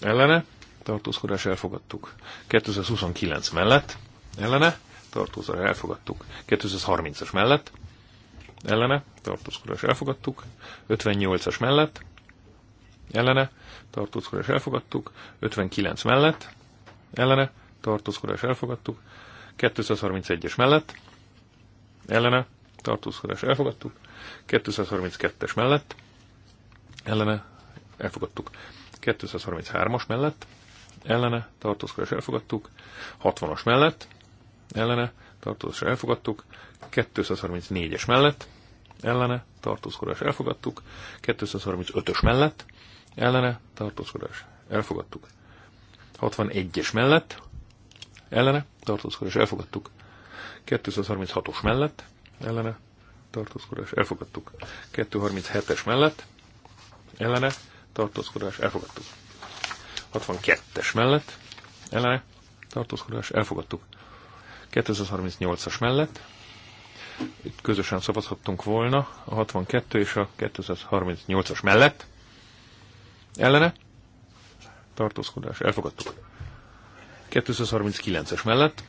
ellene tartózkodás elfogadtuk, 229 mellett ellene tartózkodás elfogadtuk, 230-as mellett ellene tartózkodás elfogadtuk, 58-as mellett ellene tartózkodás elfogadtuk, 59 mellett ellene tartózkodás elfogadtuk, 231-es mellett ellene, tartózkodás elfogadtuk, 232-es mellett, ellene, elfogadtuk, 233-as mellett, ellene, tartózkodás elfogadtuk, 60-as mellett, ellene, tartózkodás elfogadtuk, 234-es mellett, ellene, tartózkodás elfogadtuk, 235-ös mellett, ellene, tartózkodás elfogadtuk, 61-es mellett, ellene, tartózkodás elfogadtuk, 236-os mellett ellene tartózkodás elfogadtuk. 237-es mellett ellene tartózkodás elfogadtuk. 62-es mellett ellene tartózkodás elfogadtuk. 238-as mellett itt közösen szavazhattunk volna a 62 és a 238-as mellett ellene tartózkodás elfogadtuk. 239-es mellett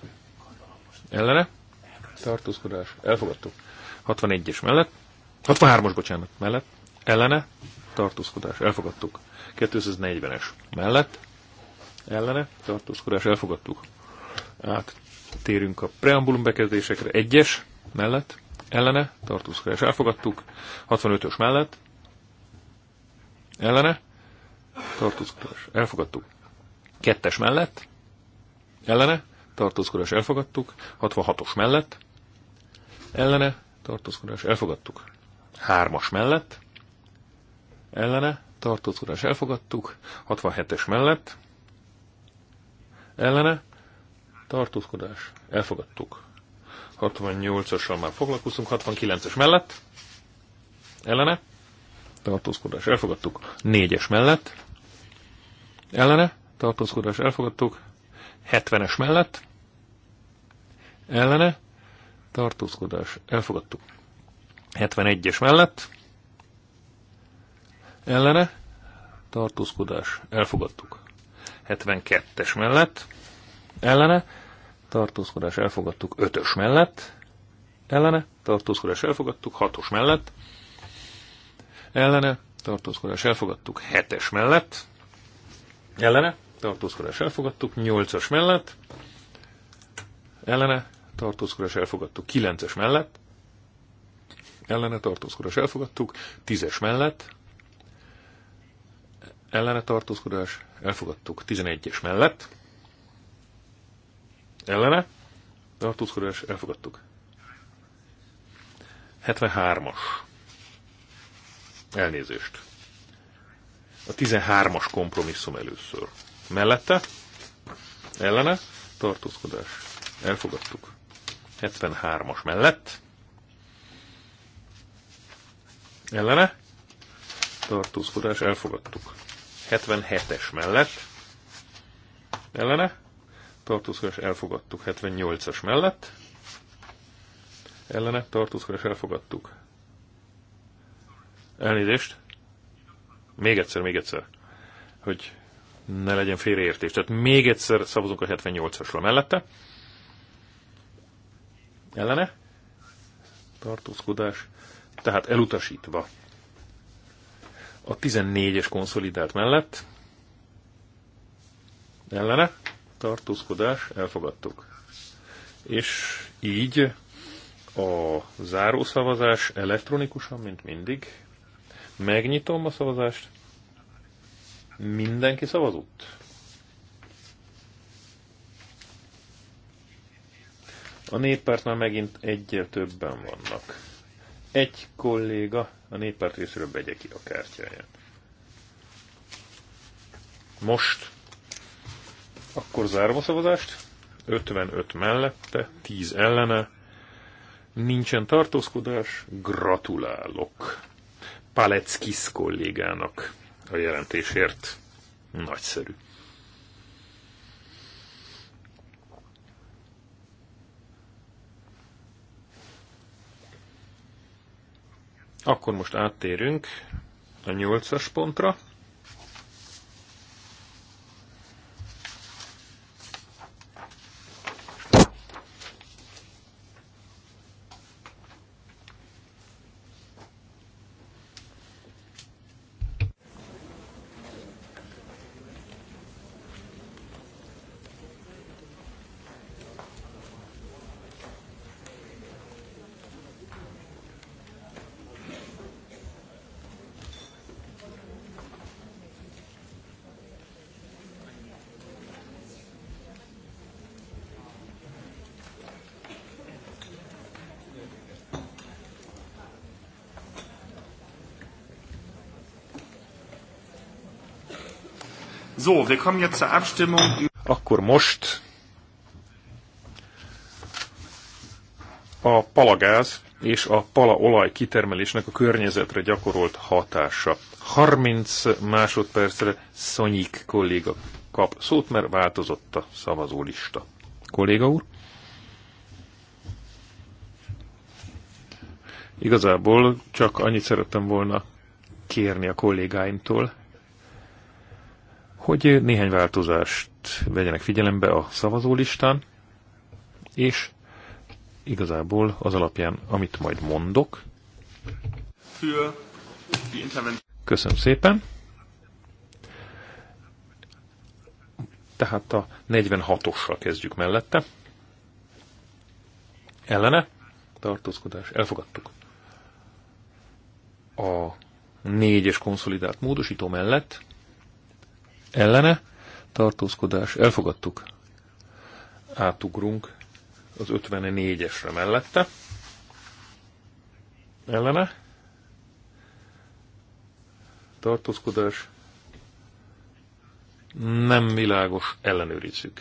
ellene, tartózkodás, elfogadtuk. 61-es mellett, 63 os bocsánat, mellett, ellene, tartózkodás, elfogadtuk. 240-es mellett, ellene, tartózkodás, elfogadtuk. Át térünk a preambulum bekezdésekre, 1-es mellett, ellene, tartózkodás, elfogadtuk. 65-ös mellett, ellene, tartózkodás, elfogadtuk. 2-es mellett, ellene, tartózkodás elfogadtuk, 66-os mellett, ellene, tartózkodás elfogadtuk, 3-as mellett, ellene, tartózkodás elfogadtuk, 67-es mellett, ellene, tartózkodás elfogadtuk, 68-assal már foglalkoztunk, 69-es mellett, ellene, tartózkodás elfogadtuk, 4-es mellett, ellene, tartózkodás elfogadtuk, 70-es mellett, ellene, tartózkodás, elfogadtuk. 71-es mellett, ellene, tartózkodás, elfogadtuk. 72-es mellett, ellene, tartózkodás, elfogadtuk. 5-ös mellett, ellene, tartózkodás, elfogadtuk. 6-os mellett, ellene, tartózkodás, elfogadtuk. 7-es mellett, ellene, tartózkodás, elfogadtuk. 8-as mellett, ellene, tartózkodás elfogadtuk 9-es mellett, ellene tartózkodás elfogadtuk 10-es mellett, ellene tartózkodás elfogadtuk 11-es mellett, ellene tartózkodás elfogadtuk 73-as elnézést. A 13-as kompromisszum először. Mellette, ellene, tartózkodás. Elfogadtuk. 73-as mellett. Ellene. Tartózkodás elfogadtuk. 77-es mellett. Ellene. Tartózkodás elfogadtuk. 78-as mellett. Ellene. Tartózkodás elfogadtuk. Elnézést. Még egyszer, még egyszer. Hogy ne legyen félreértés. Tehát még egyszer szavazunk a 78-asra mellette ellene, tartózkodás, tehát elutasítva. A 14-es konszolidált mellett ellene, tartózkodás, elfogadtuk. És így a zárószavazás elektronikusan, mint mindig. Megnyitom a szavazást. Mindenki szavazott? A már megint egyre többen vannak. Egy kolléga a néppárt részéről vegye ki a kártyáját. Most akkor zárom a szavazást. 55 mellette, 10 ellene. Nincsen tartózkodás. Gratulálok Paleckis kollégának a jelentésért. Nagyszerű. Akkor most áttérünk a nyolcas pontra.
So, wir kommen jetzt zur Abstimmung.
Akkor most a palagáz és a palaolaj kitermelésnek a környezetre gyakorolt hatása. 30 másodpercre Szonyik kolléga kap szót, mert változott a szavazólista. Kolléga úr? Igazából csak annyit szerettem volna kérni a kollégáimtól, hogy néhány változást vegyenek figyelembe a szavazólistán, és igazából az alapján, amit majd mondok. Köszönöm szépen. Tehát a 46-ossal kezdjük mellette. Ellene, tartózkodás, elfogadtuk. A négyes konszolidált módosító mellett ellene, tartózkodás, elfogadtuk. Átugrunk az 54-esre mellette, ellene, tartózkodás, nem világos, ellenőrizzük.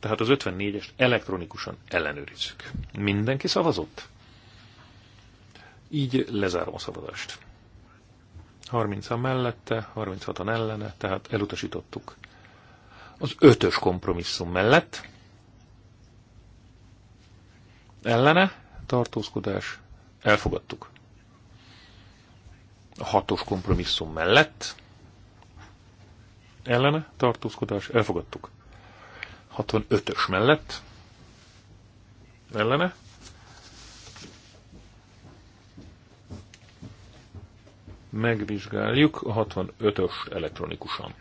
Tehát az 54-est elektronikusan ellenőrizzük. Mindenki szavazott? Így lezárom a szavazást. 30-an mellette, 36-an ellene, tehát elutasítottuk. Az ötös kompromisszum mellett ellene tartózkodás elfogadtuk. A hatos kompromisszum mellett ellene tartózkodás elfogadtuk. 65-ös mellett ellene megvizsgáljuk a 65-ös elektronikusan.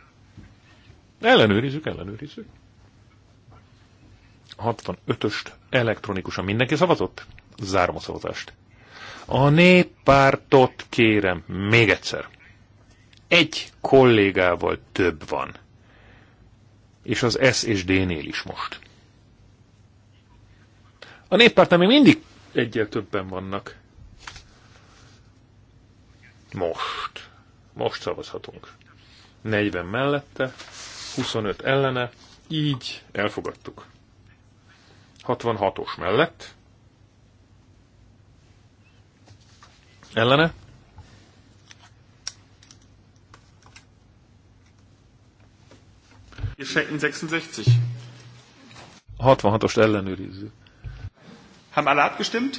Ellenőrizzük, ellenőrizzük. 65-öst elektronikusan mindenki szavazott? Zárom a szavazást. A néppártot kérem még egyszer. Egy kollégával több van. És az S és D-nél is most. A néppártnál még mindig egyel többen vannak. Most. Most szavazhatunk. 40 mellette, 25 ellene, így elfogadtuk. 66-os mellett, ellene,
Wir schenken 66.
66-ost ellenőrizzük.
Haben alle abgestimmt?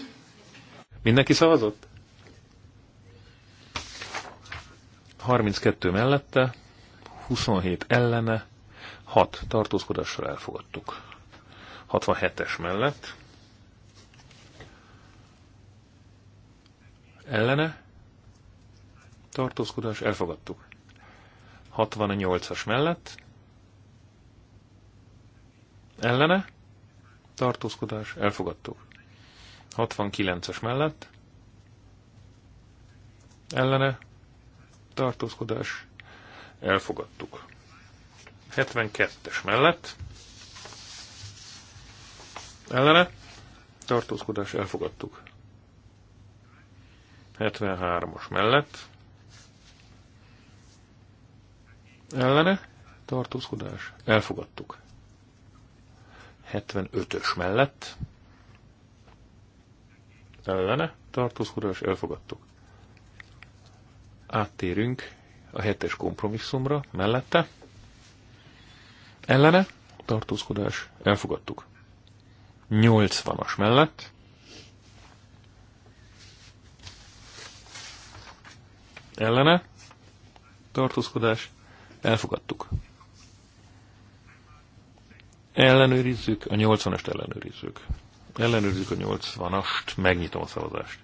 Mindenki szavazott? 32 mellette, 27 ellene, 6 tartózkodással elfogadtuk. 67-es mellett, ellene, tartózkodás, elfogadtuk. 68-as mellett, ellene, tartózkodás, elfogadtuk. 69-es mellett, ellene, tartózkodás, elfogadtuk. 72-es mellett, ellene, tartózkodás, elfogadtuk. 73-as mellett, ellene, tartózkodás, elfogadtuk. 75-ös mellett, ellene, tartózkodás, elfogadtuk áttérünk a hetes kompromisszumra mellette. Ellene tartózkodás elfogadtuk. 80-as mellett. Ellene tartózkodás elfogadtuk. Ellenőrizzük, a 80-est ellenőrizzük. Ellenőrizzük a 80-ast, megnyitom a szavazást.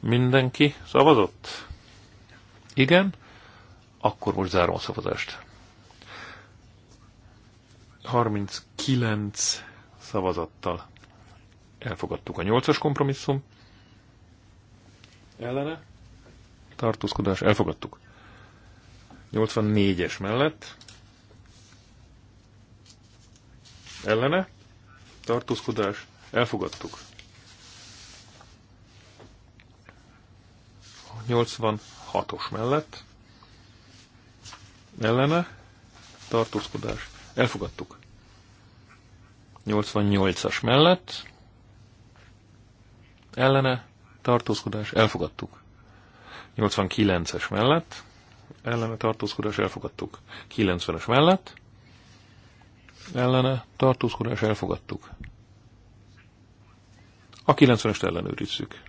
Mindenki szavazott? Igen, akkor most zárom a szavazást. 39 szavazattal elfogadtuk a 8-as kompromisszum. Ellene? Tartózkodás, elfogadtuk. 84-es mellett. Ellene? Tartózkodás, elfogadtuk. 86-os mellett ellene tartózkodás. Elfogadtuk. 88-as mellett ellene tartózkodás. Elfogadtuk. 89-es mellett ellene tartózkodás. Elfogadtuk. 90-es mellett ellene tartózkodás. Elfogadtuk. A 90-est ellenőrizzük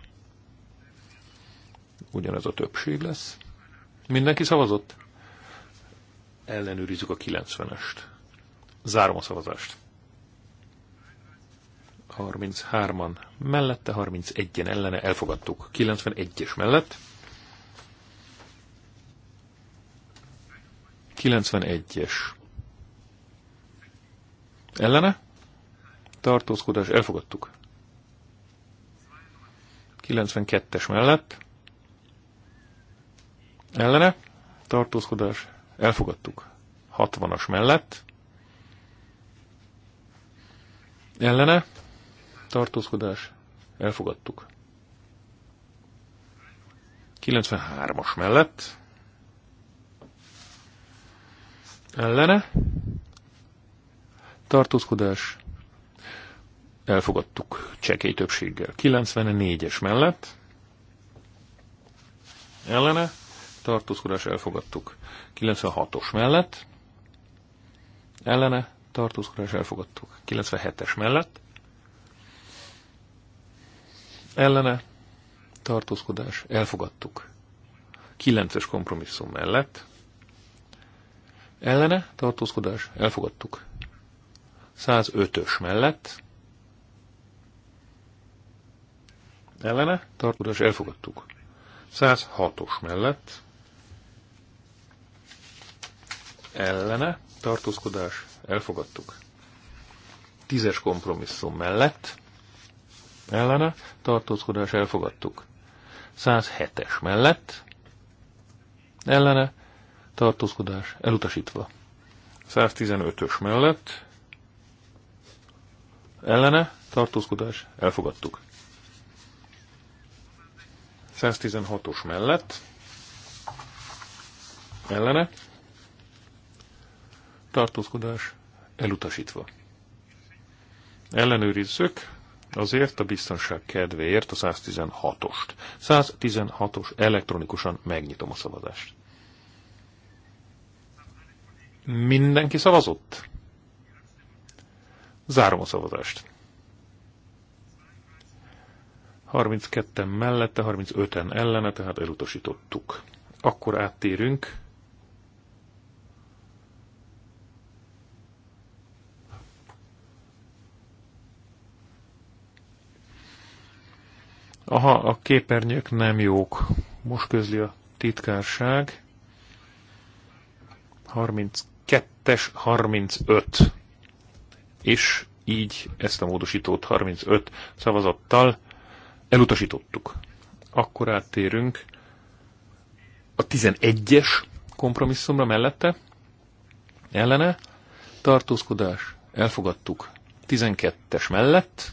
ugyanez a többség lesz. Mindenki szavazott? Ellenőrizzük a 90-est. Zárom a szavazást. 33-an mellette, 31-en ellene elfogadtuk. 91-es mellett. 91-es. Ellene? Tartózkodás, elfogadtuk. 92-es mellett. 92-es ellene, tartózkodás, elfogadtuk. 60-as mellett, ellene, tartózkodás, elfogadtuk. 93-as mellett, ellene, tartózkodás, elfogadtuk csekély többséggel. 94-es mellett, ellene, tartózkodás elfogadtuk. 96-os mellett, ellene, tartózkodás elfogadtuk. 97-es mellett, ellene, tartózkodás elfogadtuk. 9-es kompromisszum mellett, ellene, tartózkodás elfogadtuk. 105-ös mellett, ellene, tartózkodás elfogadtuk. 106-os mellett ellene tartózkodás elfogadtuk. Tízes kompromisszum mellett ellene tartózkodás elfogadtuk. 107-es mellett ellene tartózkodás elutasítva. 115-ös mellett ellene tartózkodás elfogadtuk. 116-os mellett ellene tartózkodás elutasítva. Ellenőrizzük azért a biztonság kedvéért a 116-ost. 116-os elektronikusan megnyitom a szavazást. Mindenki szavazott? Zárom a szavazást. 32-en mellette, 35-en ellene, tehát elutasítottuk. Akkor áttérünk Aha, a képernyők nem jók. Most közli a titkárság. 32-es 35. És így ezt a módosítót 35 szavazattal elutasítottuk. Akkor áttérünk a 11-es kompromisszumra mellette. Ellene tartózkodás elfogadtuk 12-es mellett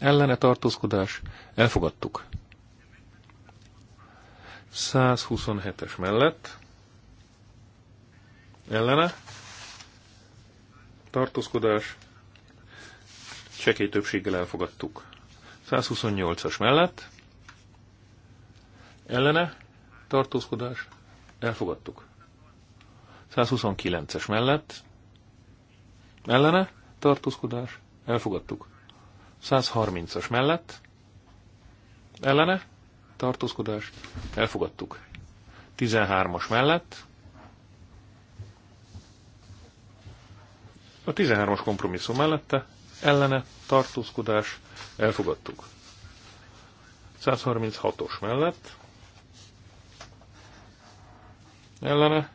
ellene tartózkodás, elfogadtuk. 127-es mellett, ellene, tartózkodás, csekély többséggel elfogadtuk. 128-as mellett, ellene, tartózkodás, elfogadtuk. 129-es mellett, ellene, tartózkodás, elfogadtuk. 130-as mellett ellene tartózkodás elfogadtuk. 13-as mellett a 13-as kompromisszum mellette ellene tartózkodás elfogadtuk. 136-os mellett ellene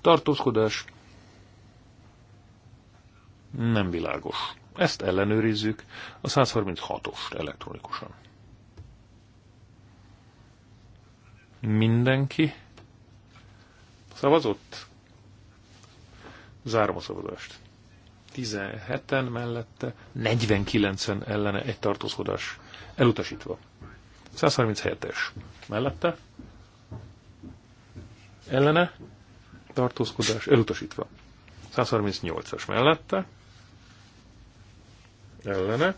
tartózkodás nem világos. Ezt ellenőrizzük a 136 os elektronikusan. Mindenki szavazott? Zárom a szavazást. 17-en mellette, 49-en ellene egy tartózkodás elutasítva. 137-es mellette, ellene, tartózkodás elutasítva. 138-as mellette, ellene,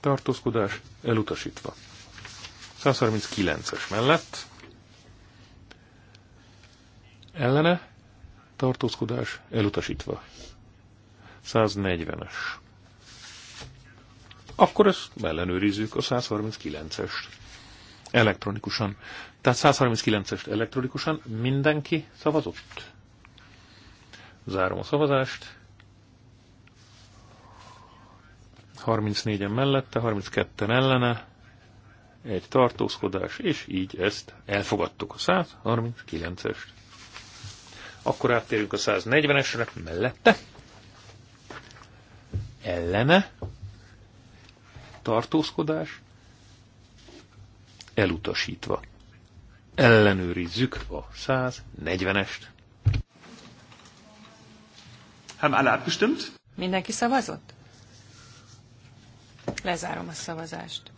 tartózkodás elutasítva. 139-es mellett, ellene, tartózkodás elutasítva. 140-es. Akkor ezt ellenőrizzük a 139-est. Elektronikusan. Tehát 139-est elektronikusan mindenki szavazott. Zárom a szavazást. 34-en mellette, 32-en ellene, egy tartózkodás, és így ezt elfogadtuk a 139-est. Akkor áttérünk a 140-esre, mellette, ellene, tartózkodás, elutasítva. Ellenőrizzük a 140-est. Haben alle abgestimmt?
Mindenki szavazott? Lezárom a szavazást.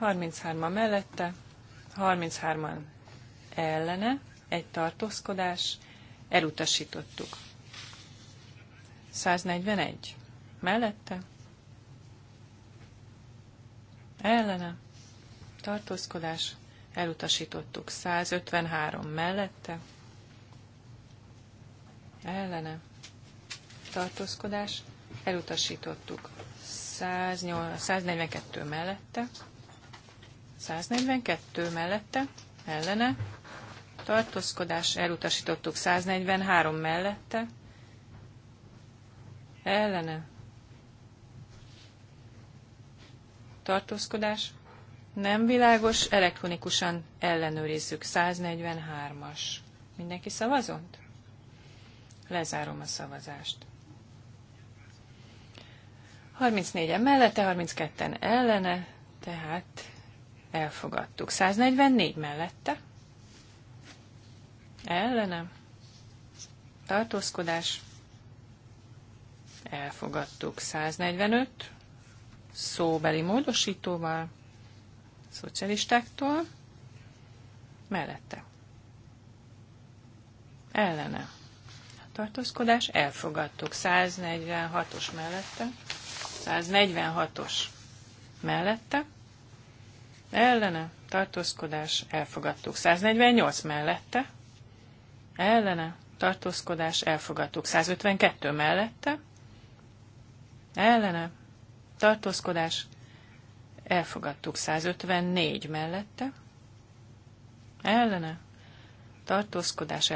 33-an mellette, 33-an ellene, egy tartózkodás, elutasítottuk. 141 mellette, ellene, tartózkodás, elutasítottuk. 153 mellette, ellene, tartózkodás, elutasítottuk. 142 mellette, 142 mellette, ellene, tartózkodás, elutasítottuk 143 mellette, ellene, tartózkodás, nem világos, elektronikusan ellenőrizzük 143-as. Mindenki szavazott? Lezárom a szavazást. 34-en mellette, 32-en ellene, tehát elfogadtuk. 144 mellette, ellene, tartózkodás, elfogadtuk. 145 szóbeli módosítóval, szocialistáktól, mellette. Ellene. Tartózkodás, elfogadtuk. 146-os mellette 146-os mellette, ellene, tartózkodás, elfogadtuk. 148 mellette, ellene, tartózkodás, elfogadtuk. 152 mellette, ellene, tartózkodás, elfogadtuk. 154 mellette, ellene, tartózkodás,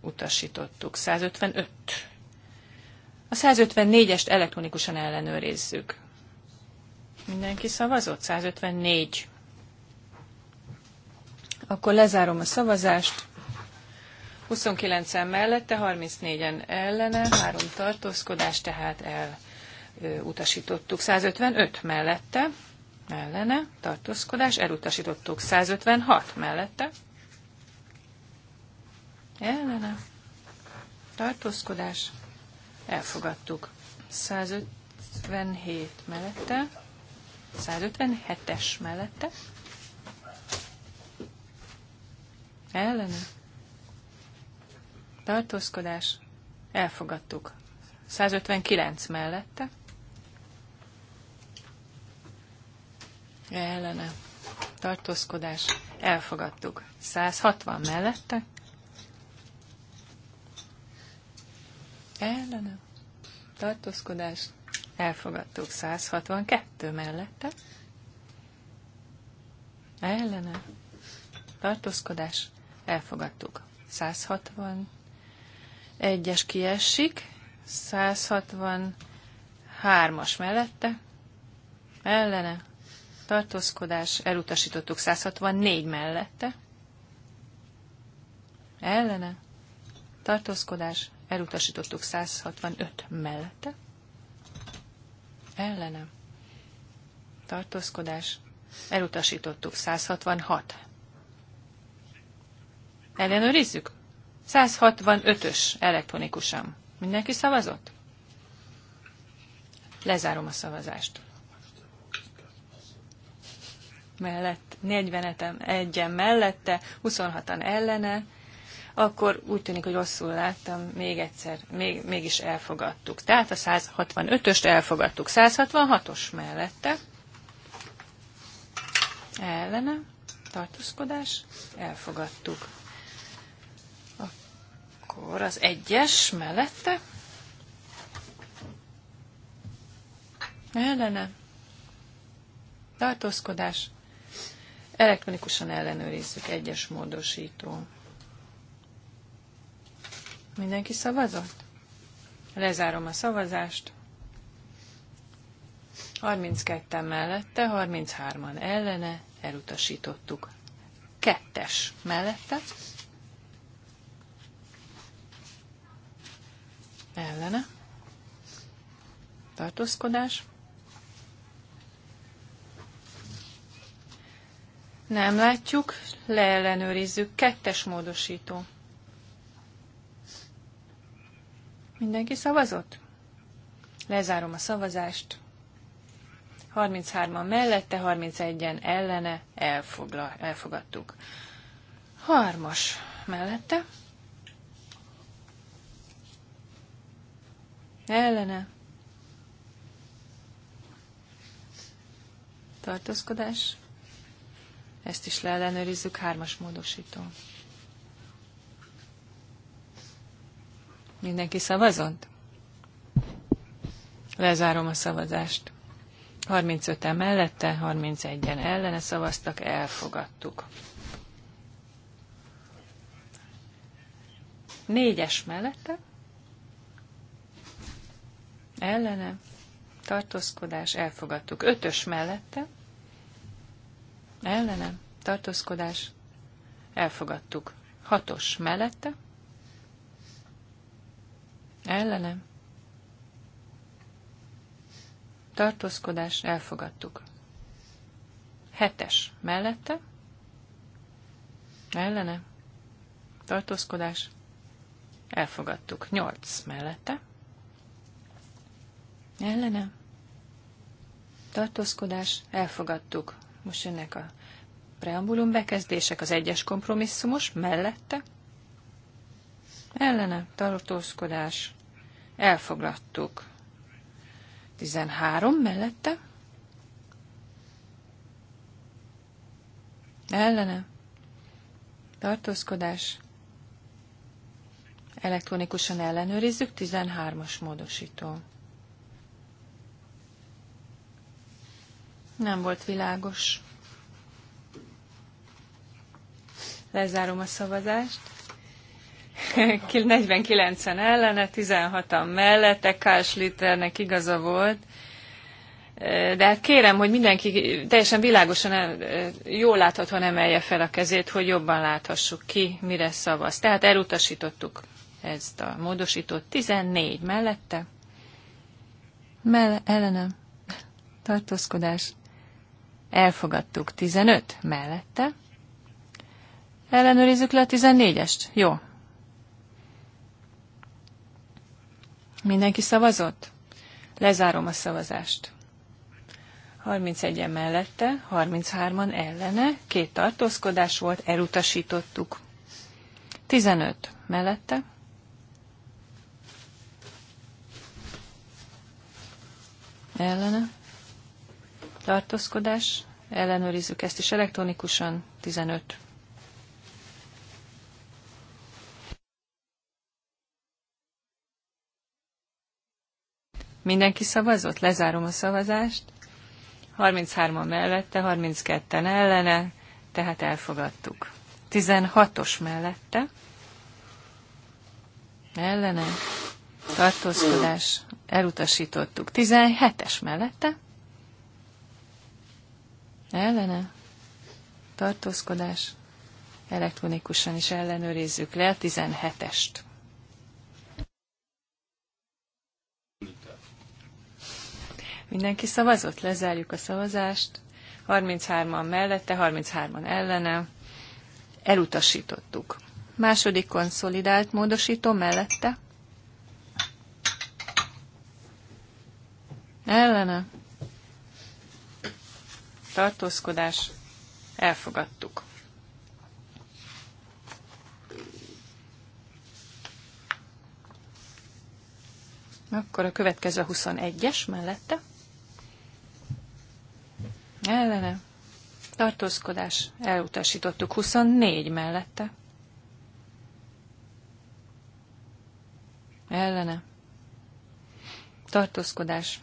elutasítottuk. 155 a 154-est elektronikusan ellenőrizzük. Mindenki szavazott? 154. Akkor lezárom a szavazást. 29-en mellette, 34-en ellene, három tartózkodás, tehát elutasítottuk. 155 mellette, ellene, tartózkodás, elutasítottuk. 156 mellette, ellene, tartózkodás, Elfogadtuk. 157 mellette, 157-es mellette, ellene, tartózkodás, elfogadtuk. 159 mellette, ellene, tartózkodás, elfogadtuk. 160 mellette, ellene tartózkodás elfogadtuk 162 mellette ellene tartózkodás elfogadtuk 161-es kiesik 163-as mellette ellene tartózkodás elutasítottuk 164 mellette ellene tartózkodás elutasítottuk 165 mellette, Ellenem. tartózkodás, elutasítottuk 166. Ellenőrizzük? 165-ös elektronikusan. Mindenki szavazott? Lezárom a szavazást. Mellett 40 en mellette, 26-an ellene, akkor úgy tűnik, hogy rosszul láttam, még egyszer, még, mégis elfogadtuk. Tehát a 165-öst elfogadtuk. 166-os mellette ellene tartózkodás elfogadtuk. Akkor az egyes mellette ellene tartózkodás elektronikusan ellenőrizzük egyes módosító. Mindenki szavazott? Lezárom a szavazást. 32 mellette, 33-an ellene, elutasítottuk. Kettes mellette, ellene, tartózkodás. Nem látjuk, leellenőrizzük. Kettes módosító. Mindenki szavazott? Lezárom a szavazást. 33-an mellette, 31-en ellene elfogla, elfogadtuk. Harmas mellette. Ellene. Tartózkodás. Ezt is leellenőrizzük hármas módosító. Mindenki szavazott? Lezárom a szavazást. 35-en mellette, 31-en ellene szavaztak, elfogadtuk. Négyes mellette, ellene, tartózkodás, elfogadtuk. Ötös mellette, ellene, tartózkodás, elfogadtuk. Hatos mellette, Ellenem. tartózkodás elfogadtuk. Hetes mellette ellene tartózkodás elfogadtuk. Nyolc mellette ellene tartózkodás elfogadtuk. Most jönnek a preambulum bekezdések, az egyes kompromisszumos mellette ellene tartózkodás elfogadtuk. 13 mellette ellene tartózkodás elektronikusan ellenőrizzük 13-as módosító. Nem volt világos. Lezárom a szavazást. 49-en ellene, 16-an mellette, Karl Schlitternek igaza volt. De hát kérem, hogy mindenki teljesen világosan, jól láthatóan emelje fel a kezét, hogy jobban láthassuk ki, mire szavaz. Tehát elutasítottuk ezt a módosítót. 14 mellette. Mell ellene. Tartózkodás. Elfogadtuk 15 mellette. Ellenőrizzük le a 14-est. Jó, Mindenki szavazott? Lezárom a szavazást. 31-en mellette, 33-an ellene, két tartózkodás volt, elutasítottuk. 15 mellette. Ellene. Tartózkodás. Ellenőrizzük ezt is elektronikusan. 15 Mindenki szavazott? Lezárom a szavazást. 33-an mellette, 32-en ellene, tehát elfogadtuk. 16-os mellette, ellene, tartózkodás, elutasítottuk. 17-es mellette, ellene, tartózkodás, elektronikusan is ellenőrizzük le a 17-est. Mindenki szavazott? Lezárjuk a szavazást. 33-an mellette, 33-an ellene. Elutasítottuk. Második konszolidált módosító mellette. Ellene. Tartózkodás. Elfogadtuk. Akkor a következő 21-es mellette ellene, tartózkodás, elutasítottuk 24 mellette, ellene, tartózkodás,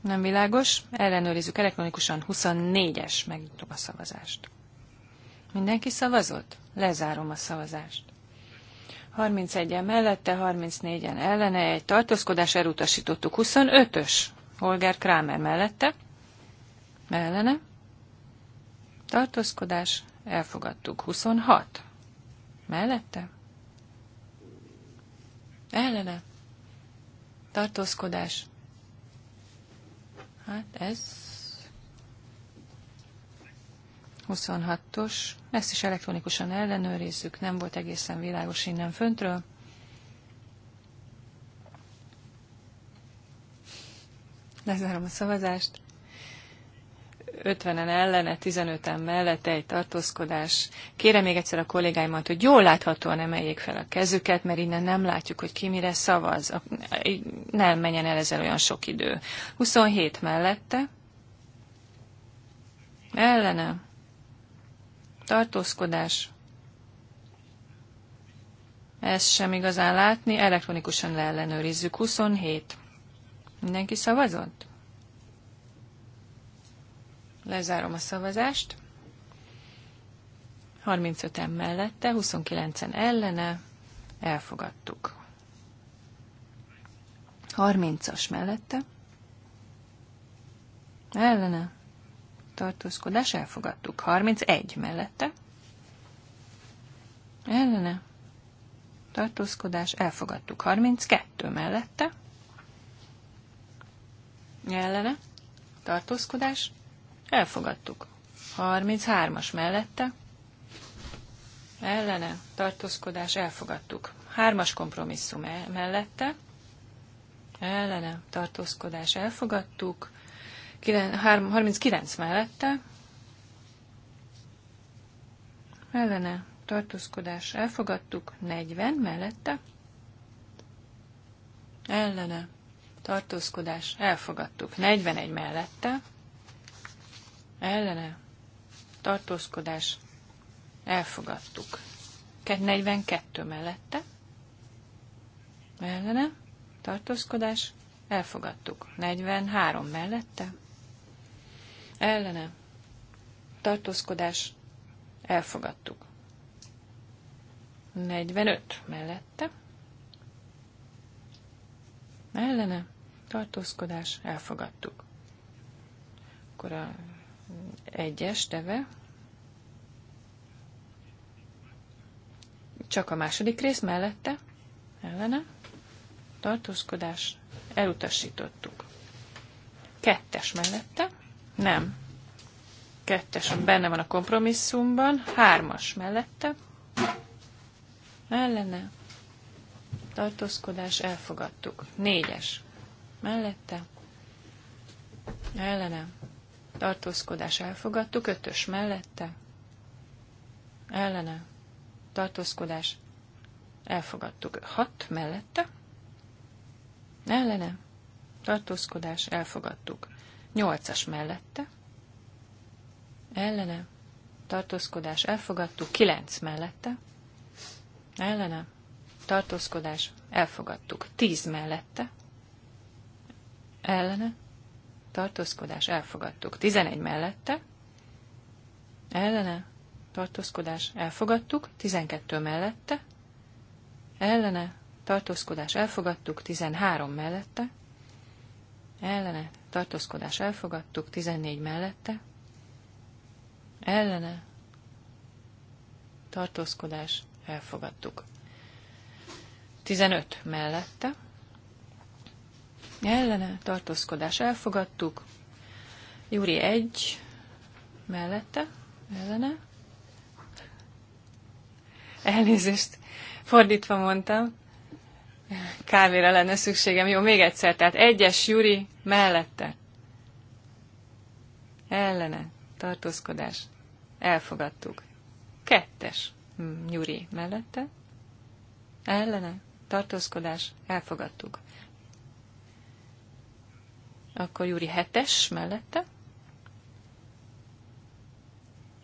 nem világos, ellenőrizzük elektronikusan 24-es, megnyitom a szavazást. Mindenki szavazott? Lezárom a szavazást. 31-en mellette, 34-en ellene, egy tartózkodás elutasítottuk. 25-ös Holger Kramer mellette, ellene, tartózkodás, elfogadtuk. 26 mellette, ellene, tartózkodás. Hát ez 26-os, ezt is elektronikusan ellenőrizzük, nem volt egészen világos innen föntről. Lezárom a szavazást. 50-en ellene, 15-en mellette egy tartózkodás. Kérem még egyszer a kollégáimat, hogy jól láthatóan emeljék fel a kezüket, mert innen nem látjuk, hogy ki mire szavaz. Nem menjen el ezzel olyan sok idő. 27 mellette. Ellene tartózkodás, ezt sem igazán látni, elektronikusan leellenőrizzük. 27. Mindenki szavazott? Lezárom a szavazást. 35-en mellette, 29-en ellene, elfogadtuk. 30-as mellette, ellene, tartózkodás elfogadtuk. 31 mellette. Ellene. Tartózkodás elfogadtuk. 32 mellette. Ellene. Tartózkodás elfogadtuk. 33-as mellette. Ellene. Tartózkodás elfogadtuk. 3-as kompromisszum e- mellette. Ellene. Tartózkodás elfogadtuk. 39 mellette ellene tartózkodás elfogadtuk, 40 mellette ellene tartózkodás elfogadtuk, 41 mellette ellene tartózkodás elfogadtuk, 42 mellette ellene tartózkodás elfogadtuk, 43 mellette ellene tartózkodás elfogadtuk. 45 mellette ellene tartózkodás elfogadtuk. Akkor a egyes teve csak a második rész mellette ellene tartózkodás elutasítottuk. Kettes mellette nem. Kettes benne van a kompromisszumban. Hármas mellette. Ellene. Tartózkodás elfogadtuk. Négyes. Mellette. Ellene. Tartózkodás elfogadtuk. Ötös mellette. Ellene. Tartózkodás elfogadtuk. Hat mellette. Ellene. Tartózkodás elfogadtuk. Nyolcas mellette. Ellene. Tartózkodás elfogadtuk. Kilenc mellette. Ellene. Tartózkodás elfogadtuk. Tíz mellette. Ellene. Tartózkodás elfogadtuk. Tizenegy mellette. Ellene. Tartózkodás elfogadtuk. Tizenkettő mellette. Ellene. Tartózkodás elfogadtuk. Tizenhárom mellette. Ellene tartózkodás elfogadtuk, 14 mellette, ellene, tartózkodás elfogadtuk. 15 mellette, ellene, tartózkodás elfogadtuk, Júri 1 mellette, ellene, elnézést, fordítva mondtam, kávéra lenne szükségem. Jó, még egyszer, tehát egyes Júri mellette, ellene, tartózkodás, elfogadtuk. Kettes, hmm, Nyuri mellette, ellene, tartózkodás, elfogadtuk. Akkor Júri hetes mellette.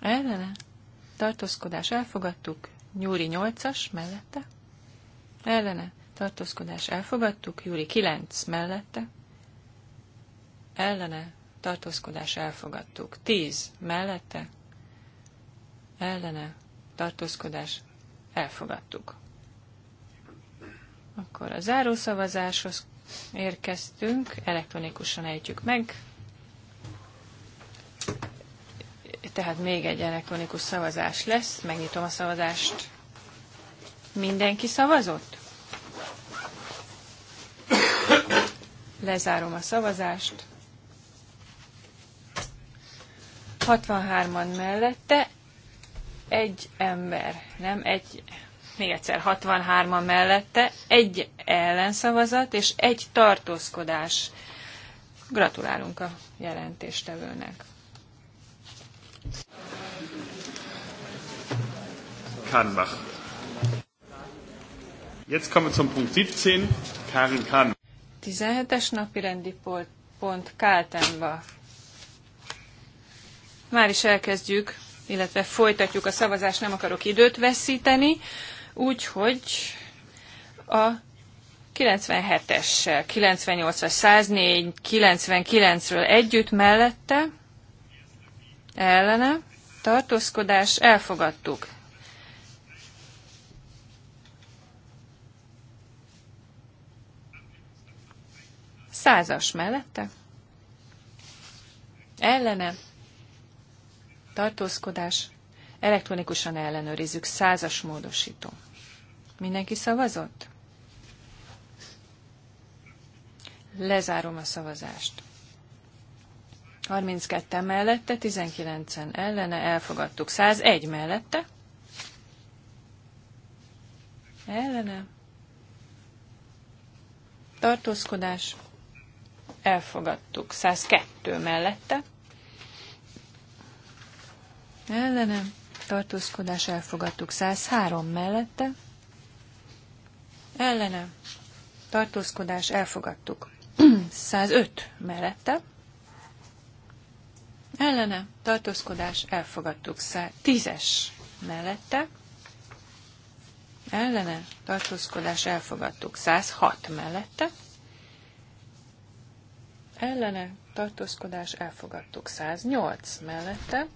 Ellene. Tartózkodás elfogadtuk. Júri nyolcas mellette. Ellene. Tartózkodás elfogadtuk. Júri kilenc mellette ellene tartózkodás elfogadtuk. Tíz mellette ellene tartózkodás elfogadtuk. Akkor a zárószavazáshoz érkeztünk, elektronikusan ejtjük meg. Tehát még egy elektronikus szavazás lesz, megnyitom a szavazást. Mindenki szavazott? Lezárom a szavazást. 63-an mellette, egy ember, nem egy, még egyszer 63-an mellette, egy ellenszavazat és egy tartózkodás. Gratulálunk a jelentéstevőnek.
Kahnbach. Jetzt kommen wir zum Punkt 17, Karin Kahn.
17-es napi pont, pont Kaltenbach már is elkezdjük, illetve folytatjuk a szavazást, nem akarok időt veszíteni, úgyhogy a 97-essel, 98-as, 104, 99-ről együtt mellette, ellene, tartózkodás, elfogadtuk. Százas mellette, ellene, tartózkodás, elektronikusan ellenőrizzük, százas módosító. Mindenki szavazott? Lezárom a szavazást. 32 mellette, 19-en ellene, elfogadtuk. 101 mellette. Ellene. Tartózkodás. Elfogadtuk. 102 mellette ellene, tartózkodás elfogadtuk 103 mellette, ellene, tartózkodás elfogadtuk 105 mellette, ellene, tartózkodás elfogadtuk 10-es mellette, ellene, tartózkodás elfogadtuk 106 mellette, ellene, tartózkodás elfogadtuk 108 mellette,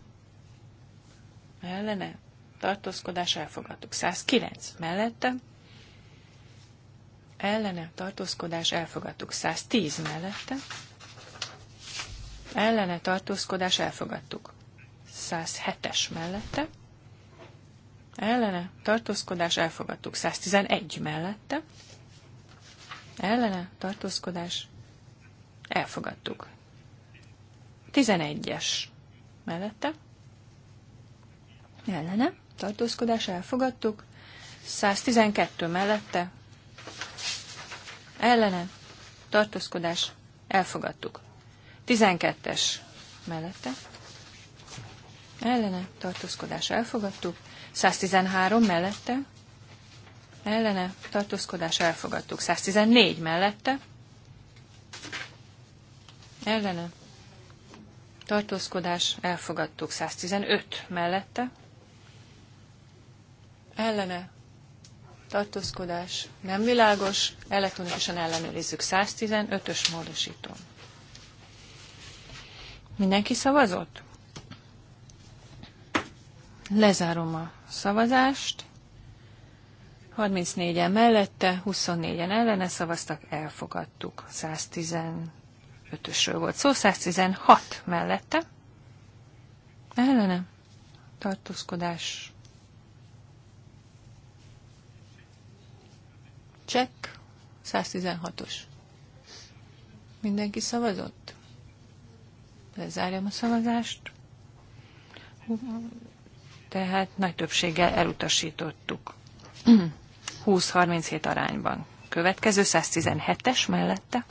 ellene, tartózkodás elfogadtuk. 109 mellette, ellene, tartózkodás elfogadtuk. 110 mellette, ellene, tartózkodás elfogadtuk. 107-es mellette, ellene, tartózkodás elfogadtuk. 111 mellette, ellene, tartózkodás elfogadtuk. 11-es mellette, ellene, tartózkodás elfogadtuk, 112 mellette, ellene, tartózkodás elfogadtuk, 12-es mellette, ellene, tartózkodás elfogadtuk, 113 mellette, ellene, tartózkodás elfogadtuk, 114 mellette, ellene, tartózkodás elfogadtuk, 115 mellette, ellene tartózkodás nem világos, elektronikusan ellenőrizzük 115-ös módosító. Mindenki szavazott? Lezárom a szavazást. 34-en mellette, 24-en ellene szavaztak, elfogadtuk. 115-ösről volt szó, 116 mellette. Ellene tartózkodás Csekk 116-os. Mindenki szavazott? Lezárjam a szavazást. Tehát nagy többséggel elutasítottuk. 20-37 arányban. Következő 117-es mellette.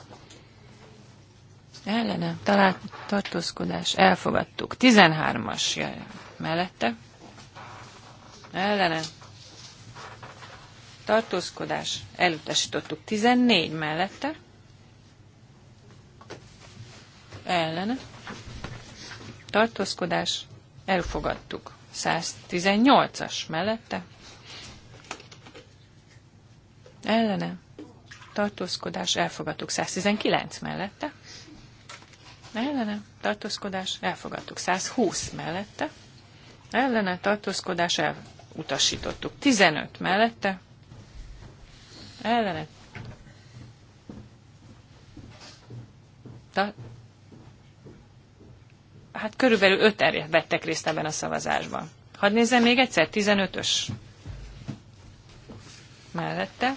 Ellene. Talált tartózkodás. Elfogadtuk. 13-as mellette. Ellene tartózkodás, elutasítottuk 14 mellette, ellene, tartózkodás, elfogadtuk 118-as mellette, ellene, tartózkodás, elfogadtuk 119 mellette, ellene, tartózkodás, elfogadtuk 120 mellette, ellene, tartózkodás, elutasítottuk 15 mellette, ellene. hát körülbelül öt vettek részt ebben a szavazásban. Hadd nézzem még egyszer, 15-ös mellette,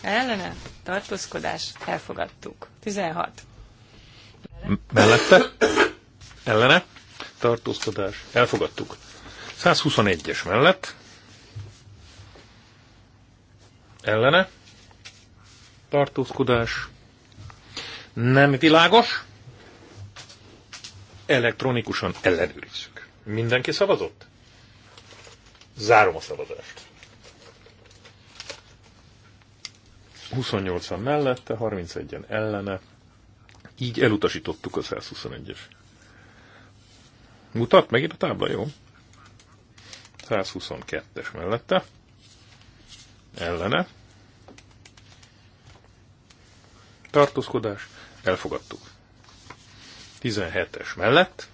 ellene, tartózkodás, elfogadtuk. 16.
Mellette, ellene, tartózkodás, elfogadtuk. 121-es mellett, ellene, tartózkodás, nem világos, elektronikusan ellenőrizzük. Mindenki szavazott? Zárom a szavazást. 28-an mellette, 31-en ellene. Így elutasítottuk a 121-es. Mutat megint a tábla, jó? 122-es mellette. Ellene. tartózkodás, elfogadtuk. 17-es mellett,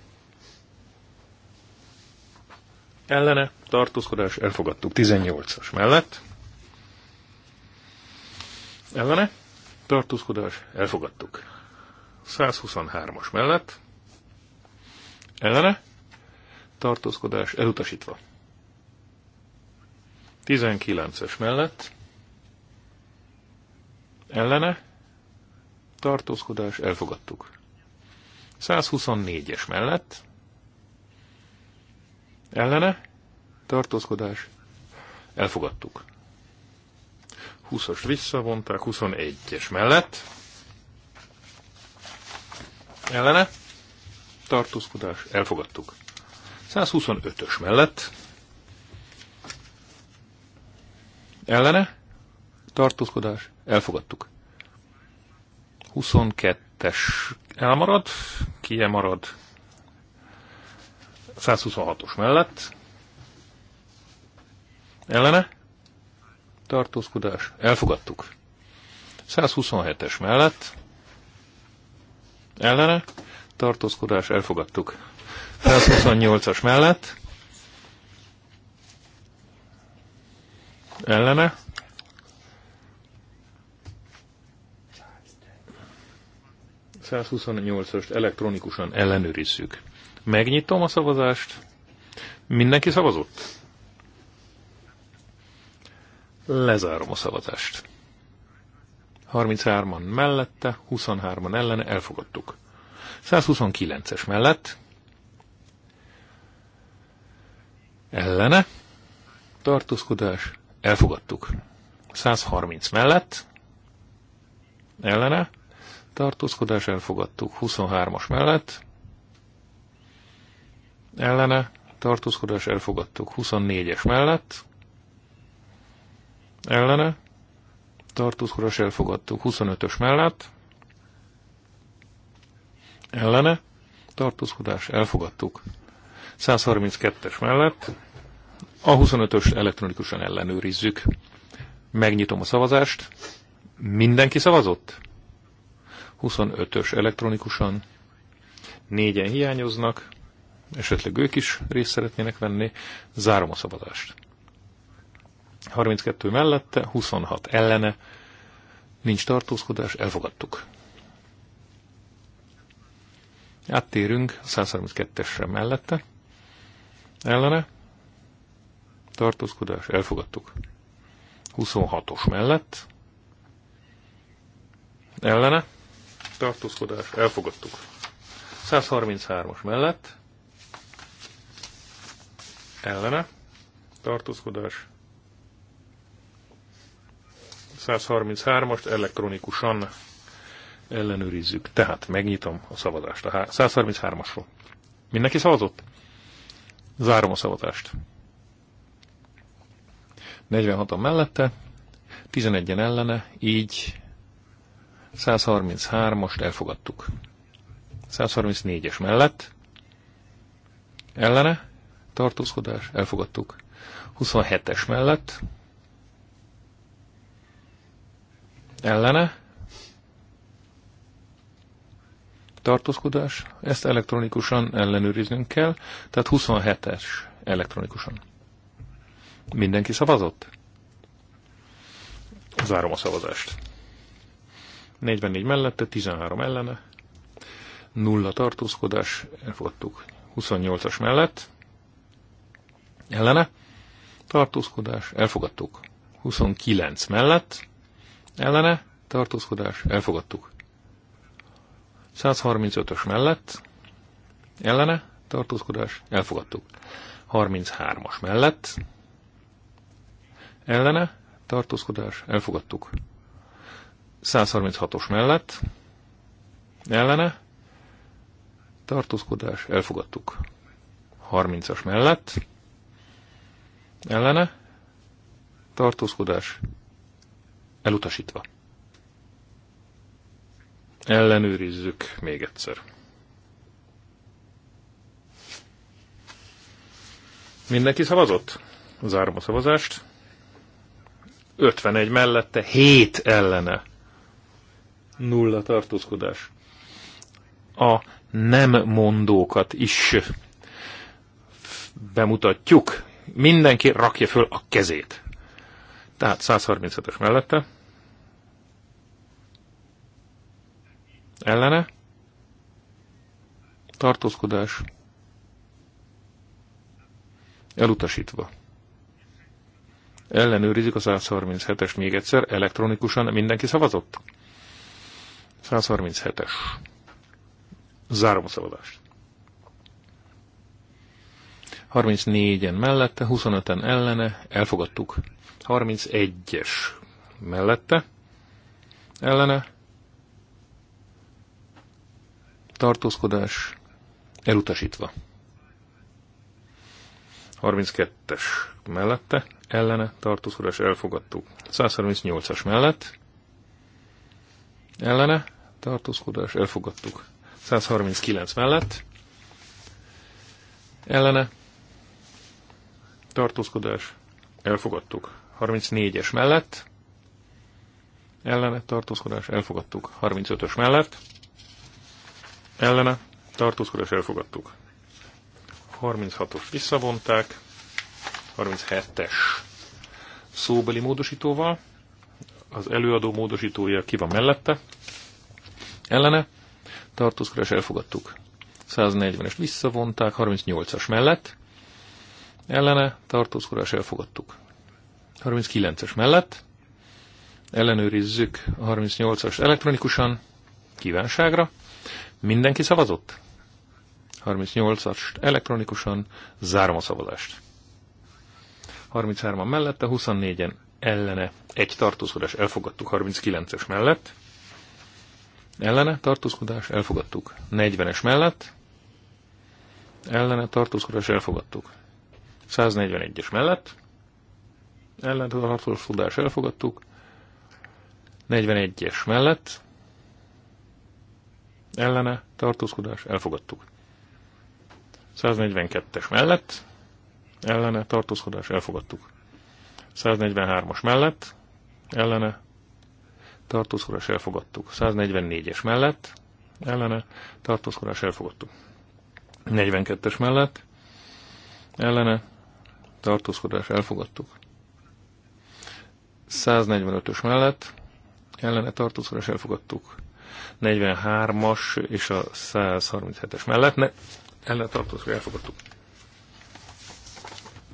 ellene, tartózkodás, elfogadtuk. 18-as mellett, ellene, tartózkodás, elfogadtuk. 123-as mellett, ellene, tartózkodás, elutasítva. 19-es mellett, ellene, tartózkodás, elfogadtuk. 124-es mellett, ellene, tartózkodás, elfogadtuk. 20-as visszavonták, 21-es mellett, ellene, tartózkodás, elfogadtuk. 125-ös mellett, ellene, tartózkodás, elfogadtuk. 22-es elmarad, kie marad 126-os mellett. Ellene? Tartózkodás. Elfogadtuk. 127-es mellett. Ellene? Tartózkodás. Elfogadtuk. 128-as mellett. Ellene? 128 ost elektronikusan ellenőrizzük. Megnyitom a szavazást. Mindenki szavazott? Lezárom a szavazást. 33-an mellette, 23-an ellene elfogadtuk. 129-es mellett ellene tartózkodás elfogadtuk. 130 mellett ellene tartózkodás elfogadtuk. 23-as mellett ellene tartózkodás elfogadtuk. 24-es mellett ellene tartózkodás elfogadtuk. 25-ös mellett ellene tartózkodás elfogadtuk. 132-es mellett a 25-ös elektronikusan ellenőrizzük. Megnyitom a szavazást. Mindenki szavazott? 25-ös elektronikusan, négyen hiányoznak, esetleg ők is részt szeretnének venni, zárom a szabadást. 32 mellette, 26 ellene, nincs tartózkodás, elfogadtuk. Áttérünk 132-esre mellette, ellene, tartózkodás, elfogadtuk. 26-os mellett, ellene, tartózkodás, elfogadtuk. 133-as mellett, ellene, tartózkodás, 133-ast elektronikusan ellenőrizzük. Tehát megnyitom a szavazást. A 133-asról. Mindenki szavazott? Zárom a szavazást. 46-an mellette, 11-en ellene, így 133-ast elfogadtuk. 134-es mellett ellene tartózkodás elfogadtuk. 27-es mellett ellene tartózkodás, ezt elektronikusan ellenőriznünk kell, tehát 27-es elektronikusan. Mindenki szavazott? Zárom a szavazást. 44 mellette, 13 ellene, nulla tartózkodás, elfogadtuk. 28-as mellett, ellene, tartózkodás, elfogadtuk. 29 mellett, ellene, tartózkodás, elfogadtuk. 135-ös mellett, ellene, tartózkodás, elfogadtuk. 33-as mellett, ellene, tartózkodás, elfogadtuk. 136-os mellett ellene tartózkodás elfogadtuk. 30-as mellett ellene tartózkodás elutasítva. Ellenőrizzük még egyszer. Mindenki szavazott? Zárom a szavazást. 51 mellette, 7 ellene nulla tartózkodás. A nem mondókat is bemutatjuk. Mindenki rakja föl a kezét. Tehát 135 es mellette. Ellene. Tartózkodás. Elutasítva. Ellenőrizik a 137-es még egyszer, elektronikusan mindenki szavazott? 137-es. Zárom a szavazást. 34-en mellette, 25-en ellene, elfogadtuk. 31-es mellette, ellene, tartózkodás, elutasítva. 32-es mellette, ellene, tartózkodás, elfogadtuk. 138-as mellett, ellene, tartózkodás, elfogadtuk. 139 mellett, ellene, tartózkodás, elfogadtuk. 34-es mellett, ellene, tartózkodás, elfogadtuk. 35-ös mellett, ellene, tartózkodás, elfogadtuk. 36-os visszavonták, 37-es szóbeli módosítóval, az előadó módosítója ki van mellette, ellene, tartózkodás elfogadtuk. 140-est visszavonták, 38-as mellett, ellene, tartózkodás elfogadtuk. 39-es mellett, ellenőrizzük a 38-as elektronikusan, kívánságra. Mindenki szavazott? 38-as elektronikusan, zárom a szavazást. 33-an mellette, 24-en ellene, egy tartózkodás elfogadtuk 39-es mellett, ellene tartózkodás elfogadtuk. 40-es mellett ellene tartózkodás elfogadtuk. 141-es mellett Ellene tartózkodás elfogadtuk. 41-es mellett ellene tartózkodás elfogadtuk. 142-es mellett ellene tartózkodás elfogadtuk. 143-as mellett ellene tartózkodás elfogadtuk. 144-es mellett ellene tartózkodás elfogadtuk. 42-es mellett ellene tartózkodás elfogadtuk. 145-ös mellett ellene tartózkodás elfogadtuk. 43-as és a 137-es mellett ne, ellene tartózkodás elfogadtuk.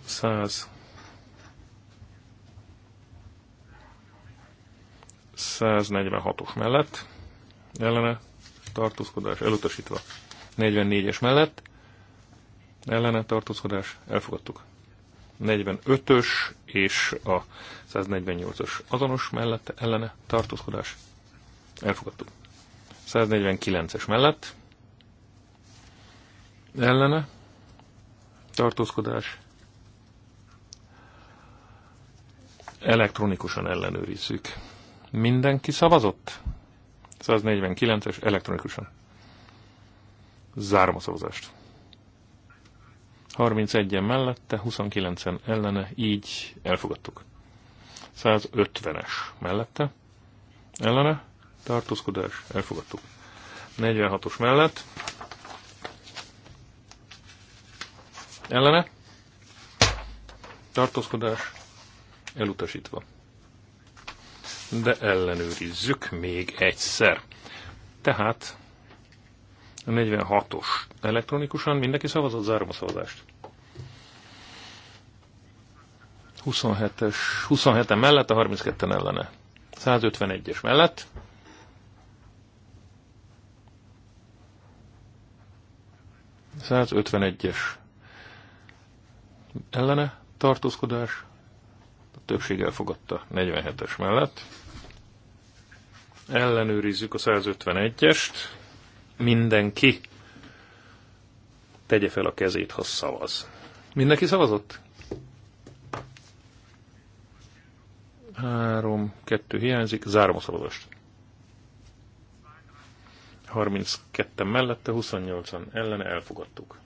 100 146-os mellett ellene tartózkodás elutasítva. 44-es mellett ellene tartózkodás elfogadtuk. 45-ös és a 148-os azonos mellett ellene tartózkodás elfogadtuk. 149-es mellett ellene tartózkodás elektronikusan ellenőrizzük. Mindenki szavazott? 149-es elektronikusan. Zárom a szavazást. 31-en mellette, 29-en ellene, így elfogadtuk. 150-es mellette, ellene, tartózkodás, elfogadtuk. 46-os mellett, ellene, tartózkodás, elutasítva de ellenőrizzük még egyszer. Tehát a 46-os elektronikusan mindenki szavazott, zárom a szavazást. 27-es, 27-en mellett, a 32-en ellene. 151-es mellett. ...151-es ellene tartózkodás, többség elfogadta 47-es mellett. Ellenőrizzük a 151-est. Mindenki tegye fel a kezét, ha szavaz. Mindenki szavazott? Három, kettő hiányzik, zárom a szavazást. 32 mellette, 28-an ellene elfogadtuk.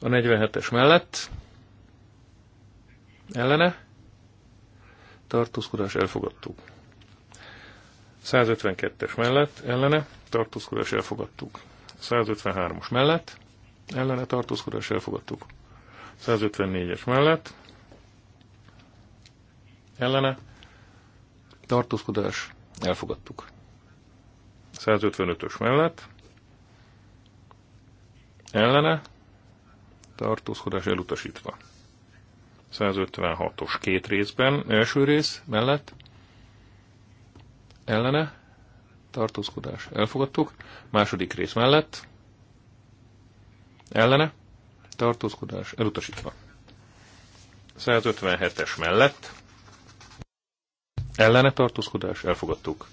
A 47-es mellett ellene tartózkodás elfogadtuk. 152-es mellett ellene tartózkodás elfogadtuk. 153-os mellett ellene tartózkodás elfogadtuk. 154-es mellett ellene tartózkodás elfogadtuk. 155-ös mellett ellene tartózkodás elutasítva. 156-os két részben, első rész mellett, ellene, tartózkodás, elfogadtuk, második rész mellett, ellene, tartózkodás, elutasítva. 157-es mellett, ellene tartózkodás, elfogadtuk.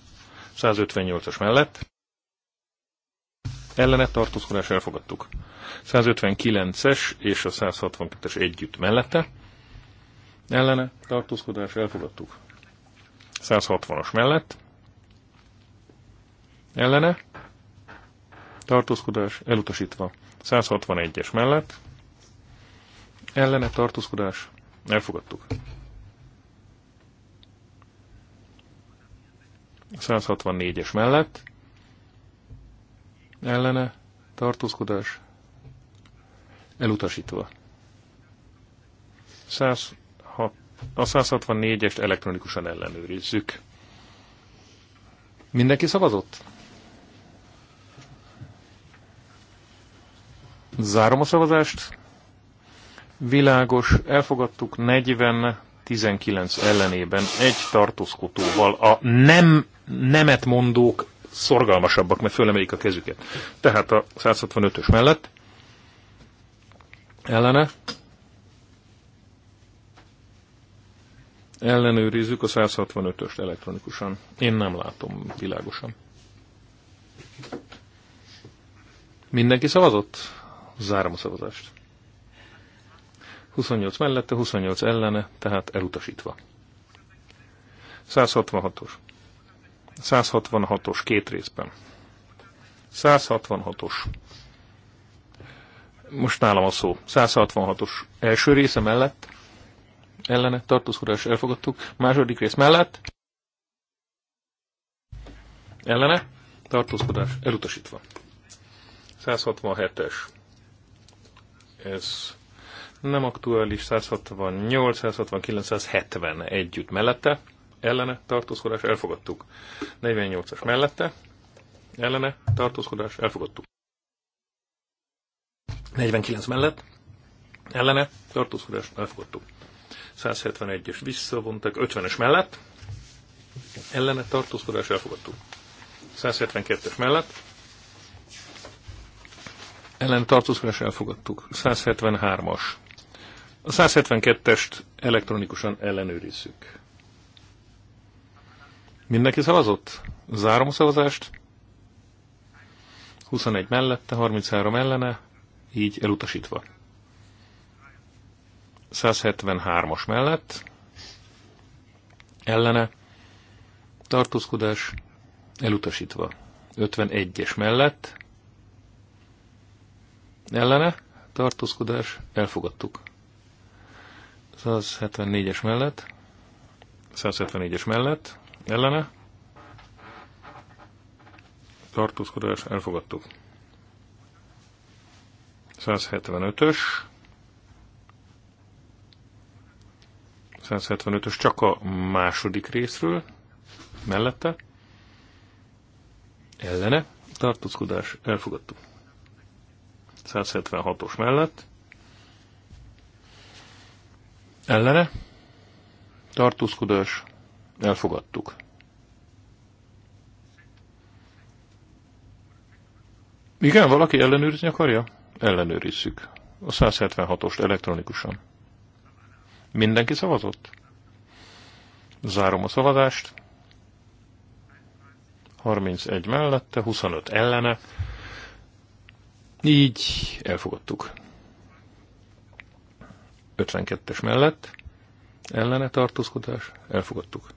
158-as mellett, ellene tartózkodás, elfogadtuk. 159-es és a 162-es együtt mellette, ellene tartózkodás elfogadtuk. 160-as mellett ellene tartózkodás elutasítva. 161-es mellett ellene tartózkodás elfogadtuk. 164-es mellett ellene tartózkodás elutasítva. 100 a 164-est elektronikusan ellenőrizzük. Mindenki szavazott? Zárom a szavazást. Világos, elfogadtuk 40-19 ellenében egy tartózkodóval a nem, nemet mondók szorgalmasabbak, mert fölemelik a kezüket. Tehát a 165-ös mellett ellene Ellenőrizzük a 165-öst elektronikusan. Én nem látom világosan. Mindenki szavazott? Zárom a szavazást. 28 mellette, 28 ellene, tehát elutasítva. 166-os. 166-os két részben. 166-os. Most nálam a szó. 166-os első része mellett ellene tartózkodás elfogadtuk. Második rész mellett ellene tartózkodás elutasítva. 167-es. Ez nem aktuális 168, 169, 170 együtt mellette, ellene tartózkodás elfogadtuk. 48-as mellette, ellene tartózkodás elfogadtuk. 49 mellett, ellene tartózkodás elfogadtuk. 171-es visszavontak, 50-es mellett, ellene tartózkodás elfogadtuk. 172-es mellett, ellen tartózkodás elfogadtuk. 173-as. A 172-est elektronikusan ellenőrizzük. Mindenki szavazott? Zárom a szavazást. 21 mellette, 33 ellene, így elutasítva. 173-as mellett ellene tartózkodás elutasítva. 51-es mellett ellene tartózkodás elfogadtuk. 174-es mellett 174-es mellett ellene tartózkodás elfogadtuk. 175-ös 175-ös csak a második részről, mellette, ellene, tartózkodás, elfogadtuk. 176-os mellett, ellene, tartózkodás, elfogadtuk. Igen, valaki ellenőrizni akarja? Ellenőrizzük. A 176-ost elektronikusan. Mindenki szavazott? Zárom a szavazást. 31 mellette, 25 ellene. Így elfogadtuk. 52-es mellett ellene tartózkodás, elfogadtuk.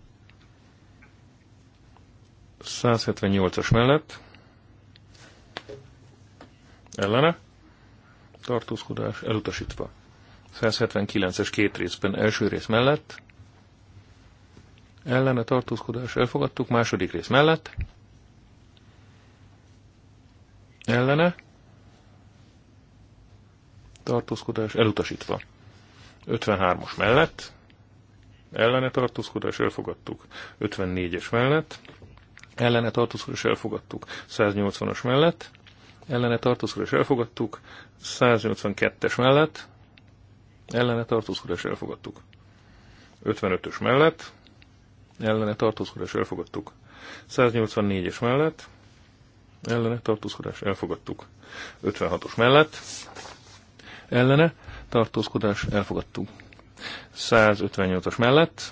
178-as mellett ellene tartózkodás elutasítva. 179-es két részben első rész mellett, ellene tartózkodás elfogadtuk, második rész mellett, ellene tartózkodás elutasítva. 53 os mellett, ellene tartózkodás elfogadtuk, 54-es mellett, ellene tartózkodás elfogadtuk, 180-as mellett, ellene tartózkodás elfogadtuk, 182-es mellett, ellene tartózkodás elfogadtuk. 55-ös mellett ellene tartózkodás elfogadtuk. 184-es mellett ellene tartózkodás elfogadtuk. 56-os mellett ellene tartózkodás elfogadtuk. 158-as mellett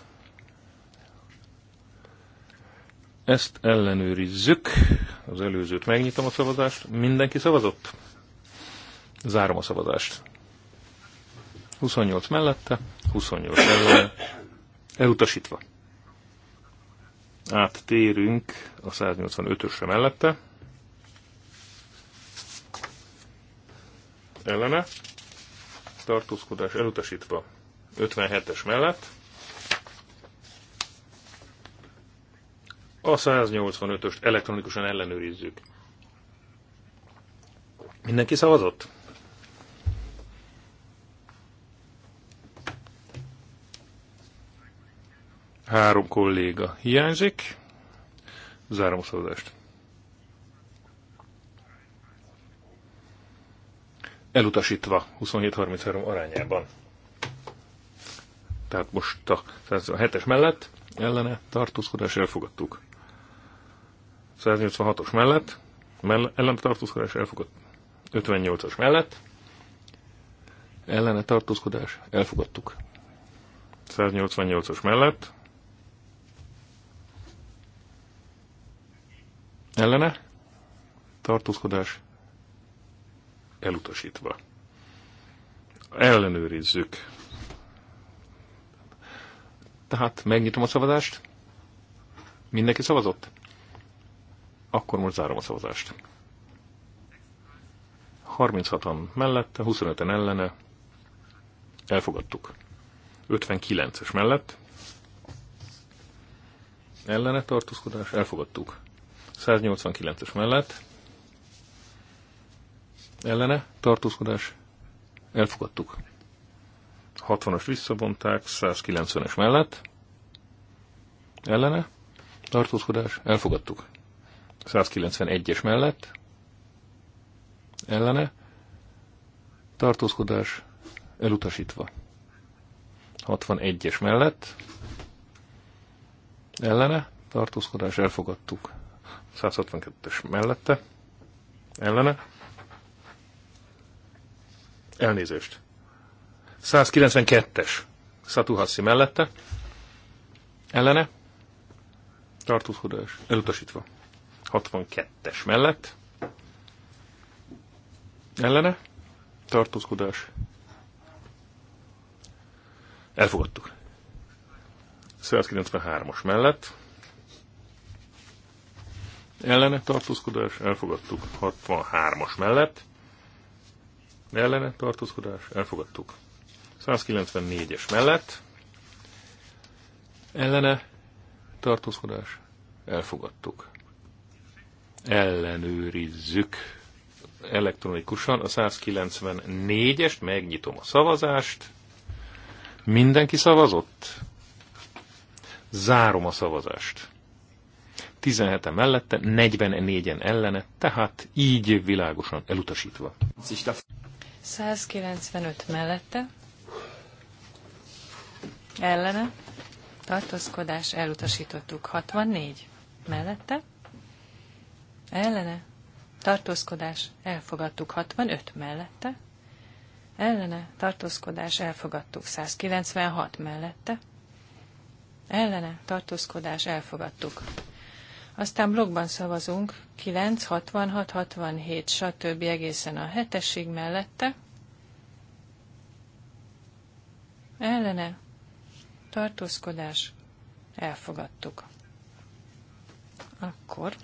ezt ellenőrizzük. Az előzőt megnyitom a szavazást. Mindenki szavazott? Zárom a szavazást. 28 mellette, 28 ellen, elutasítva. Áttérünk a 185-ösre mellette. Ellene, tartózkodás elutasítva 57-es mellett. A 185-öst elektronikusan ellenőrizzük. Mindenki szavazott? Három kolléga hiányzik. Zárom a szavazást. Elutasítva 27-33 arányában. Tehát most a 107-es mellett ellene tartózkodás elfogadtuk. 186-os mellett mell ellen tartózkodás elfogadtuk. 58-as mellett ellene tartózkodás elfogadtuk. 188-as mellett Ellene? Tartózkodás? Elutasítva. Ellenőrizzük. Tehát megnyitom a szavazást. Mindenki szavazott? Akkor most zárom a szavazást. 36-an mellette, 25-en ellene. Elfogadtuk. 59-es mellett. Ellene tartózkodás. Elfogadtuk. 189-es mellett ellene tartózkodás elfogadtuk. 60-as visszabonták, 190-es mellett ellene tartózkodás elfogadtuk. 191-es mellett ellene tartózkodás elutasítva. 61-es mellett ellene tartózkodás elfogadtuk. 162-es mellette, ellene. Elnézést. 192-es Szatuhaszi mellette, ellene. Tartózkodás elutasítva. 62-es mellett, ellene. Tartózkodás. Elfogadtuk. 193 os mellett, ellene tartózkodás, elfogadtuk 63-as mellett, ellene tartózkodás, elfogadtuk 194-es mellett, ellene tartózkodás, elfogadtuk. Ellenőrizzük elektronikusan a 194-est, megnyitom a szavazást, mindenki szavazott, zárom a szavazást. 17-en mellette, 44-en ellene, tehát így világosan elutasítva.
195 mellette, ellene, tartózkodás, elutasítottuk 64 mellette, ellene, tartózkodás, elfogadtuk 65 mellette, ellene, tartózkodás, elfogadtuk 196 mellette, ellene, tartózkodás, elfogadtuk aztán blogban szavazunk 9, 66, 67, stb. egészen a hetesig mellette. Ellene tartózkodás elfogadtuk. Akkor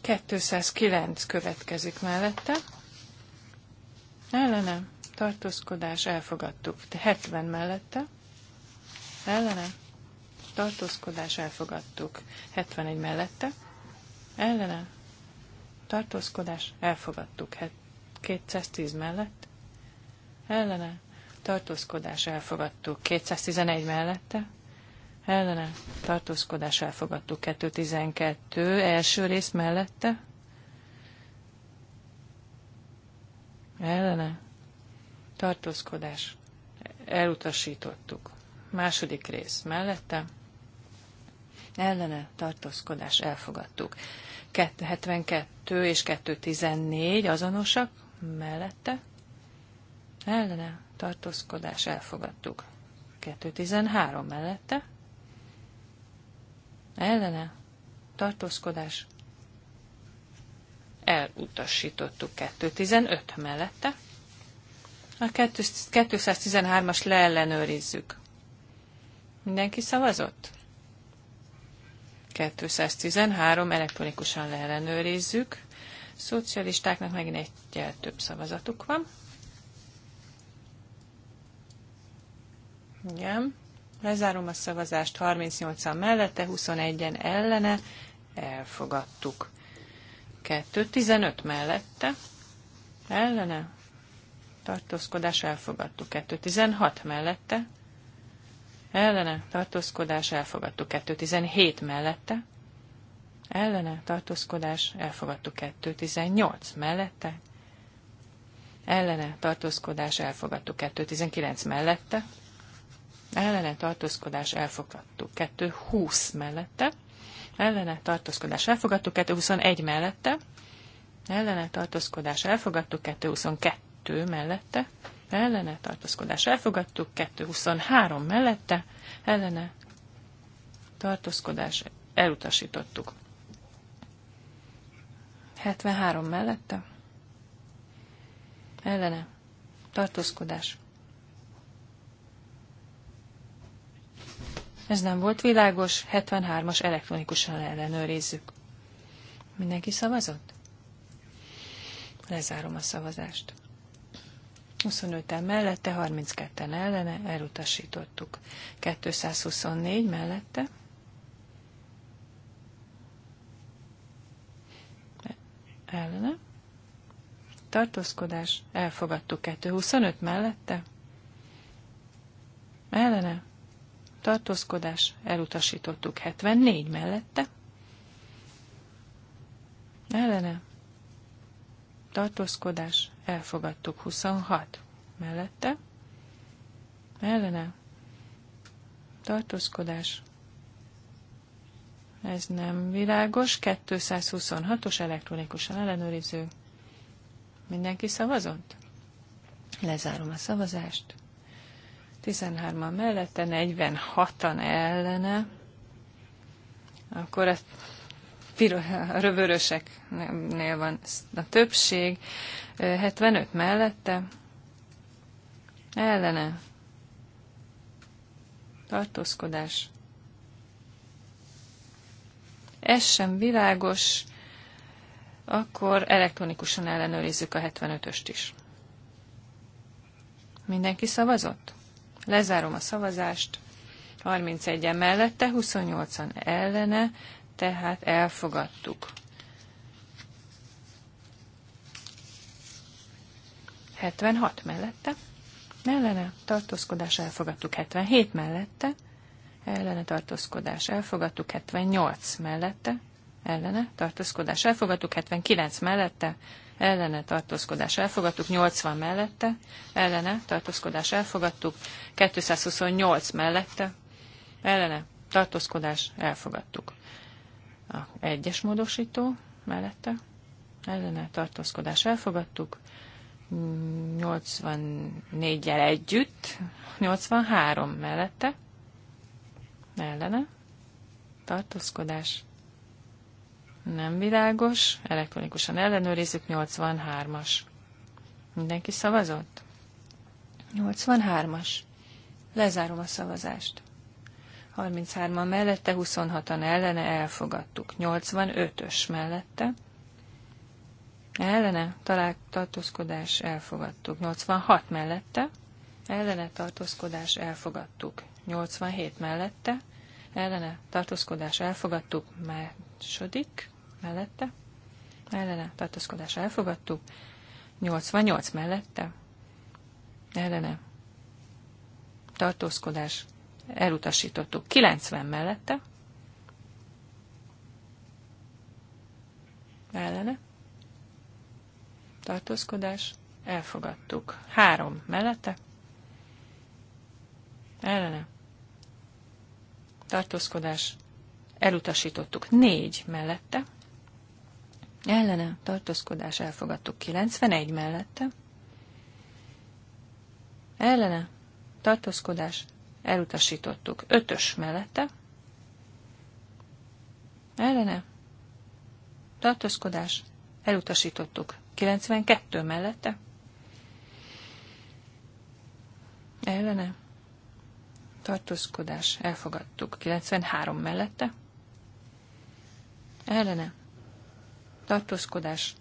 kettőszázkilenc következik mellette. Ellene, tartózkodás, elfogadtuk. 70 mellette ellene, tartózkodás elfogadtuk. 71 mellette, ellene, tartózkodás elfogadtuk. 210 mellett, ellene, tartózkodás elfogadtuk. 211 mellette, ellene, tartózkodás elfogadtuk. 212 első rész mellette, ellene, tartózkodás elutasítottuk. Második rész mellette. Ellene tartózkodás elfogadtuk. 272 és 214 azonosak mellette. Ellene tartózkodás elfogadtuk. 213 mellette. Ellene tartózkodás elutasítottuk 215 mellette. A 213-as leellenőrizzük. Mindenki szavazott? 213, elektronikusan leellenőrizzük. Szocialistáknak megint egyel több szavazatuk van. Igen. Lezárom a szavazást 38-an mellette, 21-en ellene. Elfogadtuk. 2.15 mellette. Ellene. Tartózkodás elfogadtuk. 2.16 mellette ellene tartózkodás elfogadtuk 217 mellette, ellene tartózkodás elfogadtuk 218 mellette, ellene tartózkodás elfogadtuk 219 mellette, ellene tartózkodás elfogadtuk 220 mellette, ellene tartózkodás elfogadtuk 221 mellette, ellene tartózkodás elfogadtuk 222 mellette, ellene, tartózkodás elfogadtuk, 223 mellette, ellene, tartózkodás elutasítottuk. 73 mellette, ellene, tartózkodás. Ez nem volt világos, 73-as elektronikusan ellenőrizzük. Mindenki szavazott? Lezárom a szavazást. 25-en mellette, 32-en ellene, elutasítottuk. 224 mellette. Ellene. Tartózkodás, elfogadtuk 225 mellette. Ellene. Tartózkodás, elutasítottuk 74 mellette. Ellene. Tartózkodás, elfogadtuk 26 mellette, ellene, tartózkodás, ez nem világos, 226-os elektronikusan ellenőriző, mindenki szavazott? Lezárom a szavazást. 13-an mellette, 46-an ellene, akkor ezt rövöröseknél van a többség. 75 mellette ellene tartózkodás. Ez sem világos, akkor elektronikusan ellenőrizzük a 75-öst is. Mindenki szavazott? Lezárom a szavazást. 31-en mellette, 28-an ellene, tehát elfogadtuk. 76 mellette, ellene tartózkodás elfogadtuk 77 mellette, ellene tartózkodás elfogadtuk 78 mellette, ellene tartózkodás elfogadtuk 79 mellette, ellene tartózkodás elfogadtuk 80 mellette, ellene tartózkodás elfogadtuk 228 mellette, ellene tartózkodás elfogadtuk. A egyes módosító mellette ellene tartózkodás elfogadtuk. 84-jel együtt, 83 mellette ellene tartózkodás nem világos, elektronikusan ellenőrizzük, 83-as. Mindenki szavazott? 83-as. Lezárom a szavazást. 33-an mellette, 26-an ellene elfogadtuk. 85-ös mellette. Ellene talál, tartózkodás elfogadtuk. 86 mellette. Ellene tartózkodás elfogadtuk. 87 mellette. Ellene tartózkodás elfogadtuk. Második mellette. Ellene tartózkodás elfogadtuk. 88 mellette. Ellene tartózkodás elutasítottuk. 90 mellette. Ellene. Tartózkodás. Elfogadtuk. 3 mellette. Ellene. Tartózkodás. Elutasítottuk. 4 mellette. Ellene. Tartózkodás. Elfogadtuk. 91 mellette. Ellene. Tartózkodás elutasítottuk. Ötös mellette, ellene, tartózkodás, elutasítottuk. 92 mellette, ellene, tartózkodás, elfogadtuk. 93 mellette, ellene, tartózkodás,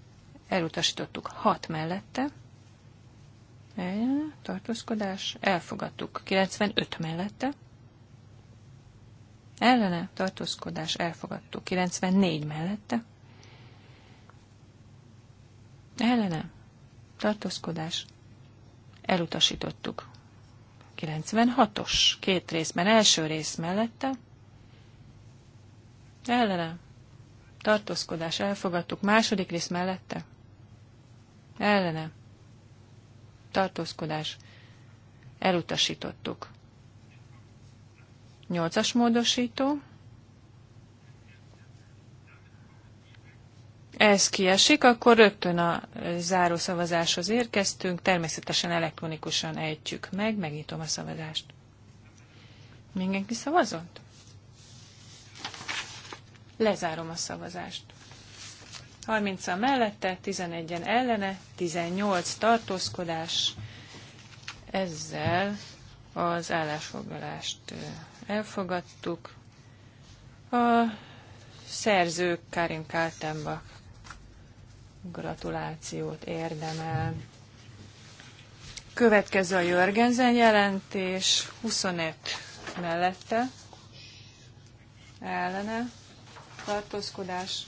elutasítottuk. 6 mellette, tartózkodás, elfogadtuk. 95 mellette, ellene, tartózkodás, elfogadtuk. 94 mellette, ellene, tartózkodás, elutasítottuk. 96-os, két részben, első rész mellette, ellene, tartózkodás, elfogadtuk, második rész mellette, ellene, tartózkodás, elutasítottuk. Nyolcas módosító. Ez kiesik, akkor rögtön a záró szavazáshoz érkeztünk. Természetesen elektronikusan ejtjük meg, megnyitom a szavazást. Mindenki szavazott? Lezárom a szavazást. 30-an mellette, 11-en ellene, 18 tartózkodás. Ezzel az állásfoglalást elfogadtuk. A szerző Karin Kaltenbach gratulációt érdemel. Következő a Jörgenzen jelentés, 25 mellette, ellene, tartózkodás,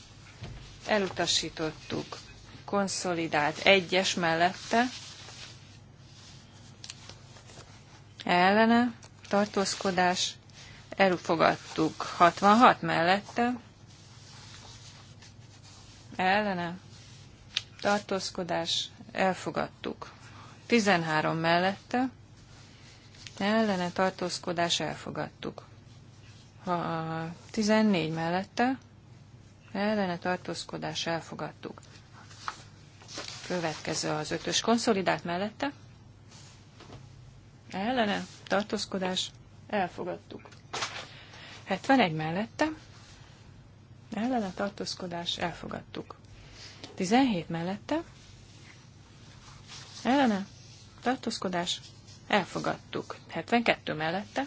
elutasítottuk. Konszolidált egyes mellette, ellene, tartózkodás, elfogadtuk 66 mellette, ellene, tartózkodás, elfogadtuk 13 mellette, ellene, tartózkodás, elfogadtuk. 14 mellette, ellene tartózkodás elfogadtuk. Következő az ötös konszolidált mellette. Ellene tartózkodás elfogadtuk. 71 mellette. Ellene tartózkodás elfogadtuk. 17 mellette. Ellene tartózkodás elfogadtuk. 72 mellette.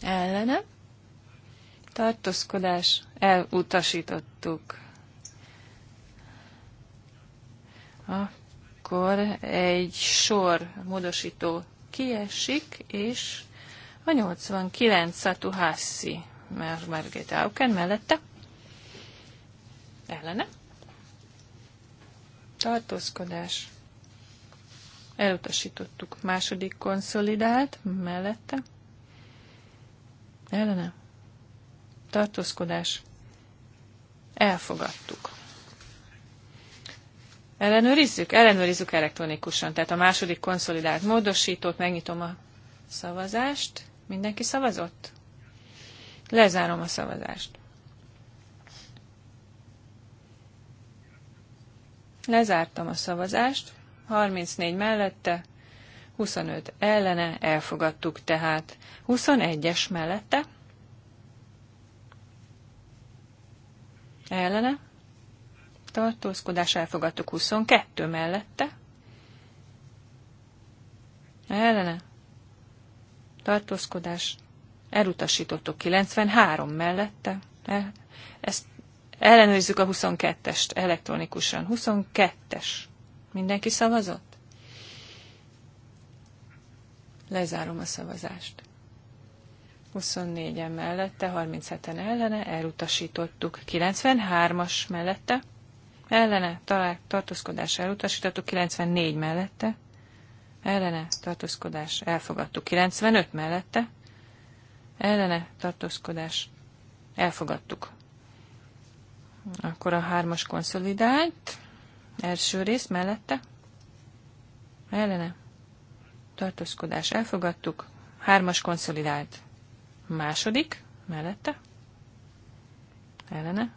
Ellene tartózkodás, elutasítottuk. Akkor egy sor módosító kiesik, és a 89 Szatu Hassi, mert Margit Auken mellette ellene. Tartózkodás. Elutasítottuk. Második konszolidált mellette. Ellene tartózkodás, elfogadtuk. Ellenőrizzük? Ellenőrizzük elektronikusan. Tehát a második konszolidált módosítót, megnyitom a szavazást. Mindenki szavazott? Lezárom a szavazást. Lezártam a szavazást, 34 mellette, 25 ellene, elfogadtuk tehát. 21-es mellette, ellene, tartózkodás elfogadtuk 22 mellette, ellene, tartózkodás elutasítottuk 93 mellette, ezt ellenőrizzük a 22-est elektronikusan. 22-es. Mindenki szavazott? Lezárom a szavazást. 24-en mellette, 37-en ellene, elutasítottuk. 93-as mellette, ellene, talál, tartózkodás elutasítottuk, 94 mellette, ellene, tartózkodás elfogadtuk. 95 mellette, ellene, tartózkodás elfogadtuk. Akkor a hármas konszolidált, első rész mellette, ellene, tartózkodás elfogadtuk, hármas konszolidált Második, mellette, ellene,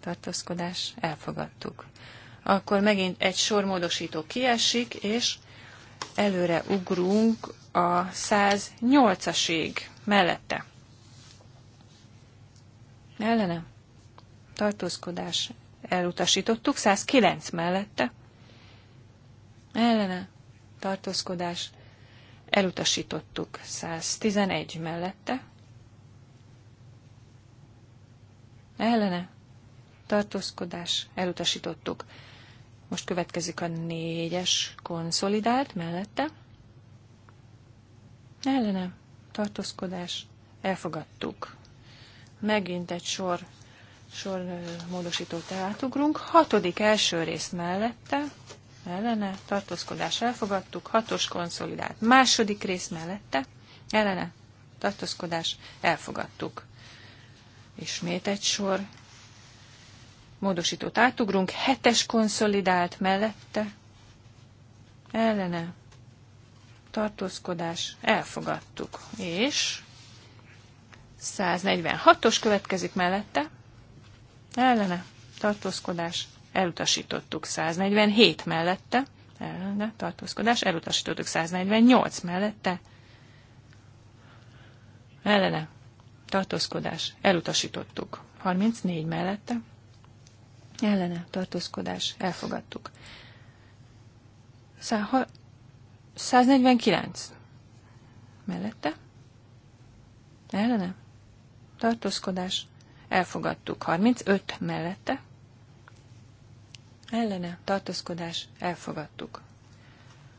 tartózkodás, elfogadtuk. Akkor megint egy sor módosító kiesik, és előre ugrunk a 108-asig mellette. Ellene, tartózkodás, elutasítottuk, 109 mellette. Ellene, tartózkodás, Elutasítottuk 111 mellette. Ellene. Tartózkodás. Elutasítottuk. Most következik a négyes konszolidált mellette. Ellene. Tartózkodás. Elfogadtuk. Megint egy sor, sor módosítót átugrunk. Hatodik első rész mellette ellene, tartózkodás elfogadtuk, hatos konszolidált második rész mellette, ellene, tartózkodás elfogadtuk. Ismét egy sor módosítót átugrunk, hetes konszolidált mellette, ellene, tartózkodás elfogadtuk, és 146-os következik mellette, ellene, tartózkodás elutasítottuk 147 mellette, ellene tartózkodás, elutasítottuk 148 mellette, ellene tartózkodás, elutasítottuk 34 mellette, ellene tartózkodás, elfogadtuk. 149 mellette, ellene tartózkodás, elfogadtuk 35 mellette, ellene tartózkodás elfogadtuk.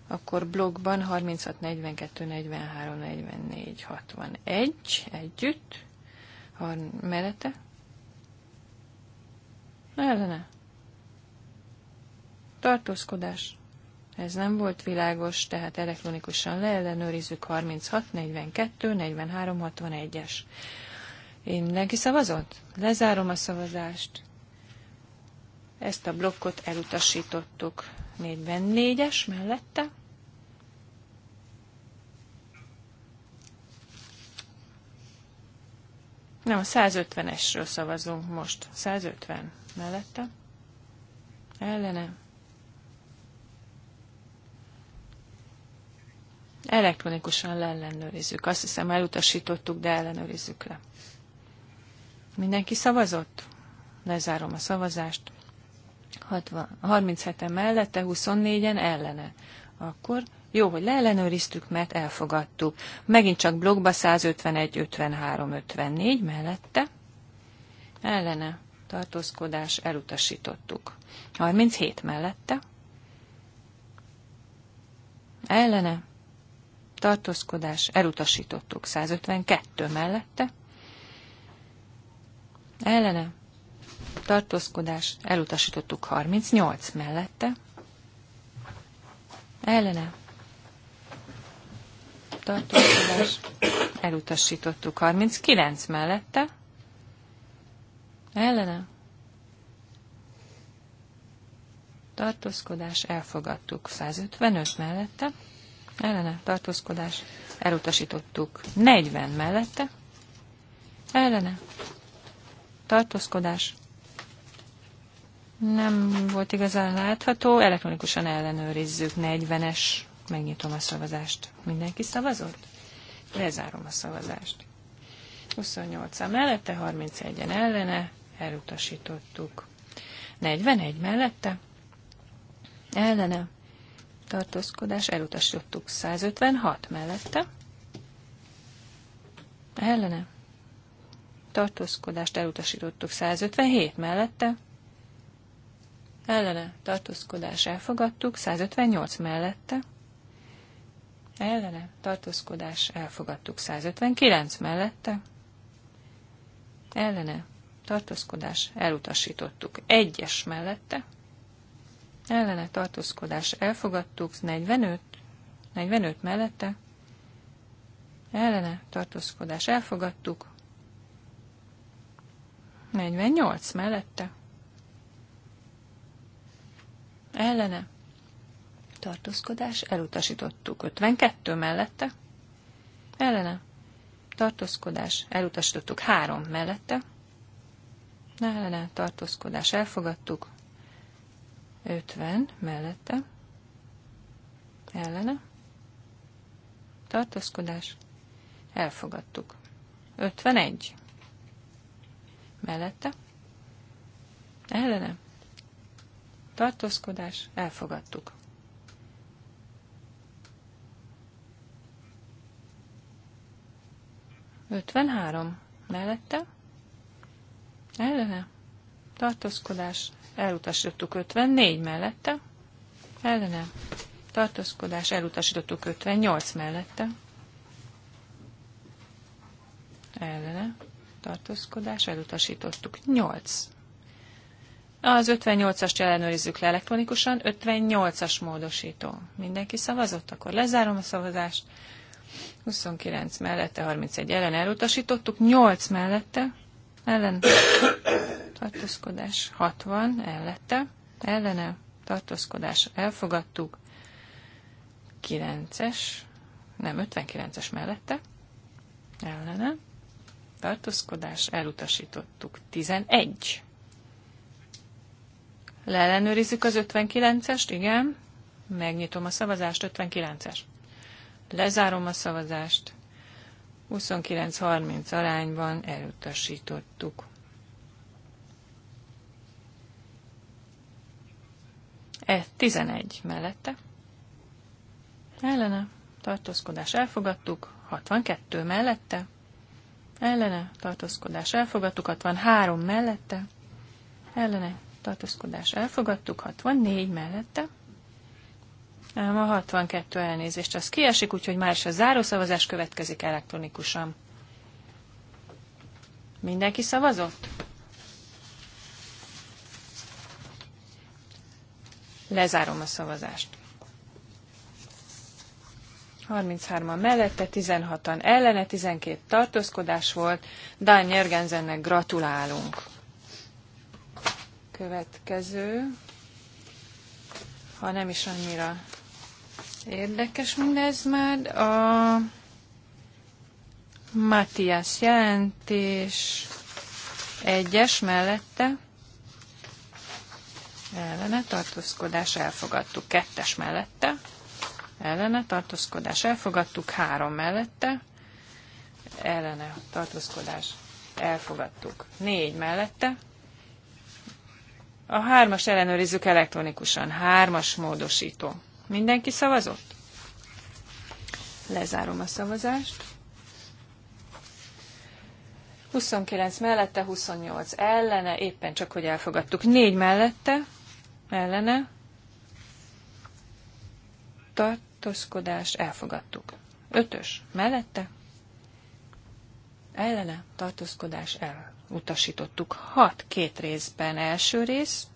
Akkor blogban 36, 42, 43, 44, 61 együtt, har- mellette, ellene tartózkodás ez nem volt világos, tehát elektronikusan leellenőrizzük 36, 42, 43, 61-es. Én neki szavazott? Lezárom a szavazást. Ezt a blokkot elutasítottuk 44-es mellette. Nem, a 150-esről szavazunk most. 150 mellette. Ellene. Elektronikusan leellenőrizzük. Azt hiszem elutasítottuk, de ellenőrizzük le. Mindenki szavazott? Lezárom a szavazást. 60, 37-en mellette, 24-en ellene. Akkor jó, hogy leellenőriztük, mert elfogadtuk. Megint csak blogba 151, 53, 54 mellette. Ellene tartózkodás elutasítottuk. 37 mellette. Ellene tartózkodás elutasítottuk. 152 mellette. Ellene tartózkodás, elutasítottuk 38 mellette, ellene, tartózkodás, elutasítottuk 39 mellette, ellene, tartózkodás, elfogadtuk 155 mellette, ellene, tartózkodás, elutasítottuk 40 mellette, ellene, tartózkodás, nem volt igazán látható. Elektronikusan ellenőrizzük. 40-es. Megnyitom a szavazást. Mindenki szavazott? Lezárom a szavazást. 28-a mellette, 31-en ellene. Elutasítottuk. 41 mellette. Ellene. Tartózkodás. Elutasítottuk. 156 mellette. Ellene. Tartózkodást elutasítottuk. 157 mellette ellene tartózkodás elfogadtuk, 158 mellette, ellene tartózkodás elfogadtuk, 159 mellette, ellene tartózkodás elutasítottuk, 1-es mellette, ellene tartózkodás elfogadtuk, 45, 45 mellette, ellene tartózkodás elfogadtuk, 48 mellette, ellene, tartózkodás, elutasítottuk. 52 mellette, ellene, tartózkodás, elutasítottuk. 3 mellette, ellene, tartózkodás, elfogadtuk. 50 mellette, ellene, tartózkodás, elfogadtuk. 51 mellette, ellene, tartózkodás, elfogadtuk. Ötvenhárom mellette, ellene, tartózkodás, elutasítottuk 54 mellette, ellene, tartózkodás, elutasítottuk 58 mellette, ellene, tartózkodás, elutasítottuk 8 az 58-ast ellenőrizzük le elektronikusan. 58-as módosító. Mindenki szavazott? Akkor lezárom a szavazást. 29 mellette, 31 ellen elutasítottuk. 8 mellette, ellen tartózkodás 60 ellette, ellene tartózkodás elfogadtuk. 9-es, nem 59-es mellette, ellene tartózkodás elutasítottuk. 11 Leellenőrizzük az 59-est, igen. Megnyitom a szavazást, 59-es. Lezárom a szavazást. 29-30 arányban elutasítottuk. E 11 mellette. Ellene tartózkodás elfogadtuk, 62 mellette. Ellene tartózkodás elfogadtuk, 63 mellette. Ellene tartózkodás elfogadtuk, 64 mellette. Nem, a 62 elnézést az kiesik, úgyhogy már is a zárószavazás következik elektronikusan. Mindenki szavazott? Lezárom a szavazást. 33-an mellette, 16-an ellene, 12 tartózkodás volt. Dán Jergensennek gratulálunk! következő, ha nem is annyira érdekes mindez már, a Matthias jelentés egyes mellette ellene tartózkodás elfogadtuk, kettes mellette ellene tartózkodás elfogadtuk, három mellette ellene tartózkodás elfogadtuk, négy mellette a hármas ellenőrizzük elektronikusan. Hármas módosító. Mindenki szavazott? Lezárom a szavazást. 29 mellette, 28 ellene, éppen csak, hogy elfogadtuk. 4 mellette, ellene, tartózkodás, elfogadtuk. 5-ös mellette, ellene, tartózkodás, el, utasítottuk 6 két részben első rész.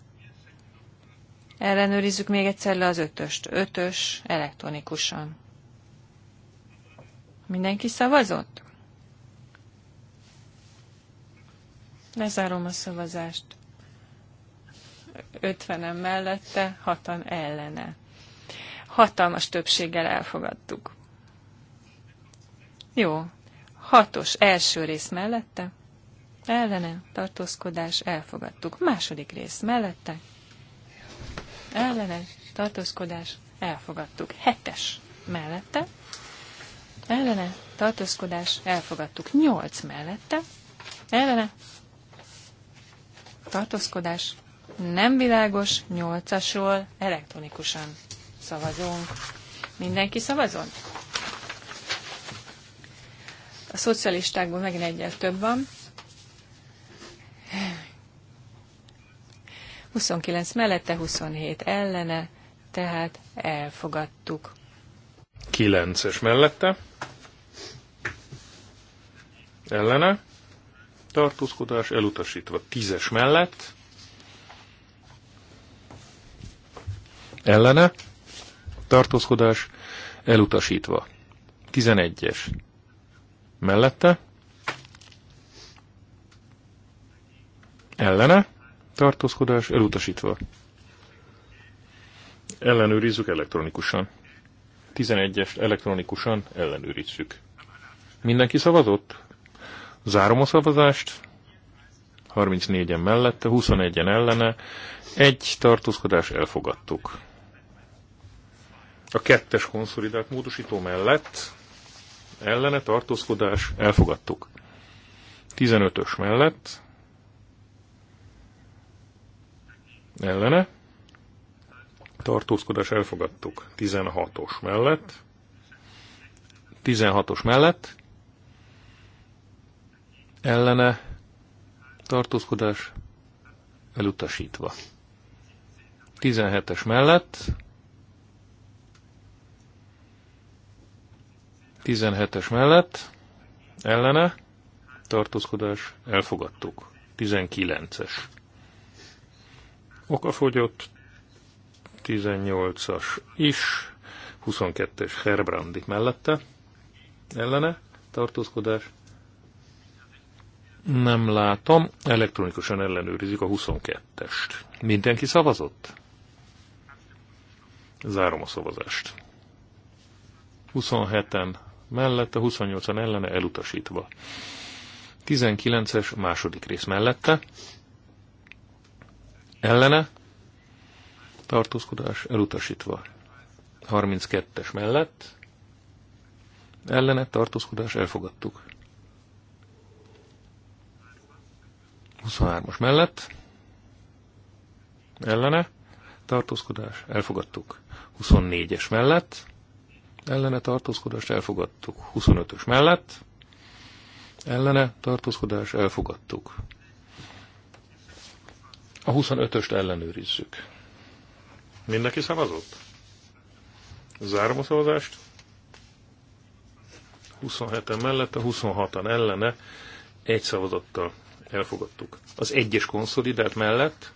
Ellenőrizzük még egyszer le az ötöst. Ötös elektronikusan. Mindenki szavazott? Lezárom a szavazást. 50 mellette, hatan ellene. Hatalmas többséggel elfogadtuk. Jó. Hatos első rész mellette ellene, tartózkodás, elfogadtuk. Második rész mellette, ellene, tartózkodás, elfogadtuk. Hetes mellette, ellene, tartózkodás, elfogadtuk. Nyolc mellette, ellene, tartózkodás, nem világos, nyolcasról elektronikusan szavazunk. Mindenki szavazon? A szocialistákból megint egyel több van. 29 mellette, 27 ellene, tehát elfogadtuk.
9-es mellette. Ellene. Tartózkodás elutasítva. 10-es mellett. Ellene. Tartózkodás elutasítva. 11-es. Mellette. Ellene tartózkodás elutasítva. Ellenőrizzük elektronikusan. 11 es elektronikusan ellenőrizzük. Mindenki szavazott? Zárom a szavazást. 34-en mellette, 21-en ellene. Egy tartózkodás elfogadtuk. A kettes konszolidált módosító mellett ellene tartózkodás elfogadtuk. 15-ös mellett ellene, tartózkodás elfogadtuk 16-os mellett, 16-os mellett, ellene, tartózkodás elutasítva. 17-es mellett, 17-es mellett, ellene, tartózkodás, elfogadtuk. 19-es okafogyott, 18-as is, 22-es Herbrandi mellette, ellene, tartózkodás. Nem látom, elektronikusan ellenőrizik a 22-est. Mindenki szavazott? Zárom a szavazást. 27-en mellette, 28-an ellene elutasítva. 19-es második rész mellette, ellene, tartózkodás elutasítva. 32-es mellett, ellene, tartózkodás elfogadtuk. 23-as mellett, ellene, tartózkodás elfogadtuk. 24-es mellett, ellene tartózkodást elfogadtuk. 25-ös mellett, ellene tartózkodás elfogadtuk. A 25-öst ellenőrizzük. Mindenki szavazott? Zárom a szavazást. 27-en a 26-an ellene, egy szavazattal elfogadtuk. Az egyes konszolidált mellett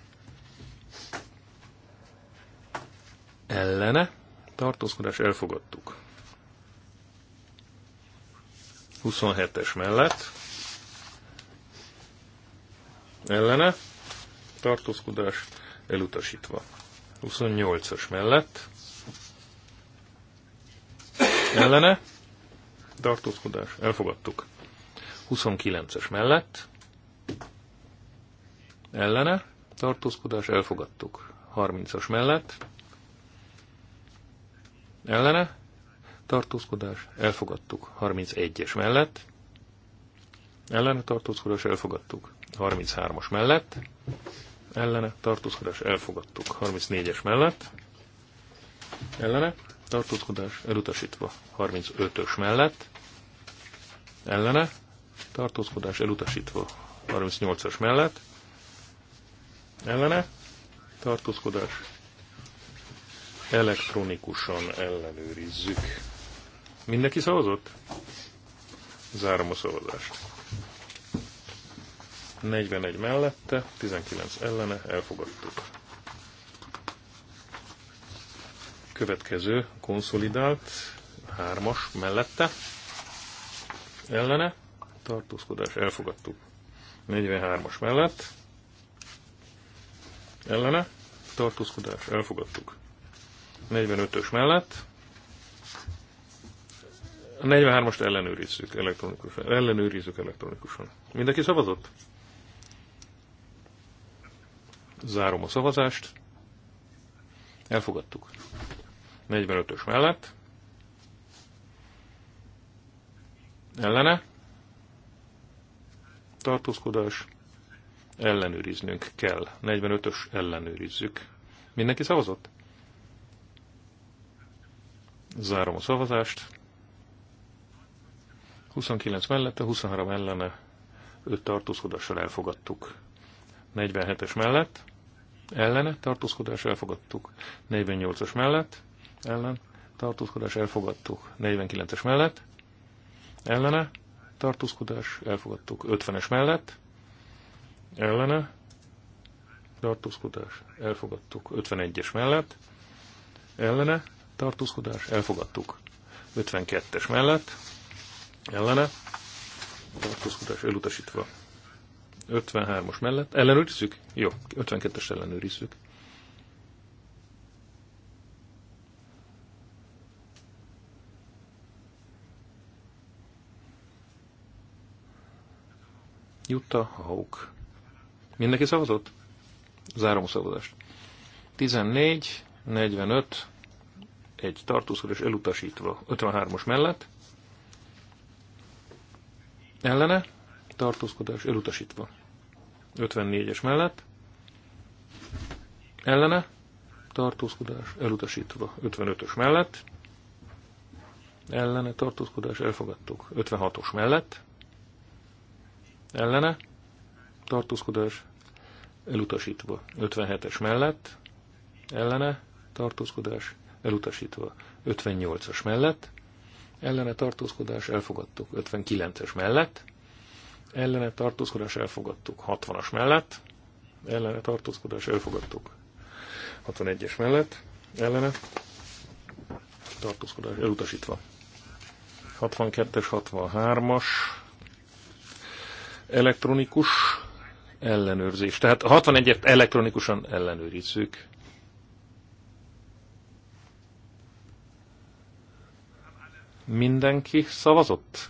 ellene tartózkodás elfogadtuk. 27-es mellett ellene tartózkodás elutasítva. 28-as mellett ellene tartózkodás elfogadtuk. 29-es mellett ellene tartózkodás elfogadtuk. 30-as mellett ellene tartózkodás elfogadtuk. 31-es mellett ellene tartózkodás elfogadtuk. 33-as mellett ellene tartózkodás elfogadtuk. 34-es mellett ellene tartózkodás elutasítva. 35-ös mellett ellene tartózkodás elutasítva. 38-as mellett ellene tartózkodás elektronikusan ellenőrizzük. Mindenki szavazott? Zárom a szavazást. 41 mellette, 19 ellene, elfogadtuk. Következő konszolidált, 3-as mellette, ellene, tartózkodás, elfogadtuk. 43-as mellett, ellene, tartózkodás, elfogadtuk. 45-ös mellett, a 43-ast ellenőrizzük elektronikusan. Ellenőrizzük elektronikusan. Mindenki szavazott? Zárom a szavazást. Elfogadtuk. 45-ös mellett. Ellene. Tartózkodás. Ellenőriznünk kell. 45-ös ellenőrizzük. Mindenki szavazott? Zárom a szavazást. 29 mellette, 23 ellene, 5 tartózkodással elfogadtuk. 47-es mellett ellene, tartózkodás elfogadtuk. 48-as mellett, ellen, tartózkodás elfogadtuk. 49-es mellett, ellene, tartózkodás elfogadtuk. 50-es mellett, ellene, tartózkodás elfogadtuk. 51-es mellett, ellene, tartózkodás elfogadtuk. 52-es mellett, ellene, tartózkodás elutasítva. 53-os mellett. Ellenőrizzük? Jó, 52-es ellenőrizzük. Jutta Hauk. Mindenki szavazott? Zárom a szavazást. 14, 45, egy tartózkodás elutasítva 53-os mellett. Ellene tartózkodás elutasítva. 54-es mellett. Ellene. Tartózkodás elutasítva. 55-ös mellett. Ellene. Tartózkodás elfogadtuk. 56-os mellett. Ellene. Tartózkodás elutasítva. 57-es mellett. Ellene. Tartózkodás elutasítva. 58-as mellett. Ellene tartózkodás elfogadtuk. 59-es mellett ellene tartózkodás elfogadtuk. 60-as mellett ellene tartózkodás elfogadtuk. 61-es mellett ellene tartózkodás elutasítva. 62-es, 63-as elektronikus ellenőrzés. Tehát a 61-et elektronikusan ellenőrizzük. Mindenki szavazott?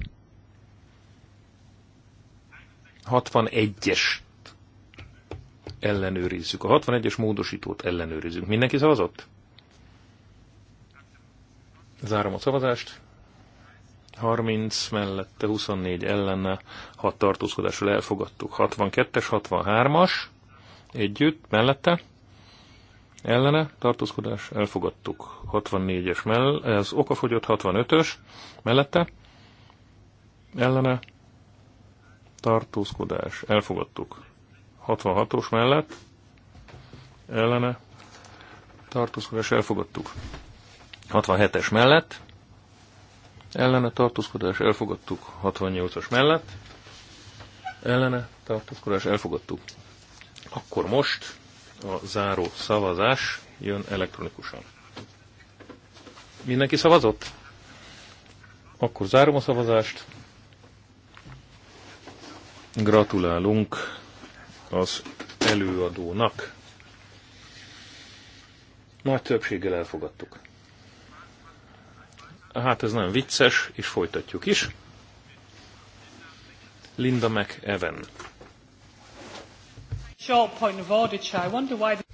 61-es ellenőrizzük. A 61-es módosítót ellenőrizzük. Mindenki szavazott? Zárom a szavazást. 30 mellette, 24 ellenne, 6 tartózkodásról elfogadtuk. 62-es, 63-as együtt, mellette. Ellene, tartózkodás, elfogadtuk. 64-es mell, ez okafogyott, 65-ös, mellette. Ellene, tartózkodás, elfogadtuk. 66-os mellett, ellene, tartózkodás, elfogadtuk. 67-es mellett, ellene, tartózkodás, elfogadtuk. 68-as mellett, ellene, tartózkodás, elfogadtuk. Akkor most a záró szavazás jön elektronikusan. Mindenki szavazott? Akkor zárom a szavazást. Gratulálunk az előadónak. Nagy többséggel elfogadtuk. Hát ez nagyon vicces, és folytatjuk is. Linda McEwen.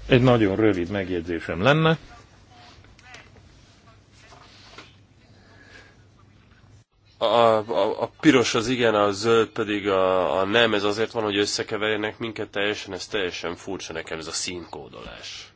Egy nagyon rövid megjegyzésem lenne.
a, a, a piros az igen, a zöld pedig a, a nem, ez azért van, hogy összekeverjenek minket teljesen, ez teljesen furcsa nekem, ez a színkódolás.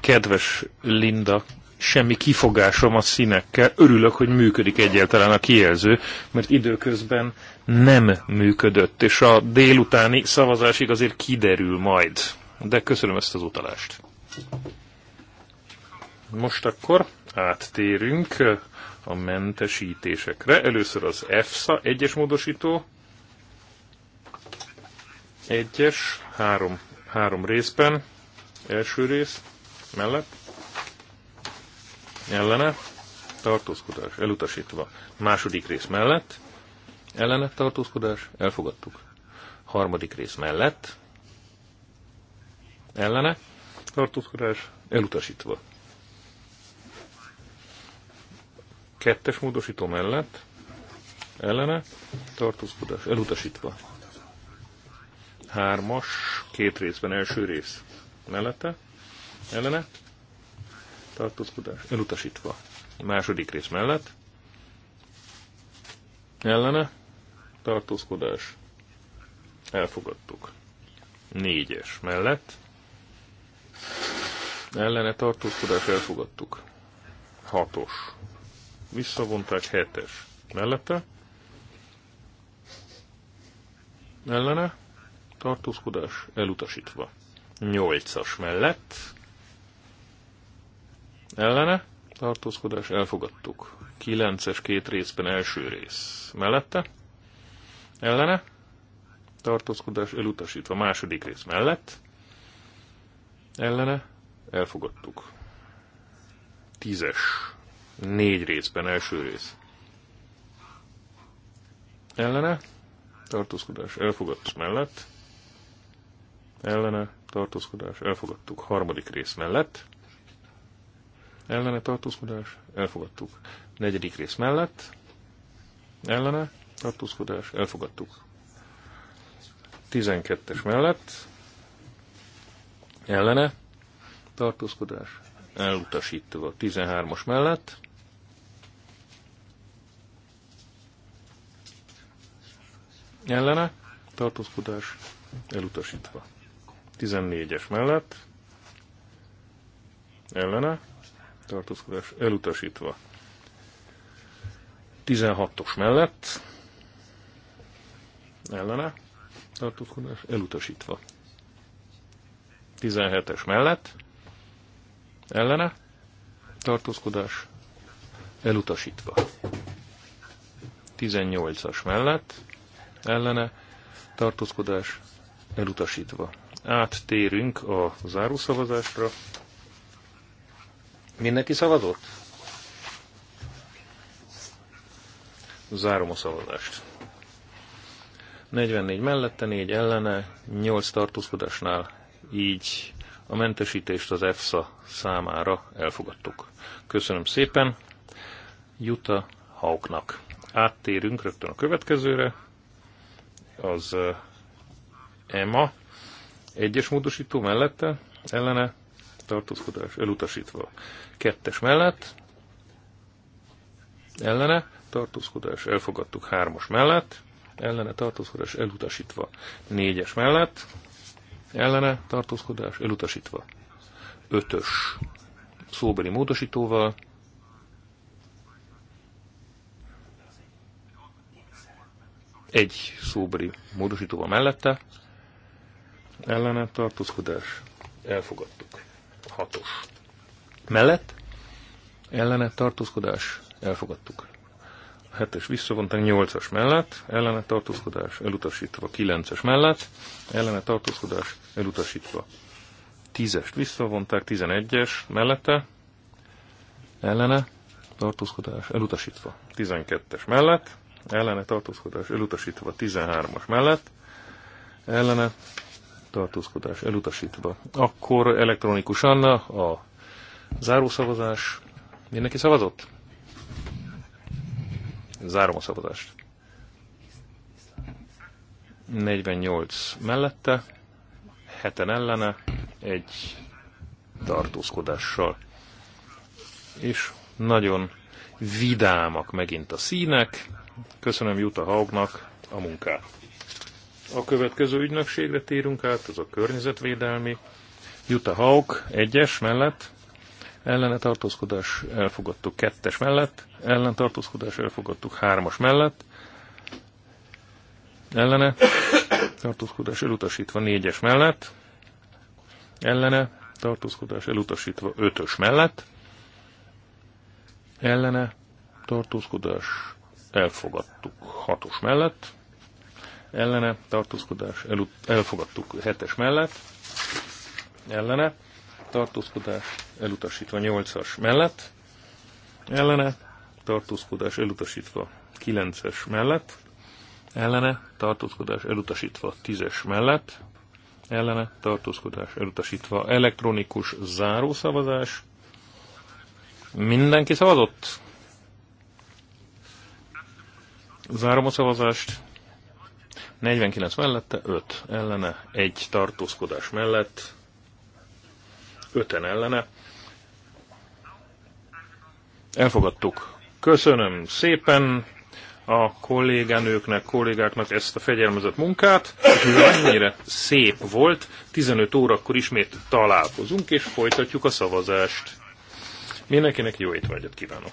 Kedves Linda, semmi kifogásom a színekkel, örülök, hogy működik egyáltalán a kijelző, mert időközben nem működött, és a délutáni szavazásig azért kiderül majd. De köszönöm ezt az utalást. Most akkor áttérünk a mentesítésekre. Először az EFSA, egyes módosító, egyes, három, három részben, első rész, mellett, ellene, tartózkodás, elutasítva, második rész mellett, ellene tartózkodás, elfogadtuk. Harmadik rész mellett, ellene, tartózkodás, elutasítva. Kettes módosító mellett ellene tartózkodás elutasítva. Hármas, két részben első rész mellette ellene tartózkodás elutasítva. Második rész mellett ellene tartózkodás elfogadtuk. Négyes mellett ellene tartózkodás elfogadtuk. Hatos visszavonták hetes mellette, ellene, tartózkodás elutasítva. 8-as mellett, ellene, tartózkodás elfogadtuk. 9-es két részben első rész mellette, ellene, tartózkodás elutasítva. Második rész mellett, ellene, elfogadtuk. 10-es négy részben, első rész. Ellene, tartózkodás, elfogadás mellett. Ellene, tartózkodás, elfogadtuk. Harmadik rész mellett. Ellene, tartózkodás, elfogadtuk. Negyedik rész mellett. Ellene, tartózkodás, elfogadtuk. 12-es mellett. Ellene, tartózkodás, elutasítva. 13-as mellett ellene, tartózkodás elutasítva. 14-es mellett, ellene, tartózkodás elutasítva. 16-os mellett, ellene, tartózkodás elutasítva. 17-es mellett, ellene, tartózkodás elutasítva. 18-as mellett, ellene tartózkodás elutasítva. Áttérünk a zárószavazásra. Mindenki szavazott? Zárom a szavazást. 44 mellette, 4 ellene, 8 tartózkodásnál így a mentesítést az EFSA számára elfogadtuk. Köszönöm szépen Juta Hauknak. Áttérünk rögtön a következőre az EMA egyes módosító mellette, ellene tartózkodás elutasítva. Kettes mellett, ellene tartózkodás elfogadtuk. Hármas mellett, ellene tartózkodás elutasítva. Négyes mellett, ellene tartózkodás elutasítva. Ötös szóbeli módosítóval, Egy szóbeli módosítóval mellette ellene tartózkodás elfogadtuk. Hatos. Mellett ellene tartózkodás elfogadtuk. A hetes visszavonták nyolcas mellett, ellene tartózkodás elutasítva kilences mellett, ellene tartózkodás elutasítva tízest visszavonták tizenegyes mellette, ellene tartózkodás elutasítva tizenkettes mellett, ellene tartózkodás elutasítva 13-as mellett, ellene tartózkodás elutasítva. Akkor elektronikusan a zárószavazás. Mindenki szavazott? Zárom a szavazást. 48 mellette, heten ellene, egy tartózkodással. És nagyon vidámak megint a színek, Köszönöm Juta Haugnak a munkát. A következő ügynökségre térünk át, ez a környezetvédelmi. Juta Haug egyes mellett, ellene tartózkodás elfogadtuk kettes mellett, ellentartózkodás tartózkodás elfogadtuk hármas mellett, ellene tartózkodás elutasítva négyes mellett, ellene tartózkodás elutasítva ötös mellett, ellene tartózkodás elfogadtuk hatos mellett, ellene, tartózkodás, el, elfogadtuk hetes mellett, ellene, tartózkodás, elutasítva nyolcas mellett, ellene, tartózkodás, elutasítva kilences mellett, ellene, tartózkodás, elutasítva tízes mellett, ellene, tartózkodás, elutasítva elektronikus zárószavazás. Mindenki szavazott? Zárom a szavazást. 49 mellette, 5 ellene, 1 tartózkodás mellett, 5-en ellene. Elfogadtuk. Köszönöm szépen a kolléganőknek, kollégáknak ezt a fegyelmezett munkát, mivel annyira szép volt, 15 órakor ismét találkozunk, és folytatjuk a szavazást. Mindenkinek jó étvágyat kívánok!